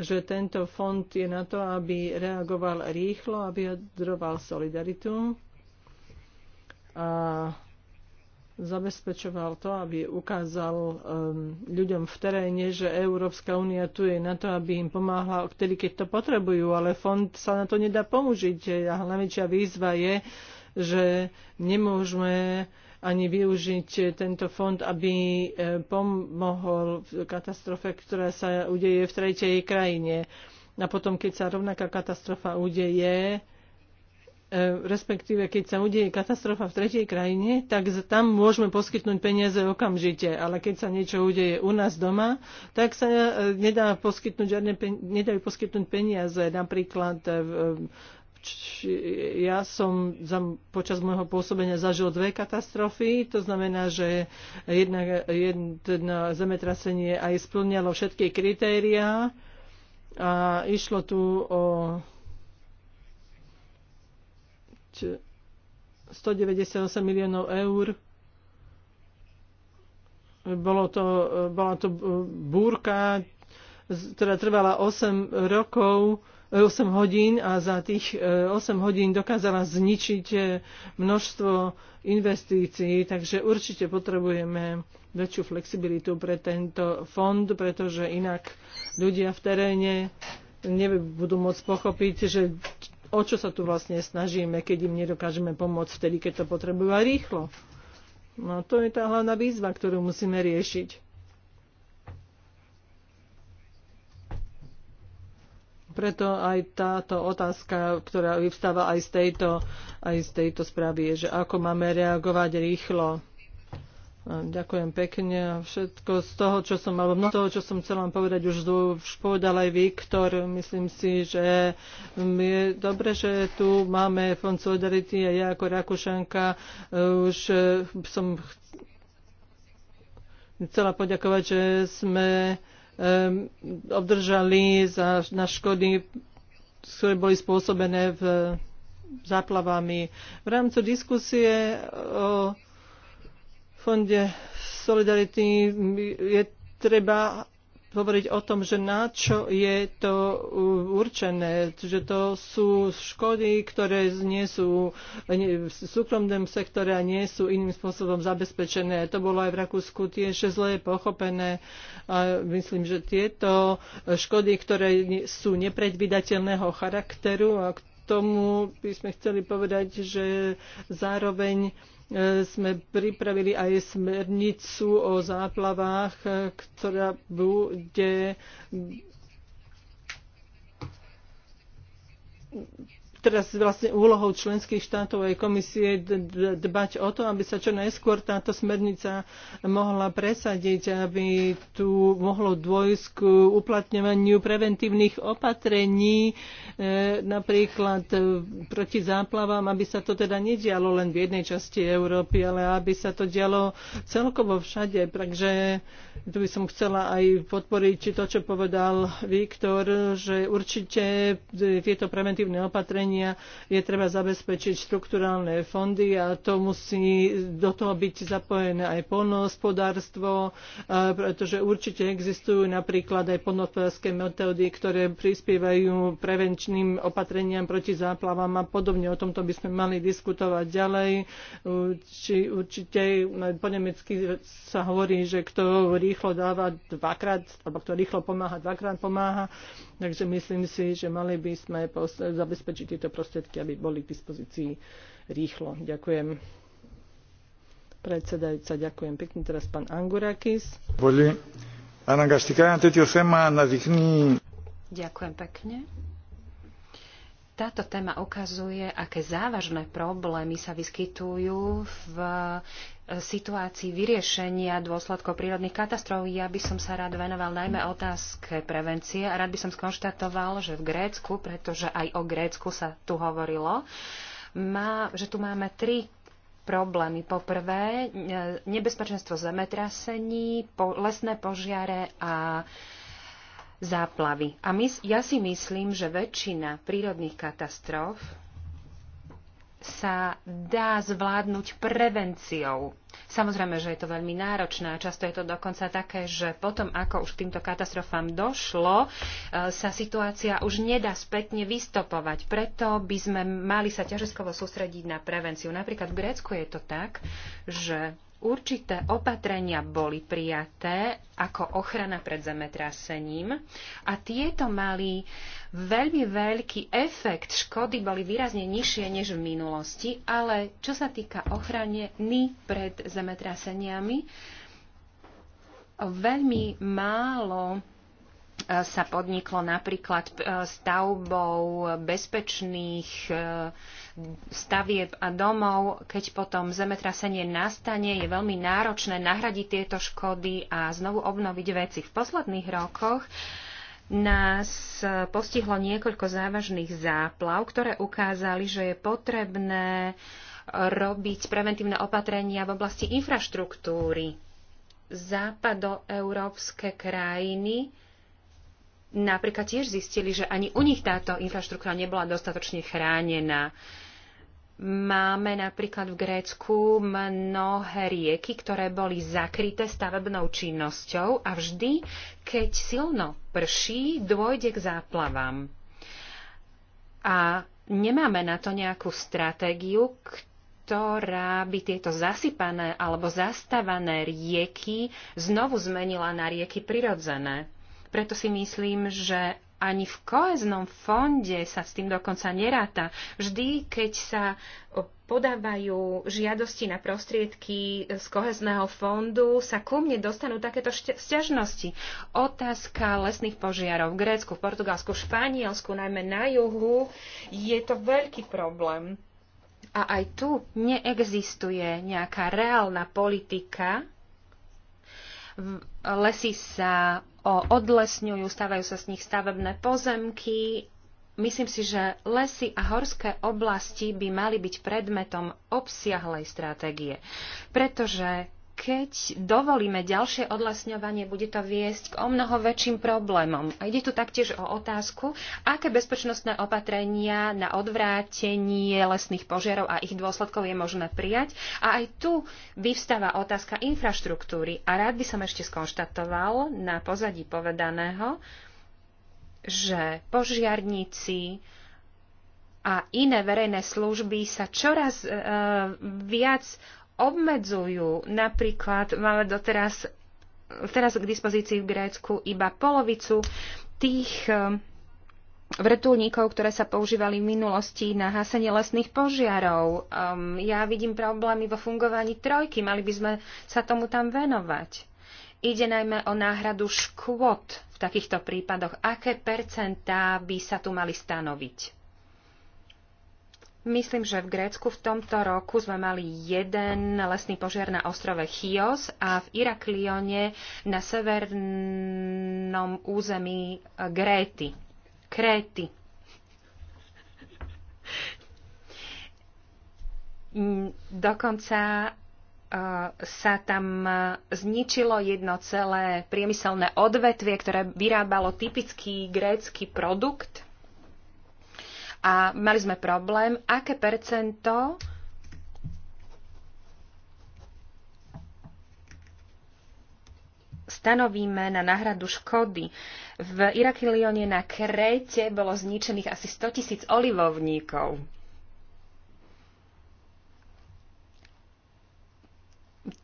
Speaker 1: že tento fond je na to, aby reagoval rýchlo, aby vyjadroval solidaritu. A zabezpečoval to, aby ukázal um, ľuďom v teréne, že Európska únia tu je na to, aby im pomáhala, vtedy, keď to potrebujú, ale fond sa na to nedá pomôžiť. A najväčšia výzva je, že nemôžeme ani využiť tento fond, aby e, pomohol v katastrofe, ktorá sa udeje v tretej krajine. A potom, keď sa rovnaká katastrofa udeje, E, respektíve keď sa udeje katastrofa v tretej krajine, tak tam môžeme poskytnúť peniaze okamžite, ale keď sa niečo udeje u nás doma, tak sa e, nedá poskytnúť žiadne, nedajú poskytnúť peniaze. Napríklad e, ja som za, počas môjho pôsobenia zažil dve katastrofy, to znamená, že jedna, jedna zemetrasenie aj splňalo všetky kritériá a išlo tu o 198 miliónov eur. Bolo to, bola to e, búrka, ktorá trvala 8 rokov, 8 e, hodín a za tých 8 e, hodín dokázala zničiť množstvo investícií, takže určite potrebujeme väčšiu flexibilitu pre tento fond, pretože inak ľudia v teréne nebudú môcť pochopiť, že o čo sa tu vlastne snažíme, keď im nedokážeme pomôcť vtedy, keď to potrebujú a rýchlo. No to je tá hlavná výzva, ktorú musíme riešiť. Preto aj táto otázka, ktorá vyvstáva aj z tejto, aj z tejto správy, je, že ako máme reagovať rýchlo Ďakujem pekne. Všetko z toho, čo som, alebo mnoho toho, čo som chcela povedať, už, už povedal aj Viktor. Myslím si, že mm, je dobre, že tu máme Fond Solidarity a ja ako Rakušanka e, už e, som chcela poďakovať, že sme e, obdržali za, na škody, ktoré boli spôsobené v záplavami. V rámci diskusie o fonde Solidarity je treba hovoriť o tom, že na čo je to určené, že to sú škody, ktoré nie sú v súkromnom sektore a nie sú iným spôsobom zabezpečené. To bolo aj v Rakúsku tiež zle pochopené. A myslím, že tieto škody, ktoré sú nepredvydateľného charakteru a k tomu by sme chceli povedať, že zároveň E, sme pripravili aj smernicu o záplavách, e, ktorá bude teraz vlastne úlohou členských štátov aj komisie dbať o to, aby sa čo najskôr táto smernica mohla presadiť, aby tu mohlo dôjsť k uplatňovaniu preventívnych opatrení, e, napríklad e, proti záplavám, aby sa to teda nedialo len v jednej časti Európy, ale aby sa to dialo celkovo všade. Takže tu by som chcela aj podporiť to, čo povedal Viktor, že určite e, tieto preventívne opatrenia vzdelávania je treba zabezpečiť štrukturálne fondy a to musí do toho byť zapojené aj poľnohospodárstvo, e, pretože určite existujú napríklad aj poľnohospodárske metódy, ktoré prispievajú prevenčným opatreniam proti záplavám a podobne. O tomto by sme mali diskutovať ďalej. Či určite po nemecky sa hovorí, že kto rýchlo dáva dvakrát, alebo kto rýchlo pomáha dvakrát pomáha. Takže myslím si, že mali by sme zabezpečiť tieto tieto prostriedky, aby boli k dispozícii rýchlo. Ďakujem. Predsedajúca, ďakujem pekne. Teraz pán Angurakis.
Speaker 2: Boli
Speaker 3: Ďakujem pekne. Táto téma ukazuje, aké závažné problémy sa vyskytujú v eh, situácii vyriešenia dôsledkov prírodných katastrof. Ja by som sa rád venoval najmä otázke prevencie a rád by som skonštatoval, že v Grécku, pretože aj o Grécku sa tu hovorilo, má, že tu máme tri problémy. Poprvé, eh, nebezpečenstvo zemetrasení, po, lesné požiare a záplavy. A my, ja si myslím, že väčšina prírodných katastrof sa dá zvládnuť prevenciou. Samozrejme, že je to veľmi náročné a často je to dokonca také, že potom, ako už k týmto katastrofám došlo, e, sa situácia už nedá spätne vystopovať. Preto by sme mali sa ťažiskovo sústrediť na prevenciu. Napríklad v Grécku je to tak, že určité opatrenia boli prijaté ako ochrana pred zemetrasením a tieto mali veľmi veľký efekt. Škody boli výrazne nižšie než v minulosti, ale čo sa týka ochrany pred zemetraseniami, veľmi málo e, sa podniklo napríklad e, stavbou bezpečných e, stavieb a domov, keď potom zemetrasenie nastane, je veľmi náročné nahradiť tieto škody a znovu obnoviť veci. V posledných rokoch nás postihlo niekoľko závažných záplav, ktoré ukázali, že je potrebné robiť preventívne opatrenia v oblasti infraštruktúry. Západoeurópske krajiny napríklad tiež zistili, že ani u nich táto infraštruktúra nebola dostatočne chránená. Máme napríklad v Grécku mnohé rieky, ktoré boli zakryté stavebnou činnosťou a vždy, keď silno prší, dôjde k záplavám. A nemáme na to nejakú stratégiu, ktorá by tieto zasypané alebo zastávané rieky znovu zmenila na rieky prirodzené. Preto si myslím, že ani v koheznom fonde sa s tým dokonca neráta. Vždy, keď sa podávajú žiadosti na prostriedky z kohezného fondu, sa ku mne dostanú takéto sťažnosti. Otázka lesných požiarov v Grécku, v Portugalsku, v Španielsku, najmä na juhu, je to veľký problém. A aj tu neexistuje nejaká reálna politika. Lesy sa odlesňujú, stávajú sa z nich stavebné pozemky. Myslím si, že lesy a horské oblasti by mali byť predmetom obsiahlej stratégie, pretože keď dovolíme ďalšie odlesňovanie, bude to viesť k o mnoho väčším problémom. A ide tu taktiež o otázku, aké bezpečnostné opatrenia na odvrátenie lesných požiarov a ich dôsledkov je možné prijať. A aj tu vyvstáva otázka infraštruktúry. A rád by som ešte skonštatoval na pozadí povedaného, že požiarníci, a iné verejné služby sa čoraz e, e viac obmedzujú. Napríklad máme doteraz teraz k dispozícii v Grécku iba polovicu tých e, vrtulníkov, ktoré sa používali v minulosti na hasenie lesných požiarov. Um, ja vidím problémy vo fungovaní trojky, mali by sme sa tomu tam venovať. Ide najmä o náhradu škôd v takýchto prípadoch. Aké percentá by sa tu mali stanoviť? Myslím, že v Grécku v tomto roku sme mali jeden lesný požiar na ostrove Chios a v Iraklione na severnom území eh, Gréty. Kréty. Mm, dokonca eh, sa tam eh, zničilo jedno celé priemyselné odvetvie, ktoré vyrábalo typický grécky produkt a mali sme problém, aké percento stanovíme na náhradu škody. V Irakilione na Kréte bolo zničených asi 100 tisíc olivovníkov.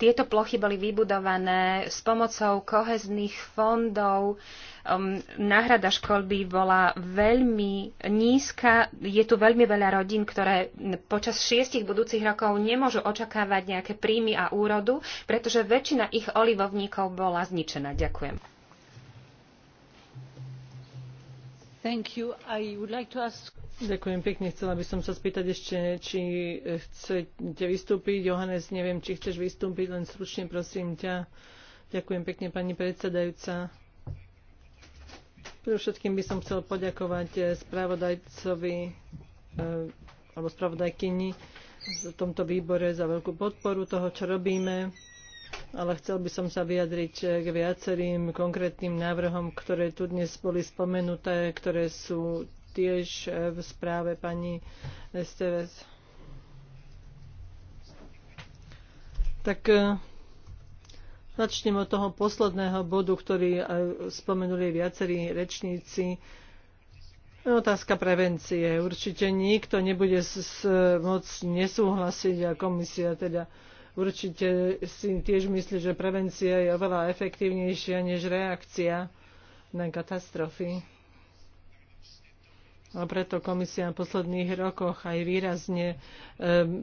Speaker 3: tieto plochy boli vybudované s pomocou kohezných fondov. Um, náhrada školby bola veľmi nízka. Je tu veľmi veľa rodín, ktoré počas šiestich budúcich rokov nemôžu očakávať nejaké príjmy a úrodu, pretože väčšina ich olivovníkov bola zničená. Ďakujem.
Speaker 1: Ďakujem pekne. Chcela by som sa spýtať ešte, či eh, chcete vystúpiť. Johannes, neviem, či chceš vystúpiť, len stručne prosím ťa. Ďakujem pekne, pani predsedajúca. Pre všetkým by som chcel poďakovať eh, spravodajcovi eh, alebo spravodajkyni v tomto výbore za veľkú podporu toho, čo robíme ale chcel by som sa vyjadriť eh, k viacerým konkrétnym návrhom, ktoré tu dnes boli spomenuté, ktoré sú tiež eh, v správe pani Esteves. Tak eh, Začnem od toho posledného bodu, ktorý spomenuli viacerí rečníci. Otázka prevencie. Určite nikto nebude s, s, nesúhlasiť a komisia teda určite si tiež myslí, že prevencia je oveľa efektívnejšia než reakcia na katastrofy. A preto komisia v posledných rokoch aj výrazne e,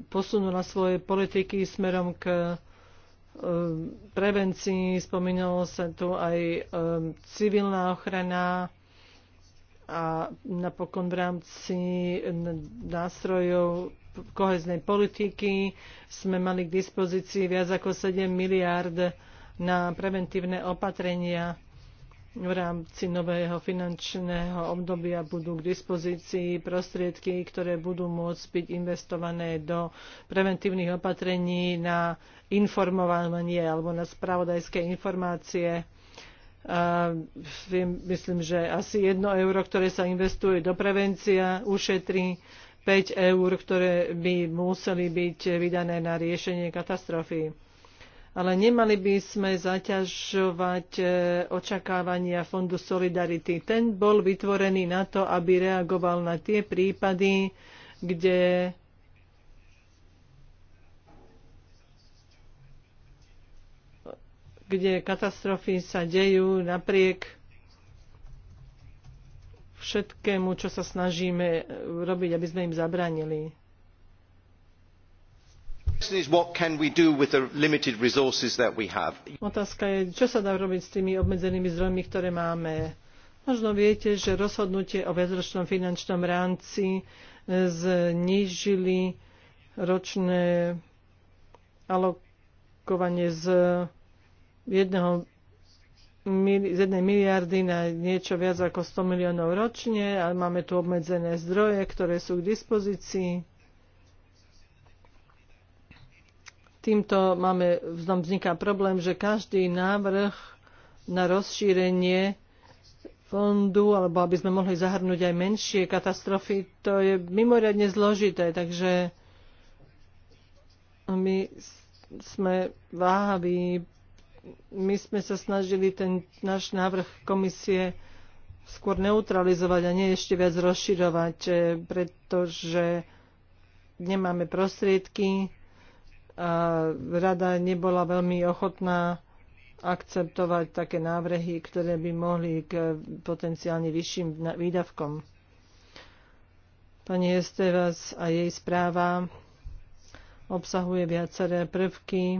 Speaker 1: posunula svoje politiky smerom k e, prevencii. Spomínalo sa tu aj e, civilná ochrana a napokon v rámci nástrojov koheznej politiky sme mali k dispozícii viac ako 7 miliárd na preventívne opatrenia v rámci nového finančného obdobia budú k dispozícii prostriedky, ktoré budú môcť byť investované do preventívnych opatrení na informovanie alebo na spravodajské informácie. myslím, že asi jedno euro, ktoré sa investuje do prevencia, ušetrí 5 eur, ktoré by museli byť vydané na riešenie katastrofy. Ale nemali by sme zaťažovať e, očakávania Fondu Solidarity. Ten bol vytvorený na to, aby reagoval na tie prípady, kde kde katastrofy sa dejú napriek všetkému, čo sa snažíme eh, robiť, aby sme im zabránili. Otázka je, čo sa dá robiť s tými obmedzenými zdrojmi, ktoré máme. Možno viete, že rozhodnutie o väzročnom finančnom rámci eh, znížili ročné alokovanie z jedného z jednej miliardy na niečo viac ako 100 miliónov ročne a máme tu obmedzené zdroje, ktoré sú k dispozícii. Týmto máme, vznam vzniká problém, že každý návrh na rozšírenie fondu, alebo aby sme mohli zahrnúť aj menšie katastrofy, to je mimoriadne zložité, takže my sme váhaví my sme sa snažili ten náš návrh komisie skôr neutralizovať a nie ešte viac rozširovať, eh, pretože nemáme prostriedky a rada nebola veľmi ochotná akceptovať také návrhy, ktoré by mohli k potenciálne vyšším výdavkom. Pani Estevas a jej správa obsahuje viaceré prvky,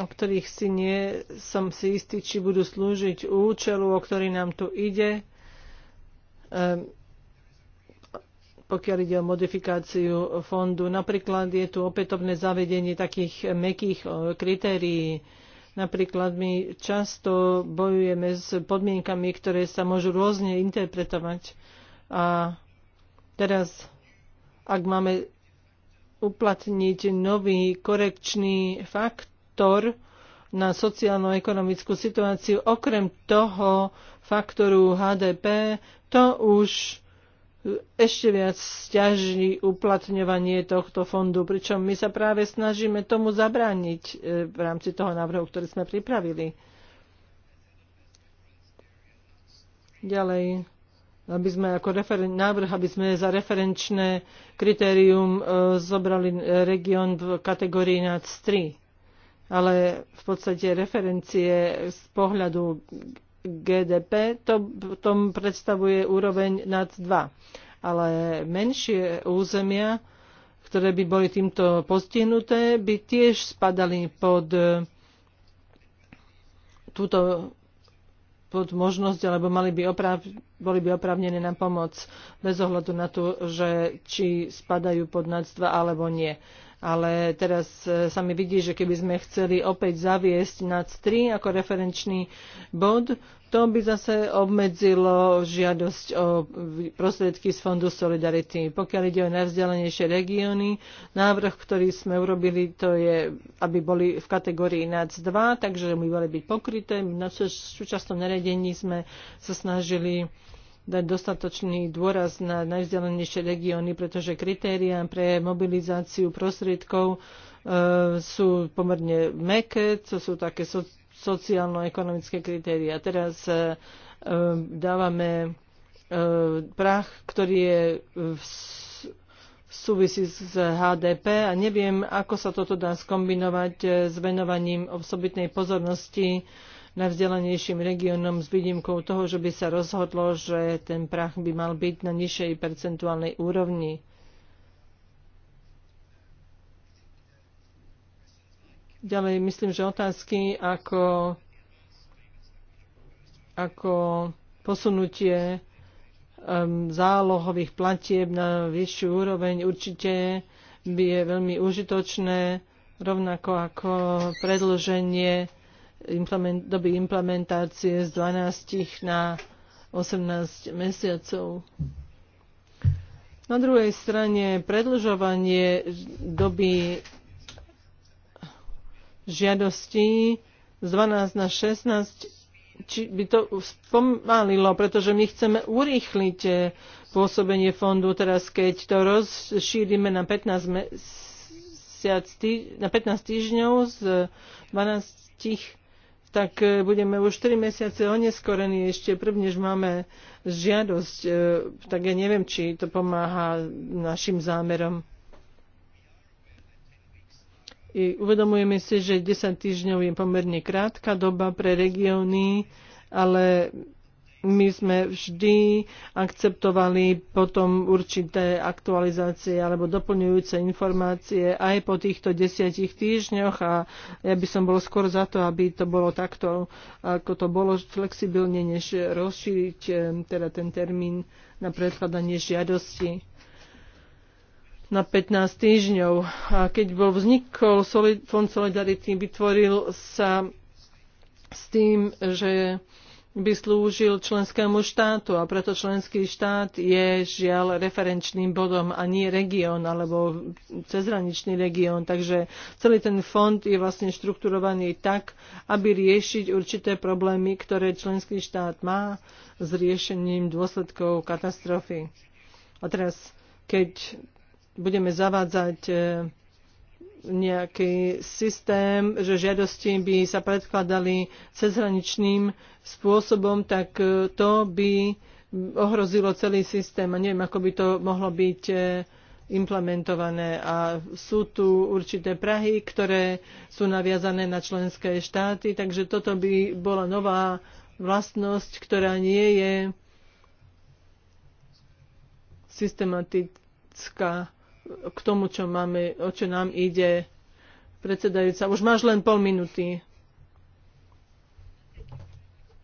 Speaker 1: o ktorých si nie som si istý, či budú slúžiť účelu, o ktorý nám tu ide, ehm, pokiaľ ide o modifikáciu fondu. Napríklad je tu opätovné zavedenie takých mekých e, kritérií. Napríklad my často bojujeme s podmienkami, ktoré sa môžu rôzne interpretovať. A teraz, ak máme uplatniť nový korekčný fakt, faktor na sociálno-ekonomickú situáciu. Okrem toho faktoru HDP, to už ešte viac stiaží uplatňovanie tohto fondu, pričom my sa práve snažíme tomu zabrániť e, v rámci toho návrhu, ktorý sme pripravili. Ďalej, aby sme ako referen- návrh, aby sme za referenčné kritérium e, zobrali region v kategórii NAC 3 ale v podstate referencie z pohľadu GDP, to potom predstavuje úroveň nad 2. Ale menšie územia, ktoré by boli týmto postihnuté, by tiež spadali pod eh, túto pod možnosť, alebo mali by oprav, boli by oprávnené na pomoc bez ohľadu na to, že či spadajú pod NAC2 alebo nie ale teraz e, sa mi vidí, že keby sme chceli opäť zaviesť NAC3 ako referenčný bod, to by zase obmedzilo žiadosť o prostriedky z Fondu Solidarity. Pokiaľ ide o najvzdialenejšie regióny, návrh, ktorý sme urobili, to je, aby boli v kategórii NAC2, takže by mali byť pokryté. Na súčasnom naredení sme sa snažili dať dostatočný dôraz na najvzdialenejšie regióny, pretože kritériá pre mobilizáciu prostriedkov e, sú pomerne meké, to sú také so, sociálno-ekonomické kritériá. Teraz e, e dávame e, prach, ktorý je v súvisí s HDP a neviem, ako sa toto dá skombinovať e, s venovaním osobitnej pozornosti najvzdelanejším regiónom s výnimkou toho, že by sa rozhodlo, že ten prach by mal byť na nižšej percentuálnej úrovni. Ďalej myslím, že otázky ako, ako posunutie um, zálohových platieb na vyššiu úroveň určite by je veľmi užitočné, rovnako ako predlženie implement, doby implementácie z 12 na 18 mesiacov. Na druhej strane predlžovanie doby žiadostí z 12 na 16 či by to spomalilo, pretože my chceme urýchliť eh, pôsobenie fondu teraz, keď to rozšírime na 15, mesiac, na 15 týždňov z 12 tak e, budeme už 4 mesiace oneskorení ešte prvnež máme žiadosť, e, tak ja neviem, či to pomáha našim zámerom. I uvedomujeme si, že 10 týždňov je pomerne krátka doba pre regióny, ale my sme vždy akceptovali potom určité aktualizácie alebo doplňujúce informácie aj po týchto desiatich týždňoch a ja by som bol skôr za to, aby to bolo takto, ako to bolo flexibilne, než rozšíriť eh, teda ten termín na predkladanie žiadosti na 15 týždňov. A keď bol vznikol Fond Solidarity, vytvoril sa s tým, že by slúžil členskému štátu a preto členský štát je žiaľ referenčným bodom a nie región alebo cezhraničný región. Takže celý ten fond je vlastne štrukturovaný tak, aby riešiť určité problémy, ktoré členský štát má s riešením dôsledkov katastrofy. A teraz, keď budeme zavádzať eh, nejaký systém, že žiadosti by sa predkladali cezhraničným spôsobom, tak e, to by ohrozilo celý systém a neviem, ako by to mohlo byť e, implementované. A sú tu určité Prahy, ktoré sú naviazané na členské štáty, takže toto by bola nová vlastnosť, ktorá nie je systematická k tomu, čo máme, o čo nám ide predsedajúca. Už máš len pol minúty.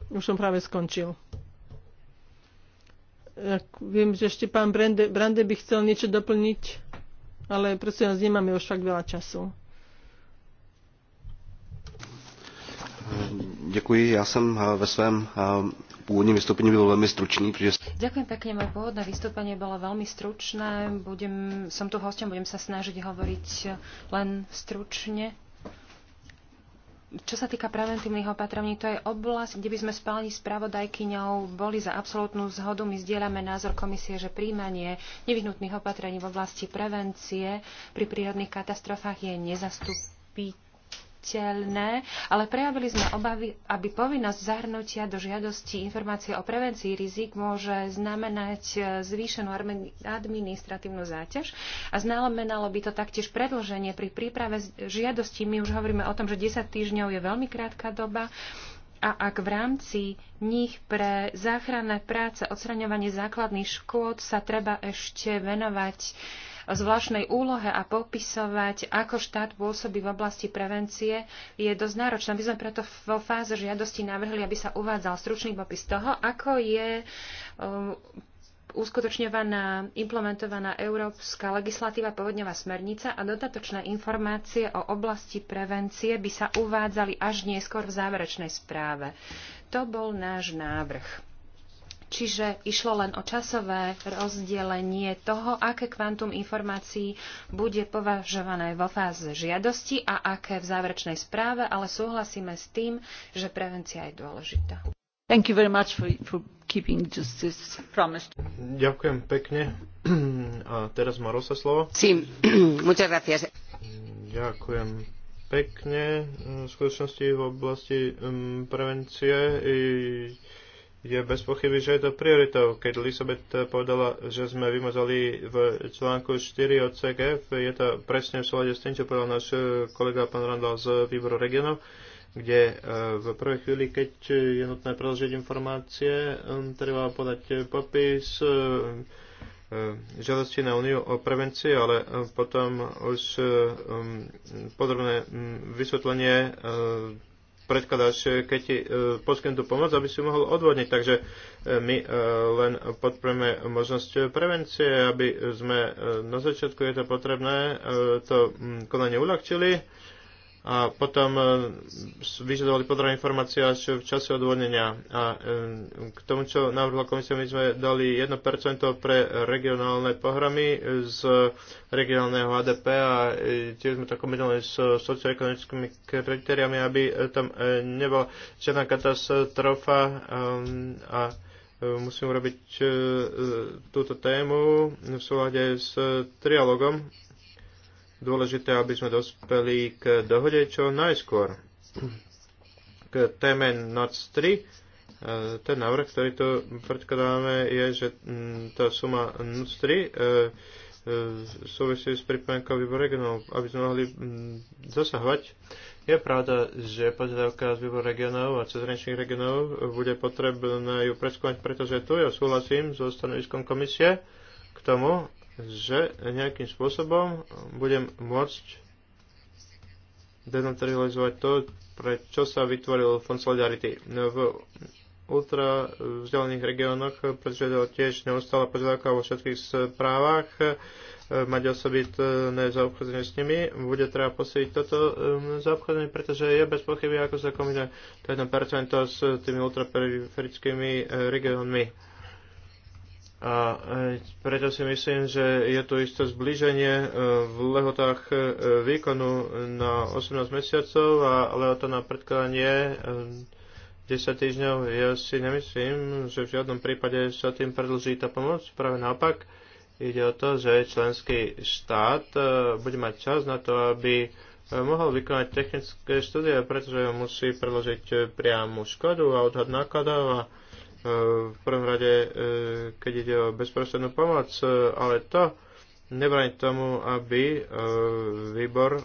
Speaker 1: Už som práve skončil. Ja viem, že ešte pán Brande, Brande by chcel niečo doplniť, ale prosím vás, nemáme už fakt veľa času.
Speaker 2: Děkuji, já jsem eh, ve svém eh, pôvodne vystúpenie bolo veľmi stručný. Pretože...
Speaker 3: Ďakujem pekne, moje pôvodné vystúpenie bolo veľmi stručné. Budem, som tu hostom, budem sa snažiť hovoriť len stručne. Čo sa týka preventívnych opatrení, to je oblasť, kde by sme spálni spravodajkyňou boli za absolútnu zhodu. My zdieľame názor komisie, že príjmanie nevyhnutných opatrení v oblasti prevencie pri prírodných katastrofách je nezastupiteľné priateľné, ale prejavili sme obavy, aby povinnosť zahrnutia do žiadosti informácie o prevencii rizik môže znamenať e, zvýšenú administratívnu záťaž a znamenalo by to taktiež predlženie pri príprave žiadosti. My už hovoríme o tom, že 10 týždňov je veľmi krátka doba a ak v rámci nich pre záchranné práce, odstraňovanie základných škôd sa treba ešte venovať zvláštnej úlohe a popisovať, ako štát pôsobí v oblasti prevencie, je dosť náročné. My sme preto vo fáze žiadosti navrhli, aby sa uvádzal stručný popis toho, ako je um, uskutočňovaná, implementovaná európska legislatíva povodňová smernica a dodatočné informácie o oblasti prevencie by sa uvádzali až neskôr v záverečnej správe. To bol náš návrh. Čiže išlo len o časové rozdelenie toho, aké kvantum informácií bude považované vo fáze žiadosti a aké v záverečnej správe, ale súhlasíme s tým, že prevencia je dôležitá.
Speaker 1: Thank you very much for, for keeping just this
Speaker 2: promise. Ďakujem pekne. A teraz má Rosa slovo. Sí, muchas gracias. Ďakujem pekne. V skutočnosti v oblasti um, prevencie i je bez pochyby, že je to prioritou. Keď Elisabeth povedala, že sme vymazali v článku 4 od CGF, je to presne v súlade s tým, čo povedal náš kolega pán Randall z výboru regionov, kde e, v prvej chvíli, keď je nutné preložiť informácie, treba podať popis e, e, žiadosti na Uniu o prevencii, ale potom už podrobné vysvetlenie predkladáš, keď ti e, poskytnú pomoc, aby si mohol odvodniť. Takže e, my e, len podporujeme možnosť prevencie, aby sme na začiatku je to potrebné, to mm, konanie uľahčili a potom e, vyžadovali podrobné informácie až v čase odvodnenia. A e, k tomu, čo navrhla komisia, my sme dali 1% pre regionálne pohromy z regionálneho HDP a e, tiež sme to kombinovali s socioekonomickými kritériami, aby tam nebola žiadna katastrofa a musím urobiť túto tému v súlade s trialogom dôležité, aby sme dospeli k dohode čo najskôr. K téme NOC 3, e, ten návrh, ktorý tu predkladáme, je, že mm, tá suma NOC 3 e, e, súvisí s pripomienkou výboru regionov, aby sme mohli mm, zasahovať. Je pravda, že požiadavka z výboru regionov a cezhraničných regionov bude potrebné ju preskúmať, pretože tu ja súhlasím so stanoviskom komisie k tomu, že nejakým spôsobom budem môcť denaturalizovať to, pre čo sa vytvoril Fond Solidarity. No, v ultra vzdialených regiónoch, pretože to tiež neustále požiadavka vo všetkých správach e, mať osobitné zaobchádzanie s nimi. Bude treba posiediť toto e, zaobchádzanie, pretože je bez pochyby, ako sa kombinuje to 1% s tými ultraperiferickými e, regiónmi a e, preto si myslím, že je tu isté zbliženie e, v lehotách e, výkonu na 18 mesiacov a lehota na predkladanie 10 týždňov. Ja si nemyslím, že v žiadnom prípade sa tým predlží tá pomoc. Práve naopak, ide o to, že členský štát bude mať čas na to, aby mohol vykonať technické štúdie, pretože musí predložiť priamu škodu a odhad nákladov a E, v prvom rade, e, keď ide o bezprostrednú pomoc, e, ale to nebraní tomu, aby výbor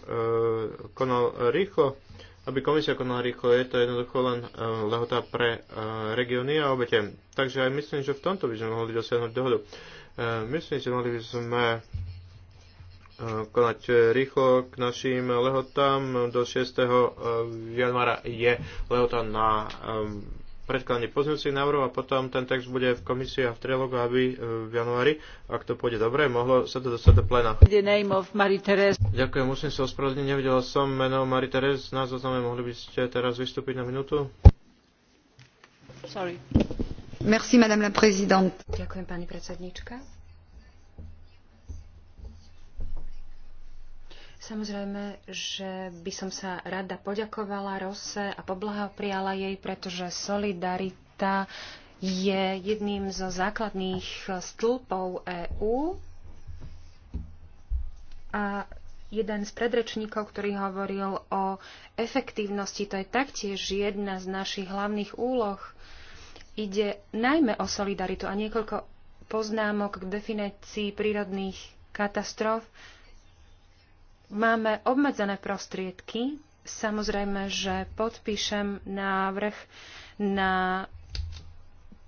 Speaker 2: konal rýchlo, aby komisia konala rýchlo. Je to jednoducho len lehota pre regióny a obete. Takže aj myslím, že v tomto by sme mohli dosiahnuť dohodu. Myslím, že mohli by sme konať rýchlo k našim lehotám. Do 6. januára je lehota na predkladne pozmeňujúci návrh a potom ten text bude v komisii a v trialogu, aby e, v januári, ak to pôjde dobre, mohlo sa to dostať do plena.
Speaker 1: Ďakujem,
Speaker 2: musím sa ospravedlniť, nevidela som meno Marie Teres. na zozname, mohli by ste teraz vystúpiť na minútu?
Speaker 3: Sorry. Merci, madame la présidente. Ďakujem, pani predsedníčka. Samozrejme, že by som sa rada poďakovala Rose a poblahopriala jej, pretože solidarita je jedným zo základných stĺpov EÚ. A jeden z predrečníkov, ktorý hovoril o efektívnosti, to je taktiež jedna z našich hlavných úloh. Ide najmä o solidaritu a niekoľko poznámok k definícii prírodných katastrof Máme obmedzené prostriedky. Samozrejme, že podpíšem návrh na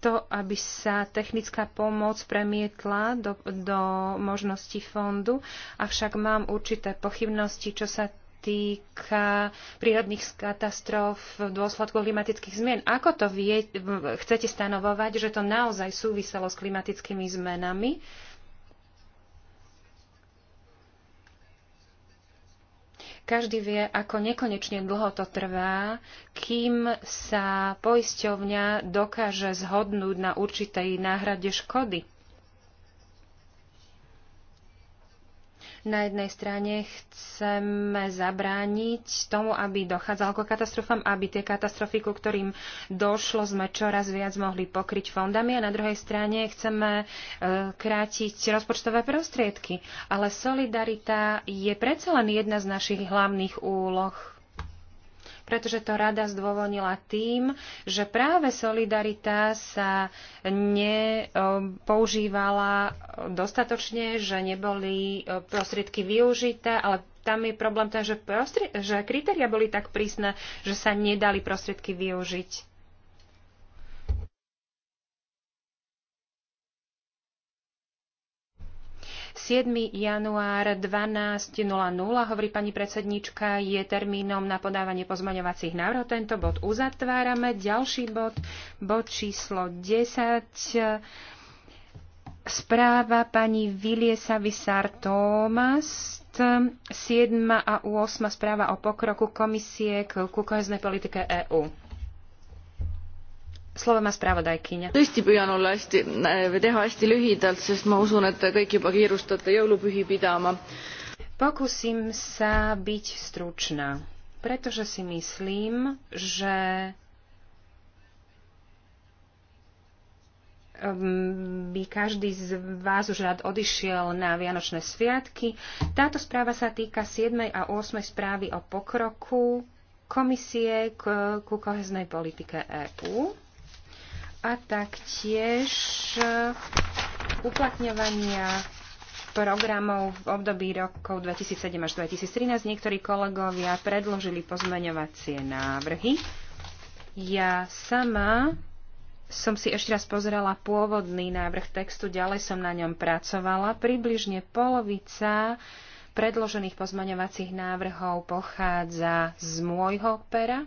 Speaker 3: to, aby sa technická pomoc premietla do, do možností fondu, avšak mám určité pochybnosti, čo sa týka prírodných katastrof v dôsledku klimatických zmien. Ako to vie, chcete stanovovať, že to naozaj súviselo s klimatickými zmenami? Uh, Každý vie, ako nekonečne dlho to trvá, kým sa poisťovňa dokáže zhodnúť na určitej náhrade škody. Na jednej strane chceme zabrániť tomu, aby dochádzalo k katastrofám, aby tie katastrofy, ku ktorým došlo, sme čoraz viac mohli pokryť fondami a na druhej strane chceme e, krátiť rozpočtové prostriedky. Ale solidarita je predsa len jedna z našich hlavných úloh pretože to rada zdôvodnila tým, že práve solidarita sa nepoužívala dostatočne, že neboli e, prostriedky využité, ale tam je problém ten, že, prostri- že kritéria boli tak prísne, že sa nedali prostriedky využiť. 7. január 12.00, hovorí pani predsednička, je termínom na podávanie pozmaňovacích návrhov. Tento bod uzatvárame. Ďalší bod, bod číslo 10. Správa pani Viliesa Visar Tomas. 7. a 8. správa o pokroku komisie k koheznej politike EÚ. Slovo má Tõesti püüan olla hästi, äh, teha hästi lühidalt, sest ma usun, et kõik juba kiirustate jõulupühi pidama. sa byť stručná, pretože si myslím, že by každý z vás už rád odišiel na Vianočné sviatky. Táto správa sa týka 7. a 8. správy o pokroku komisie ku koheznej politike EÚ a taktiež e, uplatňovania programov v období rokov 2007 až 2013. Niektorí kolegovia predložili pozmeňovacie návrhy. Ja sama som si ešte raz pozrela pôvodný návrh textu, ďalej som na ňom pracovala. Približne polovica predložených pozmaňovacích návrhov pochádza z môjho pera.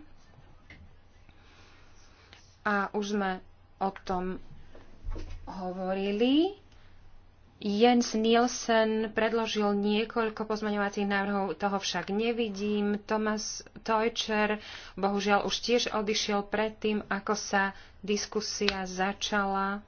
Speaker 3: A už sme o tom hovorili. Jens Nielsen predložil niekoľko pozmaňovacích návrhov, toho však nevidím. Thomas Tojčer bohužiaľ už tiež odišiel predtým, ako sa diskusia začala.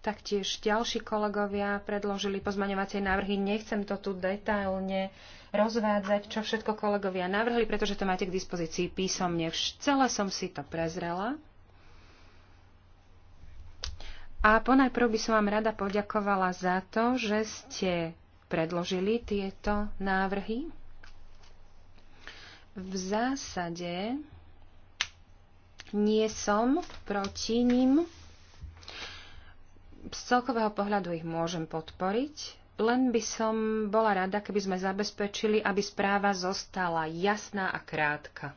Speaker 3: Taktiež ďalší kolegovia predložili pozmaňovacie návrhy. Nechcem to tu detailne uh, rozvádzať, čo všetko kolegovia navrhli, pretože to máte k dispozícii písomne. Celé som si to prezrela. A ponajprv by som vám rada poďakovala za to, že ste predložili tieto návrhy. V zásade nie som proti nim. Z celkového pohľadu ich môžem podporiť, len by som bola rada, keby sme zabezpečili, aby správa zostala jasná a krátka.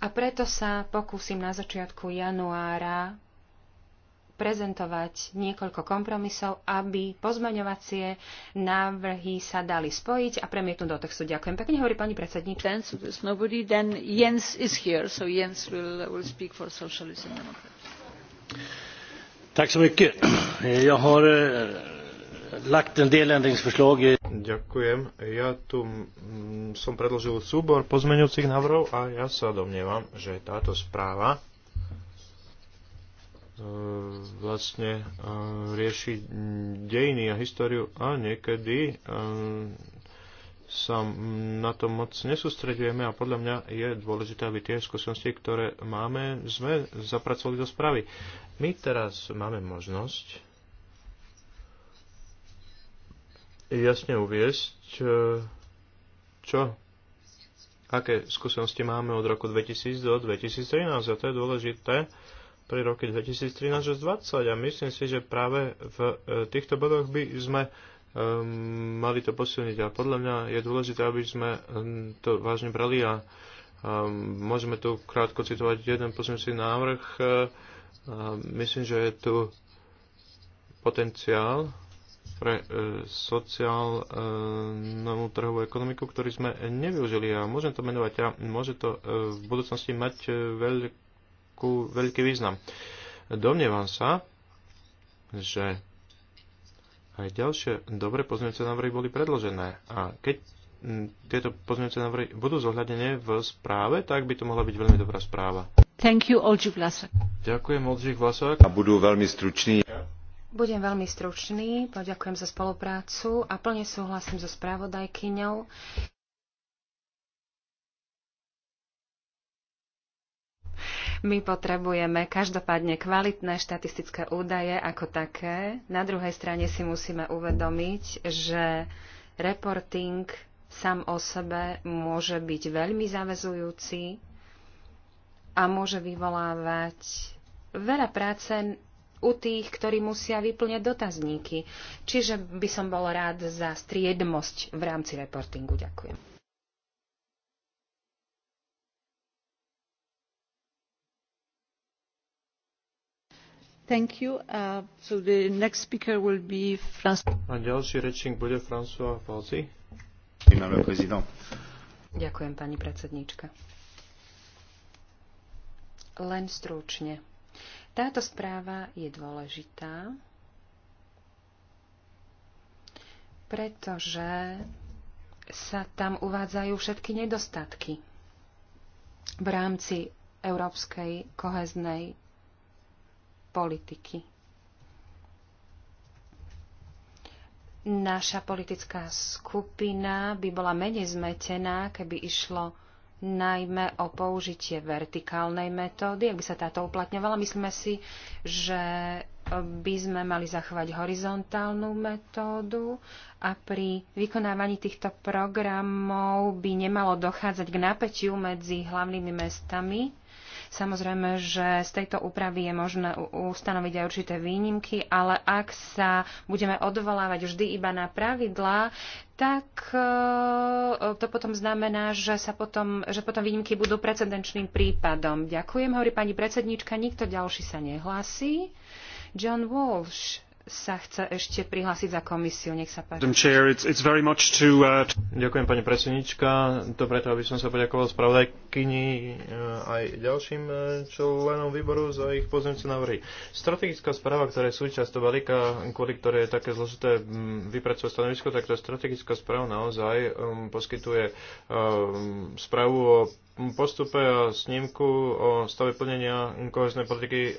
Speaker 3: A preto sa pokúsim na začiatku januára prezentovať niekoľko kompromisov, aby pozmaňovacie návrhy sa dali spojiť a premietnúť do textu. Ďakujem pekne, hovorí pani predsedníčka. Jens is here, so Jens will, will speak for socialism.
Speaker 2: så mycket. Jag har eh, lagt en del ändringsförslag. Ďakujem. Ja tu mm, som predložil súbor pozmeňujúcich návrhov a ja sa domnievam, že táto správa e, vlastne e, rieši dejiny a históriu a niekedy e, sa mm, na to moc nesústredujeme a podľa mňa je dôležité, aby tie skúsenosti, ktoré máme, sme zapracovali do správy. My teraz máme možnosť jasne uviesť, e, čo, aké skúsenosti máme od roku 2000 do 2013 a to je dôležité pri roky 2013 až 2020 a myslím si, že práve v e, týchto bodoch by sme um, mali to posilniť a podľa mňa je dôležité, aby sme to vážne brali a um, môžeme tu krátko citovať jeden posunutý návrh. Uh, myslím, že je tu potenciál pre e, sociálnu trhovú ekonomiku, ktorý sme nevyužili a môžem to menovať a môže to e, v budúcnosti mať e, veľkú, veľký význam. Domnievam sa, že aj ďalšie dobre pozmeňujúce návrhy boli predložené a keď tieto pozmeňujúce návrhy budú zohľadené v správe, tak by to mohla byť veľmi dobrá správa. Thank you, Ďakujem, Olži Vlasák. A budú veľmi stručný.
Speaker 3: Budem veľmi stručný, poďakujem za spoluprácu a plne súhlasím so správodajkyňou. My potrebujeme každopádne kvalitné štatistické údaje ako také. Na druhej strane si musíme uvedomiť, že reporting sám o sebe môže byť veľmi zavezujúci a môže vyvolávať veľa práce u tých, ktorí musia vyplňať dotazníky. Čiže by som bol rád za striedmosť v rámci reportingu. Ďakujem.
Speaker 1: Thank you. Uh, so the next speaker will be A ďalší
Speaker 2: rečník bude François
Speaker 3: Ďakujem, pani predsedníčka. Len stručne táto správa je dôležitá, pretože sa tam uvádzajú všetky nedostatky v rámci európskej koheznej politiky. Naša politická skupina by bola menej zmetená, keby išlo najmä o použitie vertikálnej metódy, ak by sa táto uplatňovala. Myslíme si, že by sme mali zachovať horizontálnu metódu a pri vykonávaní týchto programov by nemalo dochádzať k napätiu medzi hlavnými mestami Samozrejme, že z tejto úpravy je možné ustanoviť aj určité výnimky, ale ak sa budeme odvolávať vždy iba na pravidlá, tak e, to potom znamená, že, sa potom, že potom výnimky budú precedenčným prípadom. Ďakujem, hovorí pani predsednička, nikto ďalší sa nehlási. John Walsh sa chce ešte prihlásiť za komisiu. Nech sa páči.
Speaker 2: Uh, Ďakujem, pani predsednička. To preto, aby som sa poďakoval spravodajkyni uh, aj ďalším uh, členom výboru za ich pozemce návrhy. Strategická správa, ktorá je súčasťou balíka, kvôli ktorej je také zložité mm, vypracovať stanovisko, tak tá strategická správa naozaj um, poskytuje um, správu o postupe a snímku o stave plnenia kohezné politiky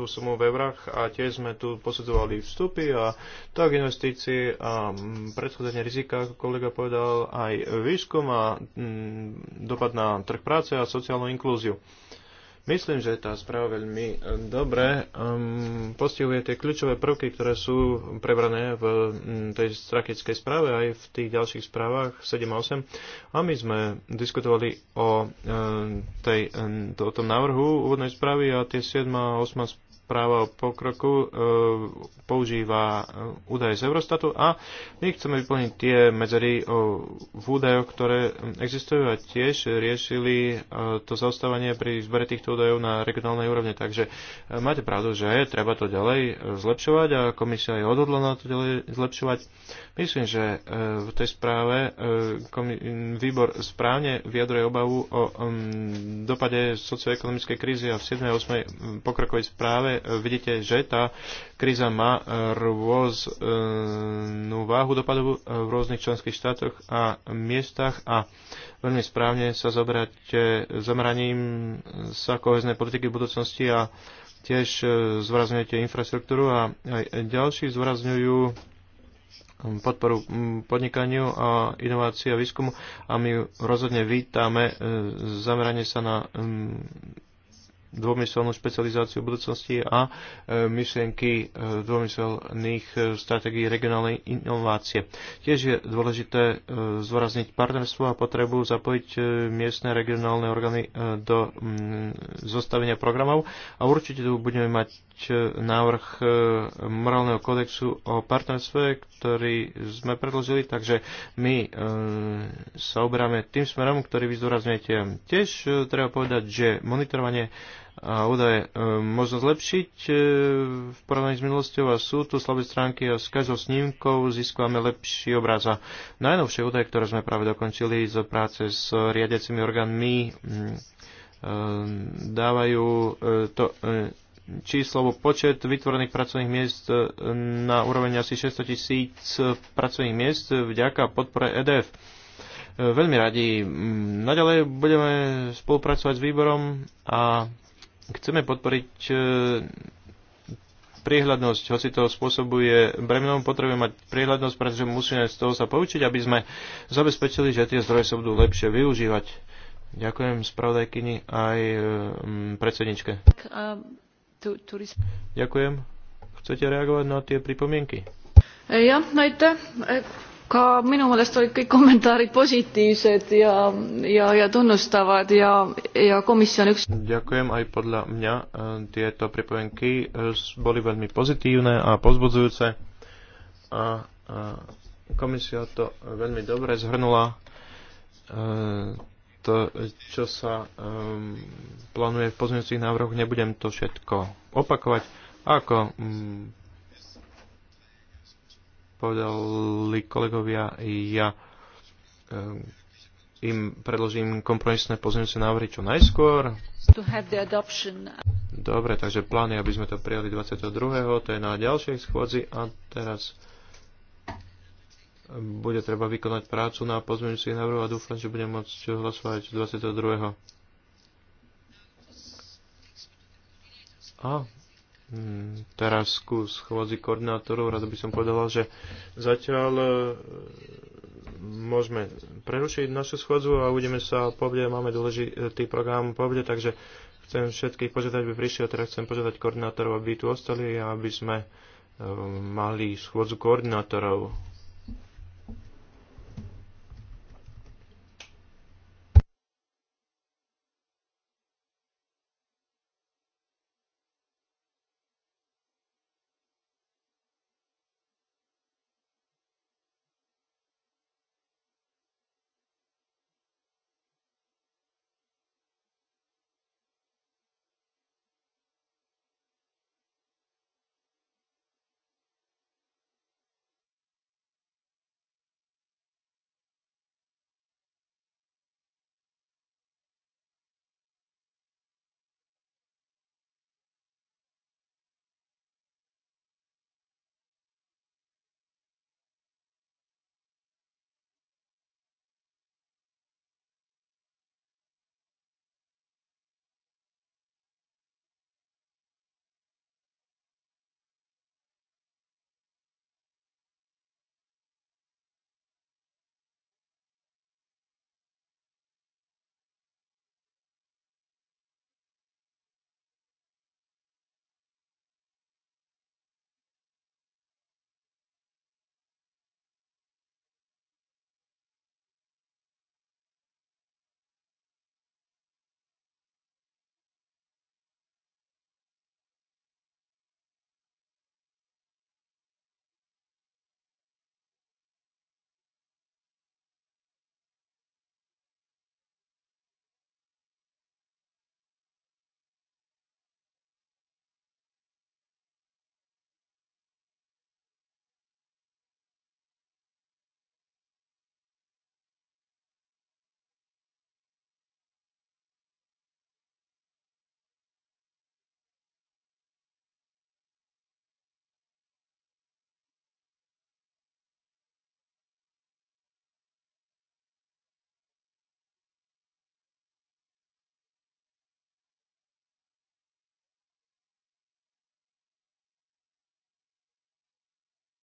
Speaker 2: tu som v eurách a tiež sme tu posudzovali vstupy a tak investície a mm, predchádzanie rizika, ako kolega povedal, aj výskum a mm, dopad na trh práce a sociálnu inklúziu. Myslím, že tá správa veľmi e, dobre um, postihuje tie kľúčové prvky, ktoré sú prebrané v um, tej strategickej správe aj v tých ďalších správach 7 a 8. A my sme diskutovali o, um, tej, um, e, to, o tom návrhu úvodnej správy a tie 7 a 8 správa o pokroku e, používa e, údaje z Eurostatu a my chceme vyplniť tie medzery o, e, v údajoch, ktoré existujú a tiež riešili e, to zaostávanie pri zbere týchto údajov na regionálnej úrovni. Takže e, máte pravdu, že je, treba to ďalej e, zlepšovať a komisia je odhodlaná to ďalej zlepšovať. Myslím, že e, v tej správe e, komi- výbor správne vyjadruje obavu o e, dopade socioekonomickej krízy a v 7. a 8. pokrokovej správe vidíte, že tá kríza má rôznu váhu dopadov v rôznych členských štátoch a miestach a veľmi správne sa zobrať zamraním sa koheznej politiky v budúcnosti a tiež e, zvrazňujete infraštruktúru a aj ďalší zvrazňujú podporu podnikaniu a inovácii a výskumu a my rozhodne vítame e, zameranie sa na dvomyselnú špecializáciu budúcnosti a e, myšlienky e, dvomyselných e, stratégií regionálnej inovácie. Tiež je dôležité zvorazniť partnerstvo a potrebu zapojiť miestne regionálne orgány do zostavenia programov a určite tu budeme mať návrh morálneho kodexu o partnerstve, ktorý sme predložili, takže my sa oberáme tým smerom, ktorý vy zdôrazňujete. Tiež treba povedať, že monitorovanie a údaje e, možno zlepšiť e, v porovnaní s minulosťou a sú tu slabé stránky a s každou snímkou získame lepší obraz. A najnovšie údaje, ktoré sme práve dokončili z práce s riadiacimi orgánmi, e, dávajú to číslo počet vytvorených pracovných miest na úroveň asi 600 tisíc pracovných miest vďaka podpore EDF. Veľmi radi. Naďalej budeme spolupracovať s výborom a Chceme podporiť e, priehľadnosť, hoci to spôsobuje bremenom, potrebujeme mať priehľadnosť, pretože musíme z toho sa poučiť, aby sme zabezpečili, že tie zdroje sa budú lepšie využívať. Ďakujem spravodajkyni aj e, predsedničke. Ďakujem. Chcete reagovať na tie pripomienky?
Speaker 1: Ja, najte. No ka minu meelest olid kõik kommentaarid positiivsed ja, ja, ja tunnustavad ja, ja komisjon üks.
Speaker 2: Ďakujem aj podľa mňa. E, tieto pripojenky e, boli veľmi pozitívne a pozbudzujúce. a komisia to veľmi dobre zhrnula. E, to, čo sa um, plánuje v pozmeňujúcich návrhoch, nebudem to všetko opakovať. Ako um, povedali kolegovia, ja eh, im predložím kompromisné pozemnice návrhy čo najskôr. Dobre, takže plán je, aby sme to prijali 22. To je na ďalšej schôdzi a teraz bude treba vykonať prácu na pozmeňujúcich návrhu a dúfam, že budem môcť hlasovať 22. A Hmm, teraz skús schôdzi koordinátorov, rád by som povedal, že zatiaľ e, môžeme prerušiť našu schôdzu a budeme sa po máme dôležitý program po takže chcem všetkých požiadať, aby prišli a teraz chcem požiadať koordinátorov, aby tu ostali a aby sme e, mali schôdzu koordinátorov.